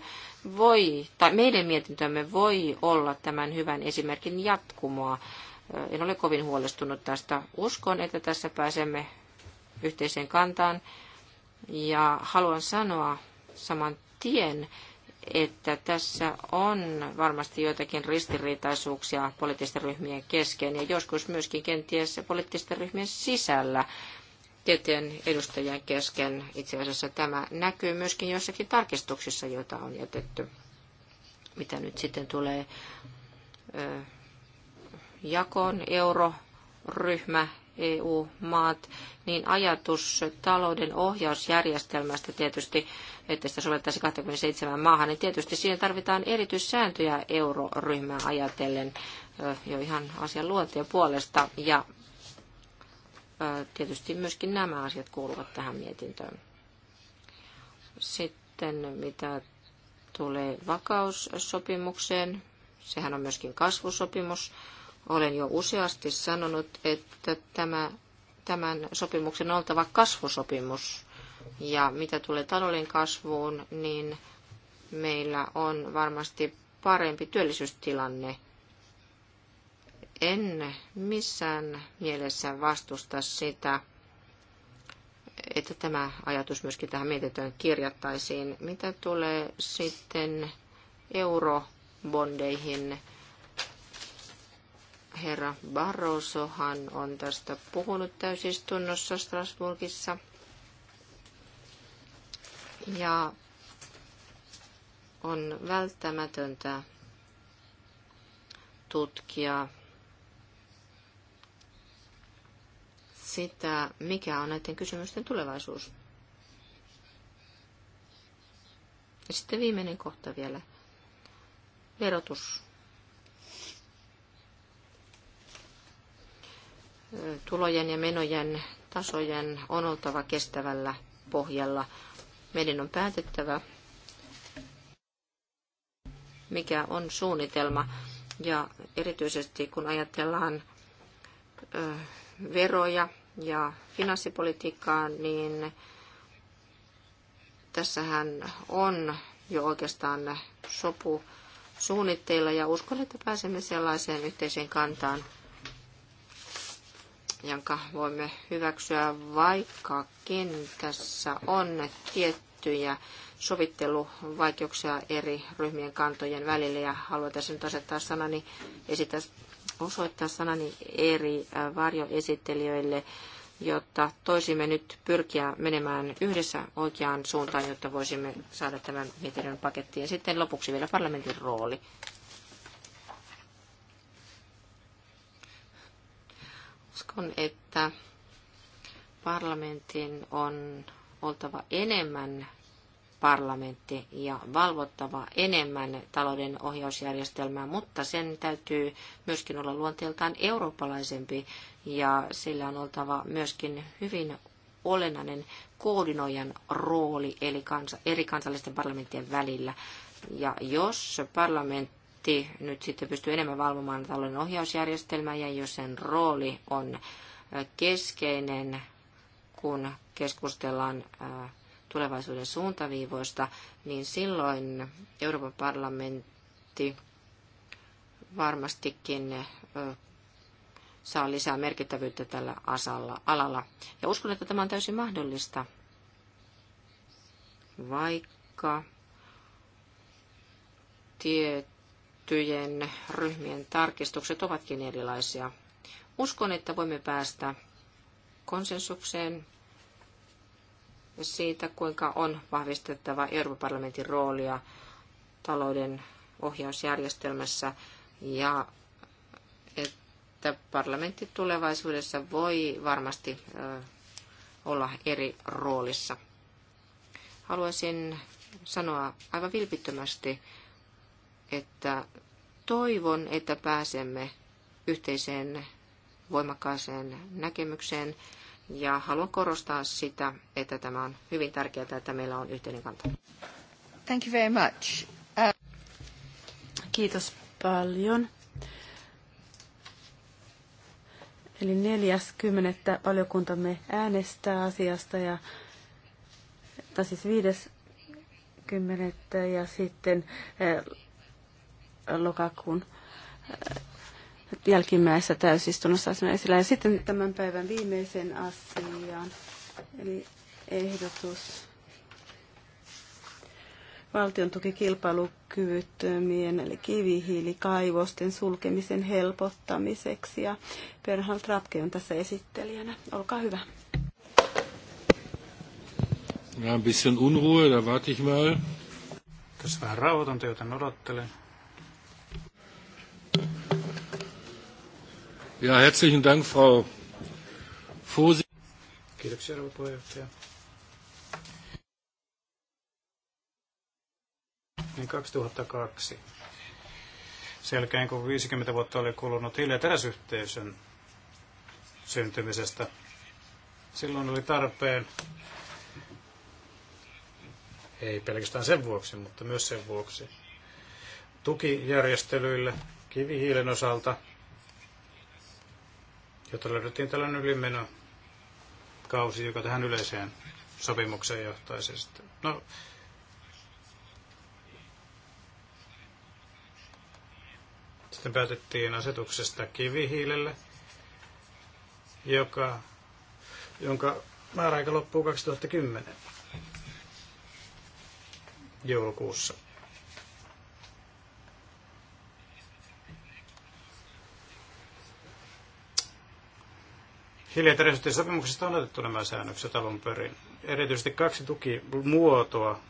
voi, tai meidän mietintömme voi olla tämän hyvän esimerkin jatkumoa. En ole kovin huolestunut tästä. Uskon, että tässä pääsemme yhteiseen kantaan. Ja haluan sanoa saman tien, että tässä on varmasti joitakin ristiriitaisuuksia poliittisten ryhmien kesken ja joskus myöskin kenties poliittisten ryhmien sisällä tieteen edustajien kesken. Itse asiassa tämä näkyy myöskin joissakin tarkistuksissa, joita on jätetty. Mitä nyt sitten tulee jakoon euroryhmä EU-maat, niin ajatus talouden ohjausjärjestelmästä tietysti, että sitä sovellettaisiin 27 maahan, niin tietysti siihen tarvitaan erityissääntöjä euroryhmää ajatellen jo ihan asian luonteen puolesta. Ja Äh, tietysti myöskin nämä asiat kuuluvat tähän mietintöön. Sitten mitä tulee vakaussopimukseen, sehän on myöskin kasvusopimus. Olen jo useasti sanonut, että tämä, tämän sopimuksen on oltava kasvusopimus. Ja mitä tulee talouden kasvuun, niin meillä on varmasti parempi työllisyystilanne en missään mielessä vastusta sitä, että tämä ajatus myöskin tähän mietintöön kirjattaisiin. Mitä tulee sitten eurobondeihin? Herra Barrosohan on tästä puhunut täysistunnossa Strasbourgissa. Ja on välttämätöntä tutkia sitä, mikä on näiden kysymysten tulevaisuus. Ja sitten viimeinen kohta vielä. Verotus. Tulojen ja menojen tasojen on oltava kestävällä pohjalla. Meidän on päätettävä, mikä on suunnitelma. Ja erityisesti kun ajatellaan veroja ja finanssipolitiikkaa, niin tässähän on jo oikeastaan sopu suunnitteilla ja uskon, että pääsemme sellaiseen yhteiseen kantaan, jonka voimme hyväksyä, vaikkakin tässä on tiettyjä sovitteluvaikeuksia eri ryhmien kantojen välillä ja haluan tässä nyt asettaa sanani, esittää osoittaa sanani eri äh, varjoesittelijöille, jotta toisimme nyt pyrkiä menemään yhdessä oikeaan suuntaan, jotta voisimme saada tämän mietinnön pakettiin. Ja sitten lopuksi vielä parlamentin rooli. Uskon, että parlamentin on oltava enemmän parlamentti ja valvottava enemmän talouden ohjausjärjestelmää, mutta sen täytyy myöskin olla luonteeltaan eurooppalaisempi ja sillä on oltava myöskin hyvin olennainen koordinoijan rooli eli kansa, eri kansallisten parlamenttien välillä. Ja jos parlamentti nyt sitten pystyy enemmän valvomaan talouden ohjausjärjestelmää ja jos sen rooli on keskeinen, kun keskustellaan äh, tulevaisuuden suuntaviivoista, niin silloin Euroopan parlamentti varmastikin saa lisää merkittävyyttä tällä asalla, alalla. Ja uskon, että tämä on täysin mahdollista, vaikka tiettyjen ryhmien tarkistukset ovatkin erilaisia. Uskon, että voimme päästä konsensukseen siitä, kuinka on vahvistettava Euroopan parlamentin roolia talouden ohjausjärjestelmässä ja että parlamentti tulevaisuudessa voi varmasti olla eri roolissa. Haluaisin sanoa aivan vilpittömästi, että toivon, että pääsemme yhteiseen voimakkaaseen näkemykseen ja haluan korostaa sitä, että tämä on hyvin tärkeää, että meillä on yhteinen kanta. Thank you very much. Uh... Kiitos paljon. Eli 40. valiokuntamme äänestää asiasta ja tai siis 50. ja sitten eh, lokakuun eh, jälkimmäisessä täysistunnossa asian esillä. Ja sitten tämän päivän viimeisen asian eli ehdotus valtion kilpailukyvyttömien eli kivihiilikaivosten sulkemisen helpottamiseksi. Ja Bernhard Rapke on tässä esittelijänä. Olkaa hyvä. Ja, ein bisschen Unruhe, da warte ich mal. Tässä vähän rauhoitonta, joten odottelen. Ja herzlichen Dank, Frau Vosi. Niin 2002. Sen jälkeen, kun 50 vuotta oli kulunut hiili- syntymisestä, silloin oli tarpeen, ei pelkästään sen vuoksi, mutta myös sen vuoksi, tukijärjestelyille kivihiilen osalta – jotta löydettiin tällainen ylimeno kausi, joka tähän yleiseen sopimukseen johtaisi. Sitten. No, sitten päätettiin asetuksesta kivihiilelle, joka, jonka määräaika loppuu 2010 joulukuussa. Hiljattaisesta sopimuksesta on otettu nämä säännökset alun perin. Erityisesti kaksi tukimuotoa,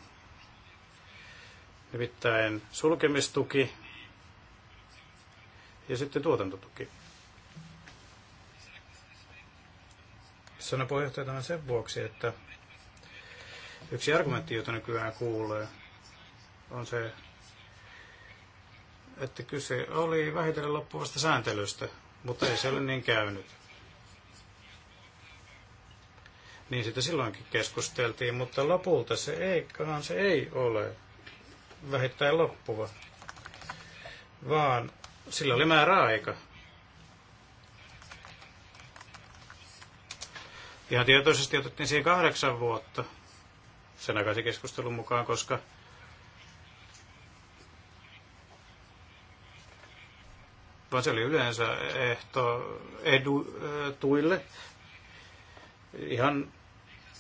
nimittäin sulkemistuki ja sitten tuotantotuki. Sana puheenjohtaja tämän sen vuoksi, että yksi argumentti, jota nykyään kuulee, on se, että kyse oli vähitellen loppuvasta sääntelystä, mutta ei se ole niin käynyt niin sitä silloinkin keskusteltiin, mutta lopulta se ei se ei ole vähittäin loppuva, vaan sillä oli määräaika. Ihan tietoisesti otettiin siihen kahdeksan vuotta sen aikaisen keskustelun mukaan, koska vaan se oli yleensä ehto edu, tuille ihan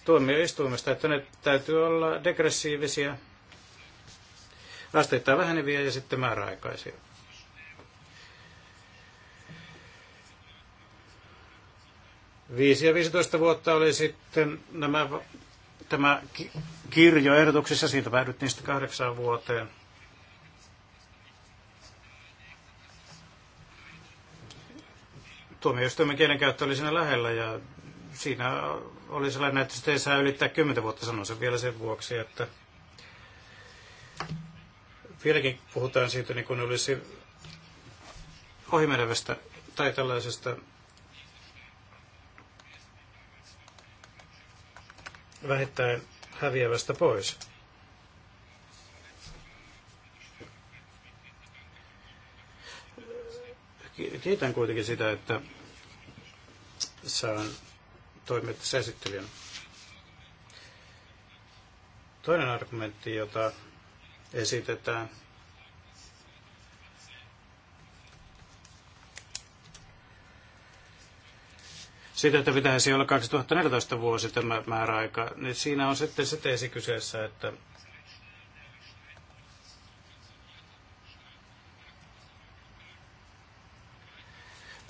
tuomioistuimesta, että ne täytyy olla degressiivisiä, asteittain väheneviä ja sitten määräaikaisia. Viisi ja 15 vuotta oli sitten nämä, tämä kirjo ehdotuksissa, siitä päädyttiin sitten kahdeksaan vuoteen. Tuomioistuimen kielenkäyttö oli siinä lähellä ja siinä oli sellainen, että sitä ei saa ylittää 10 vuotta, sanon sen vielä sen vuoksi, että vieläkin puhutaan siitä niin kuin olisi ohimenevästä tai tällaisesta vähittäin häviävästä pois. Kiitän kuitenkin sitä, että saan toimia tässä esittelijänä. Toinen argumentti, jota esitetään, sitä, että pitäisi olla 2014 vuosi tämä määräaika, niin siinä on sitten se teesi kyseessä, että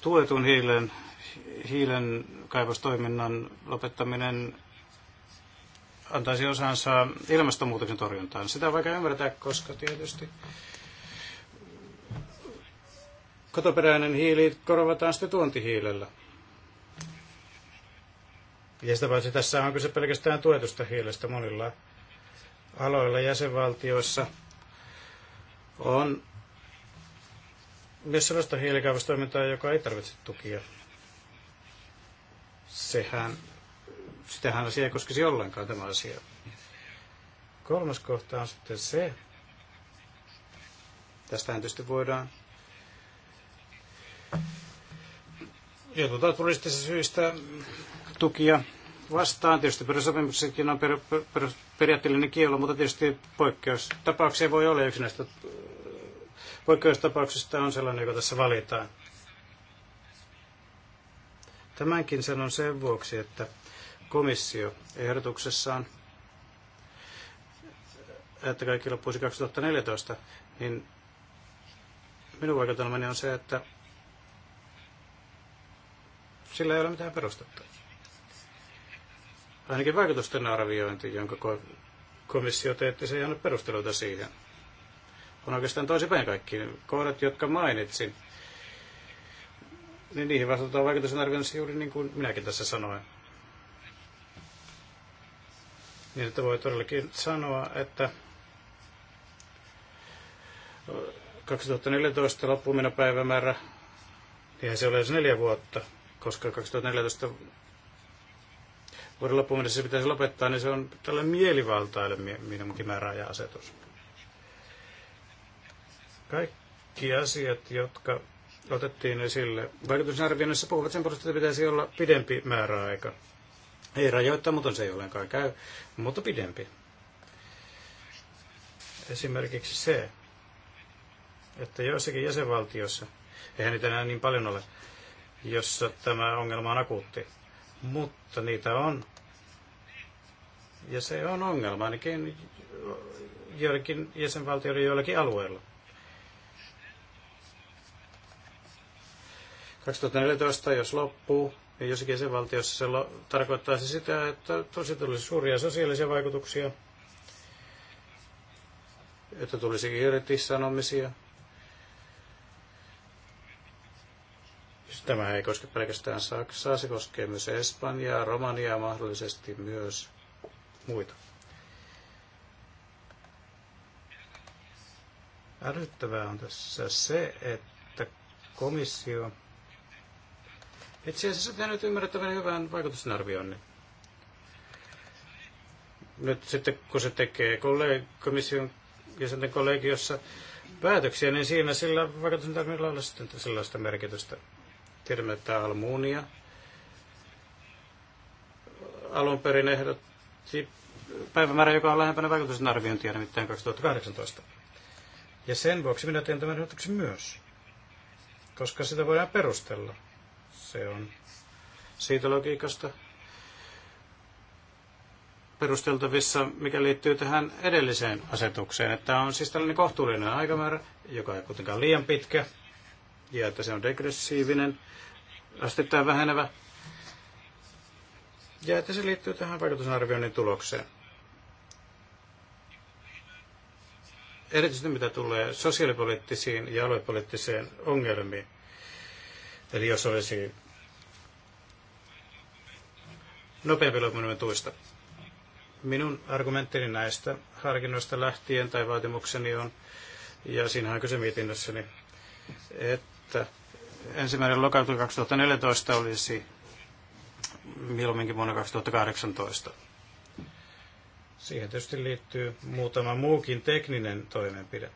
tuetun hiilen hiilen kaivostoiminnan lopettaminen antaisi osansa ilmastonmuutoksen torjuntaan. Sitä on vaikea ymmärtää, koska tietysti kotoperäinen hiili korvataan sitten tuontihiilellä. Ja sitä paitsi tässä on kyse pelkästään tuetusta hiilestä monilla aloilla jäsenvaltioissa. On myös sellaista hiilikaivostoimintaa, joka ei tarvitse tukia sehän, sitähän asia ei koskisi ollenkaan tämä asia. Kolmas kohta on sitten se, tästä tietysti voidaan joudutaan turistisista syistä tukia vastaan. Tietysti perusopimuksenkin on per, per, per, periaatteellinen kielo, mutta tietysti poikkeustapauksia voi olla. Yksi näistä poikkeustapauksista on sellainen, joka tässä valitaan. Tämänkin sanon sen vuoksi, että komissio ehdotuksessaan, että kaikki loppuisi 2014, niin minun vaikutelmani on se, että sillä ei ole mitään perustetta. Ainakin vaikutusten arviointi, jonka komissio teetti, se ei anna perusteluita siihen. On oikeastaan toisinpäin kaikki kohdat, jotka mainitsin niin niihin vastataan vaikutusten arvioinnissa juuri niin kuin minäkin tässä sanoin. Niin, että voi todellakin sanoa, että 2014 päivämäärä, niin se ole edes neljä vuotta, koska 2014 vuoden loppuminen se pitäisi lopettaa, niin se on tällä mielivaltaille minunkin määräaja-asetus. Kaikki asiat, jotka otettiin esille. Vaikutusarvioinnissa puhuvat sen puolesta, että pitäisi olla pidempi määräaika. Ei rajoittaa, mutta se ei ollenkaan käy, mutta pidempi. Esimerkiksi se, että joissakin jäsenvaltiossa, eihän niitä enää niin paljon ole, jossa tämä ongelma on akuutti, mutta niitä on. Ja se on ongelma ainakin joillakin jäsenvaltioiden joillakin alueilla. 2014, jos loppuu, niin jossakin sen valtiossa se lo- tarkoittaisi sitä, että tosi tulisi suuria sosiaalisia vaikutuksia, että tulisi irtisanomisia. Tämä ei koske pelkästään Saksaa, se koskee myös Espanjaa, Romaniaa, mahdollisesti myös muita. Älyttävää on tässä se, että komissio itse asiassa tehnyt ymmärrettävän hyvän arvioinnin. Nyt sitten kun se tekee komission jäsenten kollegiossa päätöksiä, niin siinä sillä arvioinnilla on sitten sellaista merkitystä. Tiedämme, että Almunia alun perin ehdotti päivämäärä, joka on lähempänä arviointia, nimittäin 2018. Ja sen vuoksi minä teen tämän ehdotuksen myös, koska sitä voidaan perustella se on siitä logiikasta perusteltavissa, mikä liittyy tähän edelliseen asetukseen, että on siis tällainen kohtuullinen aikamäärä, joka ei kuitenkaan liian pitkä, ja että se on degressiivinen, asteittain vähenevä, ja että se liittyy tähän vaikutusarvioinnin tulokseen. Erityisesti mitä tulee sosiaalipoliittisiin ja aluepoliittisiin ongelmiin, Eli jos olisi nopeampi lopuminen tuista. Minun argumenttini näistä harkinnoista lähtien tai vaatimukseni on, ja siinä on kyse mietinnössäni, että ensimmäinen lokakuuta 2014 olisi milloinkin vuonna 2018. Siihen tietysti liittyy muutama muukin tekninen toimenpide.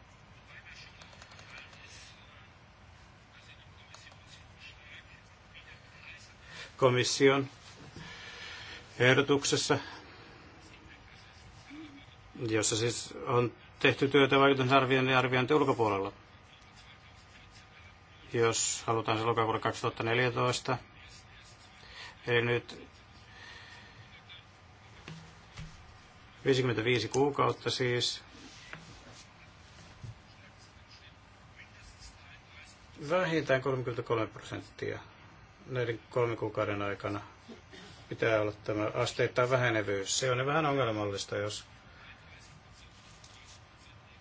komission ehdotuksessa, jossa siis on tehty työtä vaikutusarvioinnin ja arviointi ulkopuolella. Jos halutaan se lokakuulle 2014, eli nyt 55 kuukautta siis. Vähintään 33 prosenttia näiden kolmen kuukauden aikana pitää olla tämä asteittain vähenevyys. Se on vähän ongelmallista, jos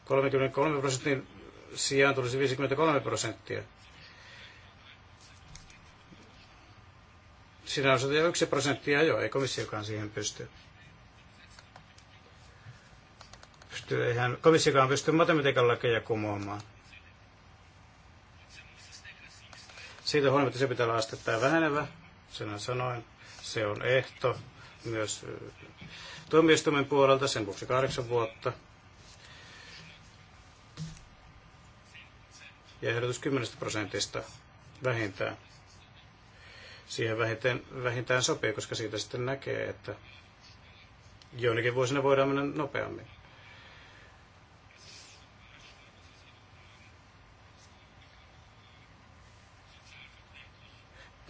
33 prosentin sijaan tulisi 53 prosenttia. Siinä on 101 prosenttia jo, ei komissiokaan siihen pysty. pystyy eihän komissiokaan pysty matematiikan lakeja kumoamaan. Siitä huolimatta se pitää olla astettaan vähenevä, sen sanoin. Se on ehto myös tuomioistuimen puolelta, sen vuoksi kahdeksan vuotta. Ja ehdotus 10 prosentista vähintään. Siihen vähintään, vähintään sopii, koska siitä sitten näkee, että joinakin vuosina voidaan mennä nopeammin.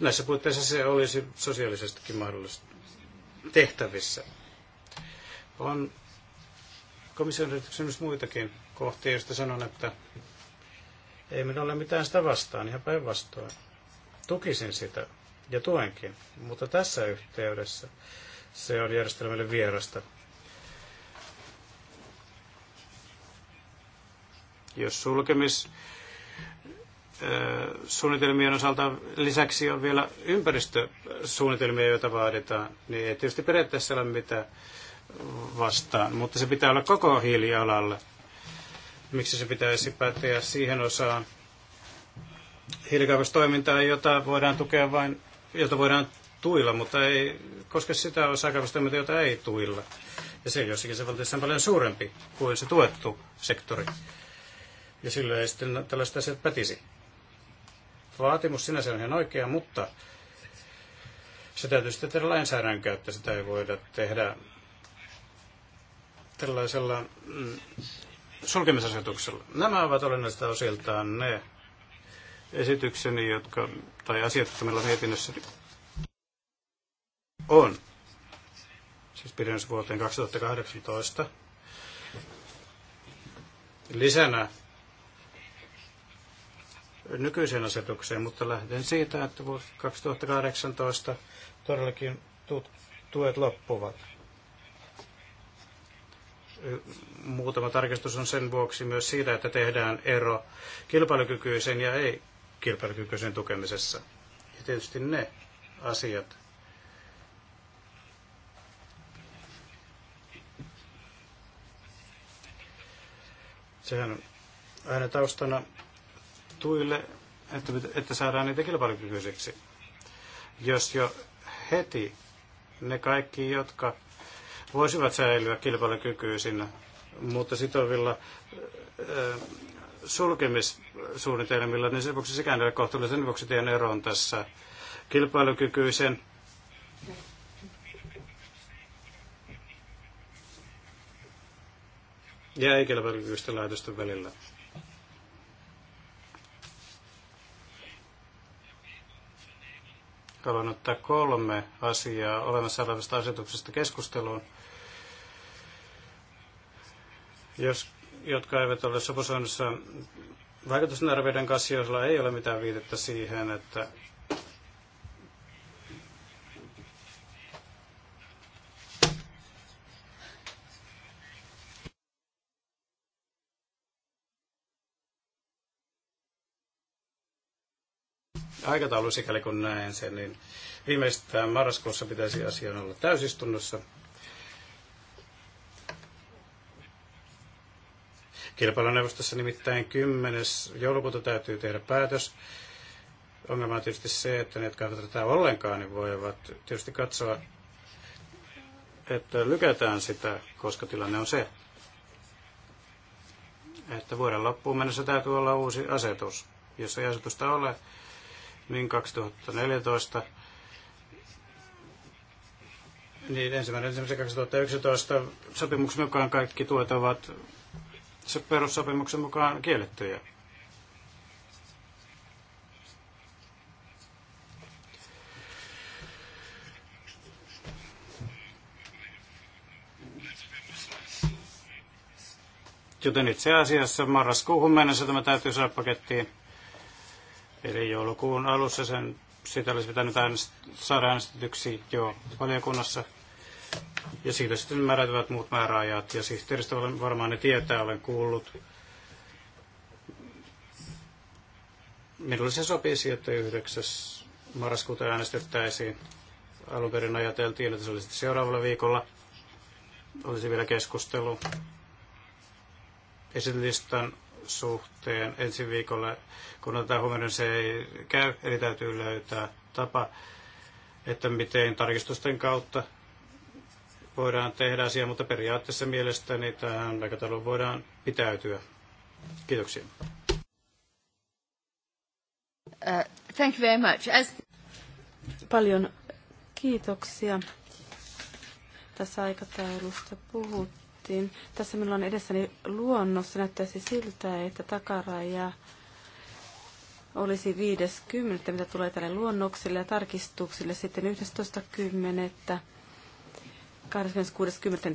Näissä puitteissa se olisi sosiaalisestikin mahdollista tehtävissä. On komission myös muitakin kohtia, joista sanon, että ei minulla ole mitään sitä vastaan, ihan päinvastoin. Tukisin sitä ja tuenkin, mutta tässä yhteydessä se on järjestelmälle vierasta. Jos sulkemis suunnitelmien osalta lisäksi on vielä ympäristösuunnitelmia, joita vaaditaan, niin ei tietysti periaatteessa ole mitään vastaan, mutta se pitää olla koko hiilialalle. Miksi se pitäisi päättää siihen osaan hiilikaivostoimintaa, jota voidaan tukea vain, jota voidaan tuilla, mutta ei koske sitä osaa kaivostoimintaa, jota ei tuilla. Ja se jossakin se on paljon suurempi kuin se tuettu sektori. Ja silloin ei sitten tällaista asiat pätisi. Vaatimus sinänsä on ihan oikea, mutta se täytyy sitten tehdä lainsäädännön käyttä. Sitä ei voida tehdä tällaisella mm, sulkemisasetuksella. Nämä ovat olennaista osiltaan ne esitykseni, jotka, tai asiat, jotka meillä mietinnössä on. Siis pidennys vuoteen 2018. Lisänä nykyiseen asetukseen, mutta lähden siitä, että vuosi 2018 todellakin tuet loppuvat. Muutama tarkistus on sen vuoksi myös siitä, että tehdään ero kilpailukykyisen ja ei-kilpailukykyisen tukemisessa. Ja tietysti ne asiat, Sehän on aina taustana tuille, että, että saadaan niitä kilpailukykyisiksi. Jos jo heti ne kaikki, jotka voisivat säilyä kilpailukykyisinä, mutta sitovilla sulkemissuunnitelmilla, niin sen vuoksi sekään ei ole kohtuullisen sen vuoksi teen eron tässä kilpailukykyisen ja ei-kilpailukykyisten laitosten välillä. haluan ottaa kolme asiaa olemassa olevasta asetuksesta keskusteluun, jos, jotka eivät ole sopusoinnissa arvioiden kanssa, joilla ei ole mitään viitettä siihen, että aikataulu, sikäli kun näen sen, niin viimeistään marraskuussa pitäisi asian olla täysistunnossa. Kilpailuneuvostossa nimittäin 10. joulukuuta täytyy tehdä päätös. Ongelma on tietysti se, että ne, jotka eivät tätä ollenkaan, niin voivat tietysti katsoa, että lykätään sitä, koska tilanne on se, että vuoden loppuun mennessä täytyy olla uusi asetus. Jos ei asetusta ole, Min 2014 niin ensimmäinen ensimmäisen 2011 sopimuksen mukaan kaikki tuet ovat se perussopimuksen mukaan kiellettyjä. Joten itse asiassa marraskuuhun mennessä tämä täytyy saada pakettiin. Eli joulukuun alussa sen, sitä olisi pitänyt äänest, saada äänestetyksi jo valiokunnassa. Ja siitä sitten määräytyvät muut määräajat. Ja sihteeristä varmaan ne tietää, olen kuullut. Minulle se sopisi, että 9. marraskuuta äänestettäisiin. Alun perin ajateltiin, että se olisi seuraavalla viikolla. Olisi vielä keskustelu. Esilistan suhteen ensi viikolla, kun otetaan huomioon, niin se ei käy, eli täytyy löytää tapa, että miten tarkistusten kautta voidaan tehdä asia, mutta periaatteessa mielestäni tähän aikatauluun voidaan pitäytyä. Kiitoksia. Uh, thank you very much. As... Paljon kiitoksia. Tässä aikataulusta puhuttu kuvattiin. Tässä minulla on edessäni luonnos. Näyttäisi siltä, että takaraja olisi 50, mitä tulee tälle luonnokselle ja tarkistuksille. Sitten 11.10.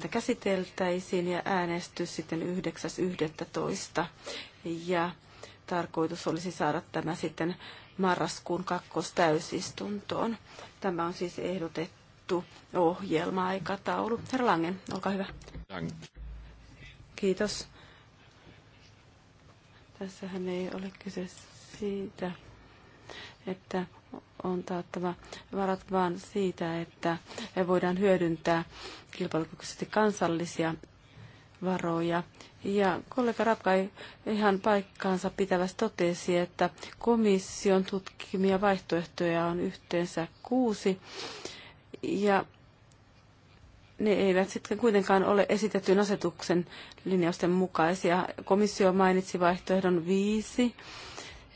26.10. käsiteltäisiin ja äänestys sitten 9.11. Ja tarkoitus olisi saada tämä sitten marraskuun kakkostäysistuntoon. Tämä on siis ehdotettu sovittu ohjelma-aikataulu. Herra Langen, olkaa hyvä. Dank. Kiitos. Tässähän ei ole kyse siitä, että on taattava varat, vaan siitä, että voidaan hyödyntää kilpailukykyisesti kansallisia varoja. Ja kollega Rapkai ihan paikkaansa pitävästi totesi, että komission tutkimia vaihtoehtoja on yhteensä kuusi ja ne eivät sitten kuitenkaan ole esitetyn asetuksen linjausten mukaisia. Komissio mainitsi vaihtoehdon viisi,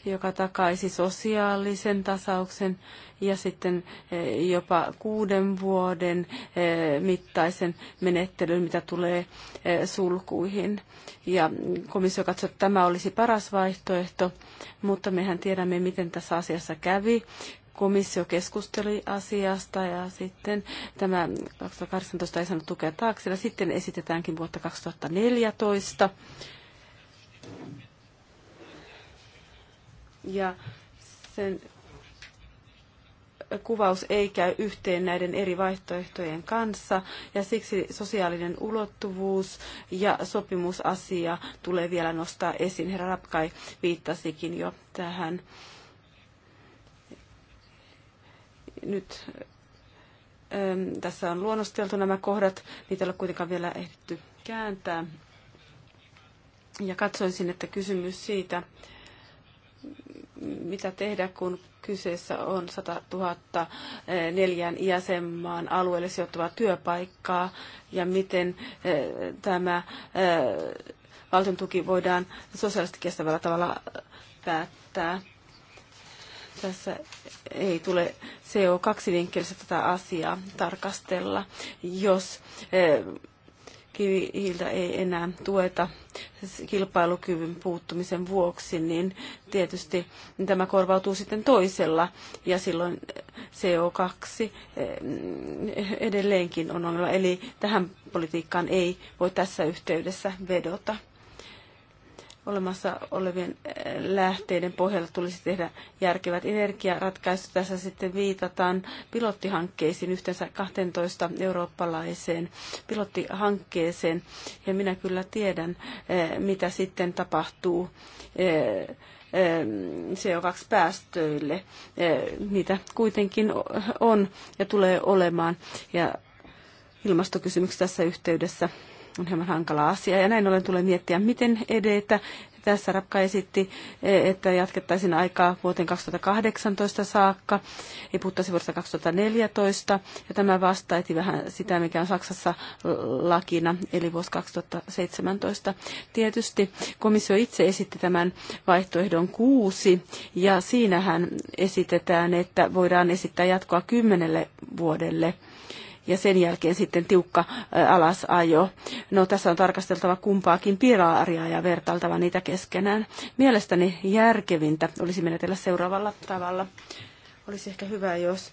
joka takaisi sosiaalisen tasauksen ja sitten e, jopa kuuden vuoden e, mittaisen menettelyn, mitä tulee e, sulkuihin. Ja komissio katsoi, että tämä olisi paras vaihtoehto, mutta mehän tiedämme, miten tässä asiassa kävi komissio keskusteli asiasta ja sitten tämä 2018 ei saanut tukea taakse ja sitten esitetäänkin vuotta 2014. Ja sen kuvaus ei käy yhteen näiden eri vaihtoehtojen kanssa ja siksi sosiaalinen ulottuvuus ja sopimusasia tulee vielä nostaa esiin. Herra Rapkai viittasikin jo tähän. Nyt äm, tässä on luonnosteltu nämä kohdat, niitä ei ole kuitenkaan vielä ehditty kääntää. Ja katsoisin, että kysymys siitä, mitä tehdä, kun kyseessä on 100 000 äh, neljän jäsenmaan alueelle sijoittuvaa työpaikkaa ja miten äh, tämä äh, valtion tuki voidaan sosiaalisesti kestävällä tavalla päättää. Tässä ei tule CO2-vinkkelissä tätä asiaa tarkastella, jos eh, kivihiiltä ei enää tueta kilpailukyvyn puuttumisen vuoksi, niin tietysti tämä korvautuu sitten toisella ja silloin CO2 eh, edelleenkin on ongelma. Eli tähän politiikkaan ei voi tässä yhteydessä vedota olemassa olevien eh, lähteiden pohjalta tulisi tehdä järkevät energiaratkaisut. Tässä sitten viitataan pilottihankkeisiin, yhteensä 12 eurooppalaiseen pilottihankkeeseen. Ja minä kyllä tiedän, eh, mitä sitten tapahtuu eh, CO2-päästöille. mitä kuitenkin on ja tulee olemaan. Ja ilmastokysymyksessä tässä yhteydessä on hieman hankala asia. Ja näin ollen tulee miettiä, miten edetä. Tässä Rapka esitti, että jatkettaisiin aikaa vuoteen 2018 saakka, ei puhuttaisi vuodesta 2014, ja tämä vastaiti vähän sitä, mikä on Saksassa lakina, eli vuosi 2017. Tietysti komissio itse esitti tämän vaihtoehdon kuusi, ja siinähän esitetään, että voidaan esittää jatkoa kymmenelle vuodelle – ja sen jälkeen sitten tiukka alasajo. No tässä on tarkasteltava kumpaakin piraaria ja vertailtava niitä keskenään. Mielestäni järkevintä olisi menetellä seuraavalla tavalla. Olisi ehkä hyvä, jos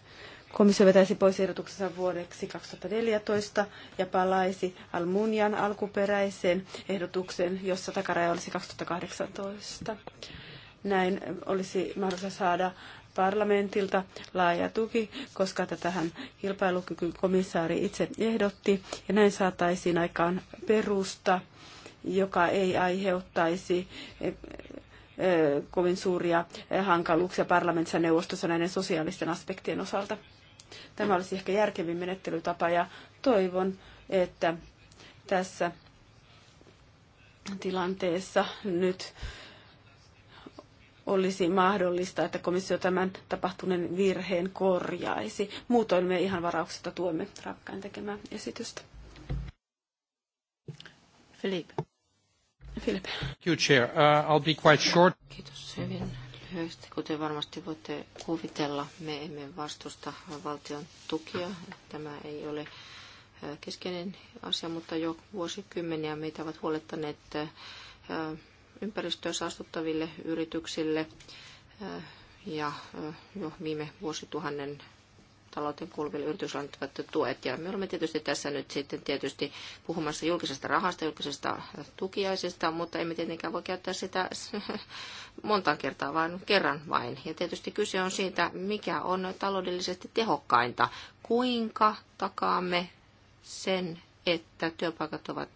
Komissio vetäisi pois ehdotuksensa vuodeksi 2014 ja palaisi Almunian alkuperäiseen ehdotukseen, jossa takaraja olisi 2018. Näin olisi mahdollista saada parlamentilta laaja tuki, koska tätähän kilpailukykykomissaari itse ehdotti, ja näin saataisiin aikaan perusta, joka ei aiheuttaisi eh, eh, kovin suuria hankaluuksia parlamentissa ja neuvostossa näiden sosiaalisten aspektien osalta. Tämä olisi ehkä järkevin menettelytapa ja toivon, että tässä tilanteessa nyt olisi mahdollista, että komissio tämän tapahtuneen virheen korjaisi. Muutoin me ihan varauksetta tuemme rakkain tekemää esitystä. Philippe. Philippe. You chair. Uh, I'll be quite short. Kiitos hyvin lyhyesti. Kuten varmasti voitte kuvitella, me emme vastusta valtion tukia. Tämä ei ole äh, keskeinen asia, mutta jo vuosikymmeniä meitä ovat huolettaneet äh, ympäristöä saastuttaville yrityksille äh, ja äh, jo viime vuosituhannen talouteen kuuluville yrityksille tuet. Ja me olemme tietysti tässä nyt sitten tietysti puhumassa julkisesta rahasta, julkisesta äh, tukiaisesta, mutta emme tietenkään voi käyttää sitä [LAUGHS] monta kertaa, vaan kerran vain. Ja tietysti kyse on siitä, mikä on taloudellisesti tehokkainta. Kuinka takaamme sen, että työpaikat ovat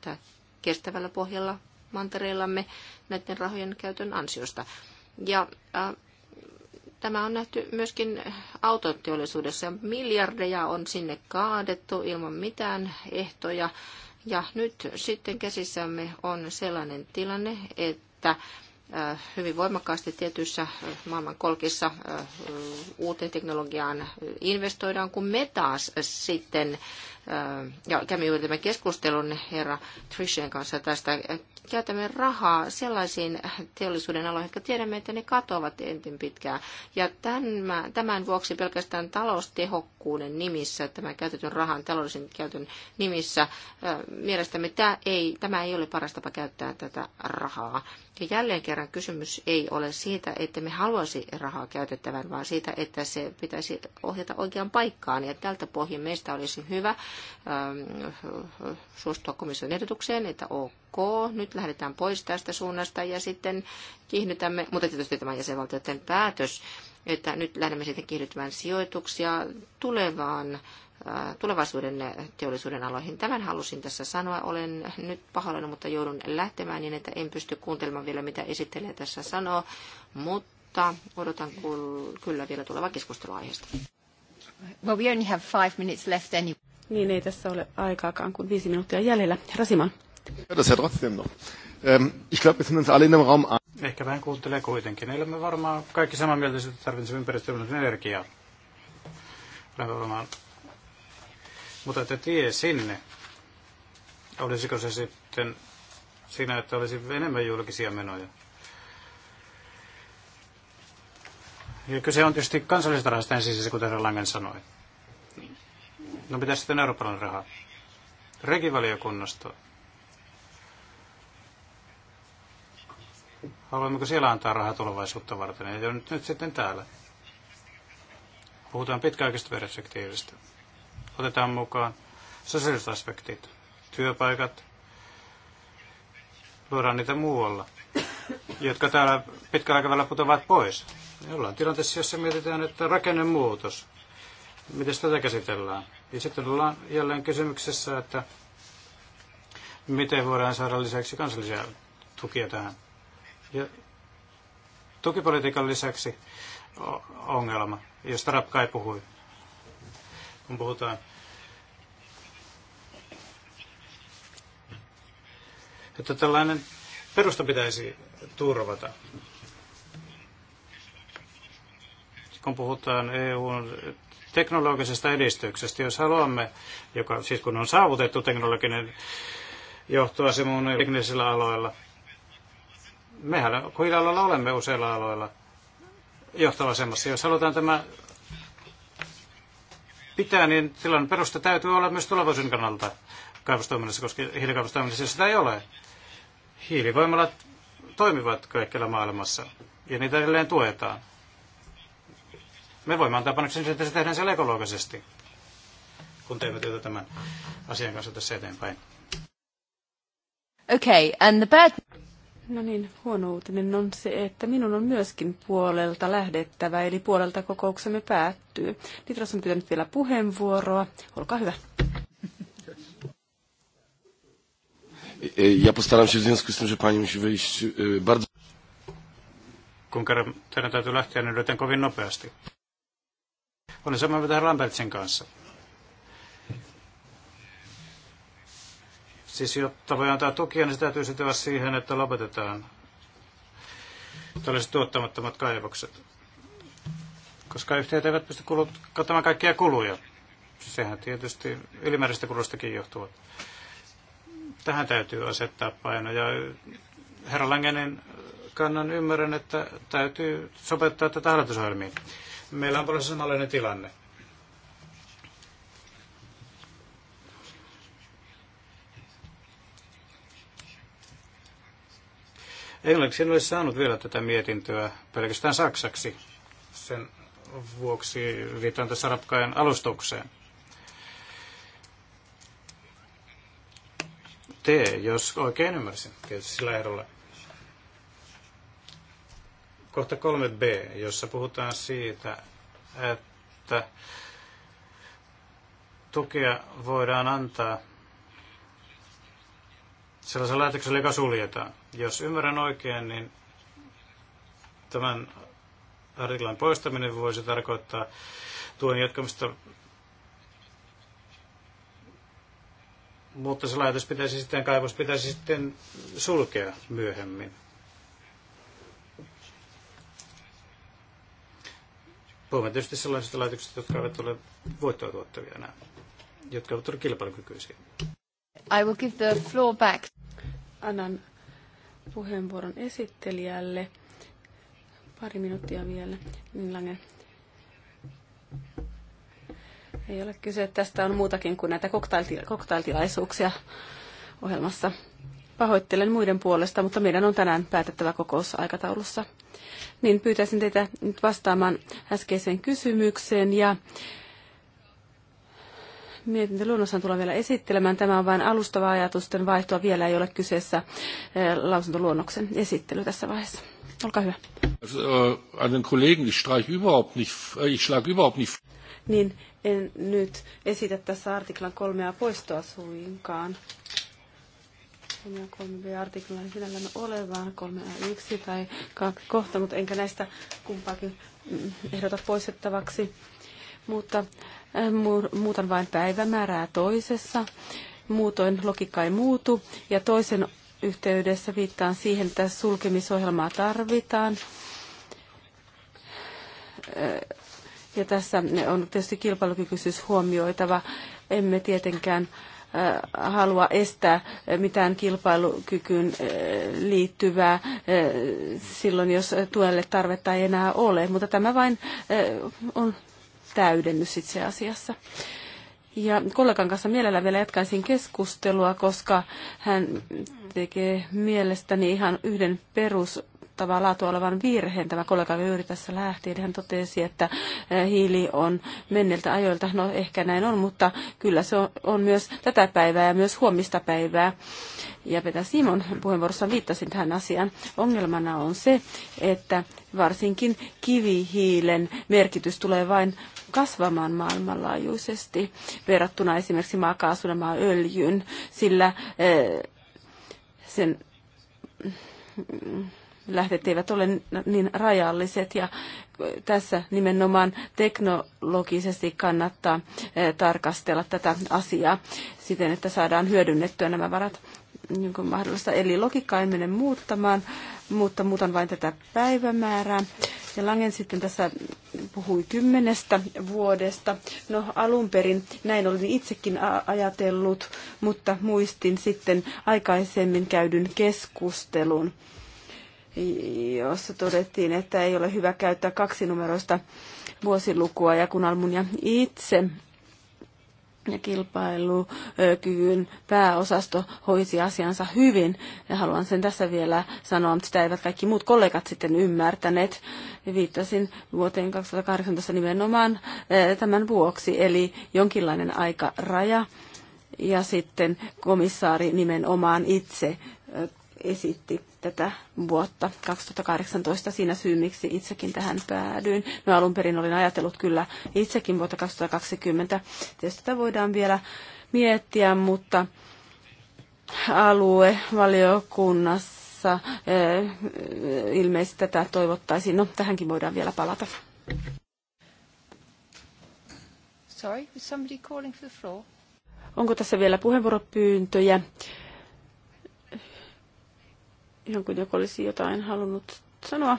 kestävällä pohjalla mantereillamme näiden rahojen käytön ansiosta. Ja äh, tämä on nähty myöskin autoteollisuudessa. Miljardeja on sinne kaadettu ilman mitään ehtoja. Ja nyt sitten käsissämme on sellainen tilanne, että äh, hyvin voimakkaasti tietyissä äh, maailmankolkissa äh, uuteen teknologiaan investoidaan, kun me taas sitten, ja juuri tämän keskustelun herra Trishen kanssa tästä käytämme rahaa sellaisiin teollisuuden aloihin, jotka tiedämme, että ne katoavat entin pitkään. Ja tämän, tämän vuoksi pelkästään taloustehokkuuden nimissä, tämän käytetyn rahan taloudellisen käytön nimissä, mielestämme tämä ei, tämä ei ole paras tapa käyttää tätä rahaa. Ja jälleen kerran kysymys ei ole siitä, että me haluaisi rahaa käytettävän, vaan siitä, että se pitäisi ohjata oikeaan paikkaan. Ja tältä pohjin meistä olisi hyvä ähm, suostua komission ehdotukseen, että ok, nyt lähdetään pois tästä suunnasta ja sitten kiihdytämme, mutta tietysti tämä jäsenvaltioiden päätös, että nyt lähdemme sitten kiihdyttämään sijoituksia tulevaan Äh, tulevaisuuden teollisuuden aloihin. Tämän halusin tässä sanoa. Olen nyt pahoillani, mutta joudun lähtemään niin, että en pysty kuuntelemaan vielä, mitä esittelijä tässä sanoo, mutta odotan kyllä vielä tulevaa keskustelua aiheesta. Well, we only have five minutes left anyway. Niin ei tässä ole aikaakaan kuin viisi minuuttia jäljellä. Rasiman. Ähm, Ehkä vähän kuuntelee kuitenkin. Ei me varmaan kaikki samaa mieltä, että tarvitsemme ympäristöllistä energiaa. Olemme varmaan mutta että tie sinne, olisiko se sitten siinä, että olisi enemmän julkisia menoja? Ja kyse on tietysti kansallisesta rahasta ensisijaisesti, kuten Langen sanoi. No mitä sitten Euroopan raha? Regivaliokunnasta. Haluammeko siellä antaa rahaa tulevaisuutta varten? Ja nyt, nyt sitten täällä. Puhutaan pitkäaikaisesta perspektiivistä otetaan mukaan sosiaaliset aspektit, työpaikat, luodaan niitä muualla, jotka täällä pitkällä aikavälillä putoavat pois. Me ollaan tilanteessa, jossa mietitään, että rakennemuutos, miten tätä käsitellään. Ja sitten ollaan jälleen kysymyksessä, että miten voidaan saada lisäksi kansallisia tukia tähän. Ja tukipolitiikan lisäksi ongelma, josta Rapkai puhui kun puhutaan että tällainen perusta pitäisi turvata. Kun puhutaan EUn teknologisesta edistyksestä, jos haluamme, joka, siis kun on saavutettu teknologinen johtoasema teknisillä aloilla, mehän huilalla olemme useilla aloilla johtavasemmassa. Jos halutaan tämä pitää, niin silloin perusta täytyy olla myös tulevaisuuden kannalta kaivostoiminnassa, koska hiilikaivostoiminnassa sitä ei ole. Hiilivoimalat toimivat kaikkialla maailmassa ja niitä edelleen tuetaan. Me voimme antaa panoksen, että se tehdään siellä ekologisesti, kun teemme työtä tämän asian kanssa tässä eteenpäin. Okay, and the bird... No niin, huono uutinen on se, että minun on myöskin puolelta lähdettävä, eli puolelta kokouksemme päättyy. Nitras on pitänyt vielä puheenvuoroa. Olkaa hyvä. Ja postaram się w związku z tym, że pani musi wyjść bardzo... Kun kerran teidän täytyy lähteä, niin löytän kovin nopeasti. Olen samaa mieltä Lambertsin kanssa. Siis jotta voi antaa tukia, niin se täytyy sitoa siihen, että lopetetaan tällaiset tuottamattomat kaivokset. Koska yhtiöt eivät pysty kattamaan kaikkia kuluja. Sehän tietysti ylimääräistä kulustakin johtuu. Tähän täytyy asettaa paino. Ja herra Langenin kannan ymmärrän, että täytyy sopeuttaa tätä hallitusohjelmiin. Meillä on paljon samanlainen tilanne. Englanniksi en olisi saanut vielä tätä mietintöä pelkästään saksaksi. Sen vuoksi viittaan tässä rapkaajan alustukseen. Te, jos oikein ymmärsin, tietysti sillä ehdolla. Kohta 3b, jossa puhutaan siitä, että tukea voidaan antaa – sellaisen lähetyksen, joka suljetaan. Jos ymmärrän oikein, niin tämän artiklan poistaminen voisi tarkoittaa tuen jatkamista, mutta se laitos pitäisi sitten, kaivos pitäisi sitten sulkea myöhemmin. Puhumme tietysti sellaisista laitoksista, jotka eivät ole voittoa tuottavia enää, jotka ovat kilpailukykyisiä. I will give the floor back annan puheenvuoron esittelijälle. Pari minuuttia vielä. Niin, Langen. Ei ole kyse, tästä on muutakin kuin näitä koktailtilaisuuksia ohjelmassa. Pahoittelen muiden puolesta, mutta meidän on tänään päätettävä kokous aikataulussa. Niin pyytäisin teitä nyt vastaamaan äskeiseen kysymykseen ja mietintöluonnoshan tulla vielä esittelemään. Tämä on vain alustava ajatusten vaihtoa. Vielä ei ole kyseessä eh, lausuntoluonnoksen esittely tässä vaiheessa. Olkaa hyvä. Äh, an den Kollegen, überhaupt nicht, äh, ich schlag überhaupt nicht. Niin, en nyt esitä tässä artiklan kolmea poistoa suinkaan. Ja kolme B-artiklan sinällään ole, vaan kolme yksi tai kaksi kohta, mutta enkä näistä kumpaakin mm, ehdota poistettavaksi mutta äh, muutan vain päivämäärää toisessa. Muutoin logiikka ei muutu ja toisen yhteydessä viittaan siihen, että sulkemisohjelmaa tarvitaan. Äh, ja tässä on tietysti kilpailukykyisyys huomioitava. Emme tietenkään äh, halua estää mitään kilpailukykyyn liittyvää silloin, jos tuelle tarvetta ei enää ole. Mutta tämä vain on täydennys itse asiassa. Ja kollegan kanssa mielellä vielä jatkaisin keskustelua, koska hän tekee mielestäni ihan yhden perus laatu laatua olevan virheen. Tämä kollega juuri tässä lähti, eli hän totesi, että eh, hiili on menneiltä ajoilta. No ehkä näin on, mutta kyllä se on myös tätä päivää ja myös huomista päivää ja Petä Simon puheenvuorossa viittasin tähän asiaan. Ongelmana on se, että varsinkin kivihiilen merkitys tulee vain kasvamaan maailmanlaajuisesti verrattuna esimerkiksi maakaasun ja maaöljyn, sillä eh, sen lähteet eivät ole niin rajalliset ja tässä nimenomaan teknologisesti kannattaa eh, tarkastella tätä asiaa siten, että saadaan hyödynnettyä nämä varat niin kuin mahdollista. Eli logiikkaa en mene muuttamaan, mutta muutan vain tätä päivämäärää. Ja Langen sitten tässä puhui kymmenestä vuodesta. No alun perin näin olin itsekin ajatellut, mutta muistin sitten aikaisemmin käydyn keskustelun, jossa todettiin, että ei ole hyvä käyttää kaksinumeroista vuosilukua ja kun Almunia itse ja kilpailukyvyn pääosasto hoisi asiansa hyvin. Ja haluan sen tässä vielä sanoa, mutta sitä eivät kaikki muut kollegat sitten ymmärtäneet. Viittasin vuoteen 2018 nimenomaan tämän vuoksi, eli jonkinlainen aikaraja. Ja sitten komissaari nimenomaan itse esitti tätä vuotta 2018. Siinä syy, miksi itsekin tähän päädyin. No alun perin olin ajatellut kyllä itsekin vuotta 2020. Tietysti tätä voidaan vielä miettiä, mutta aluevaliokunnassa eh, ilmeisesti tätä toivottaisiin. No, tähänkin voidaan vielä palata. Sorry, is somebody calling for the floor? Onko tässä vielä puheenvuoropyyntöjä? ihan kuin joku olisi jotain halunnut sanoa.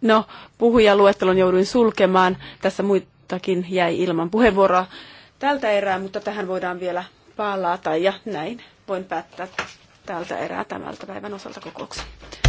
No, puhujaluettelon jouduin sulkemaan. Tässä muitakin jäi ilman puheenvuoroa tältä erää, mutta tähän voidaan vielä palata ja näin voin päättää tältä erää tämältä päivän osalta kokouksen.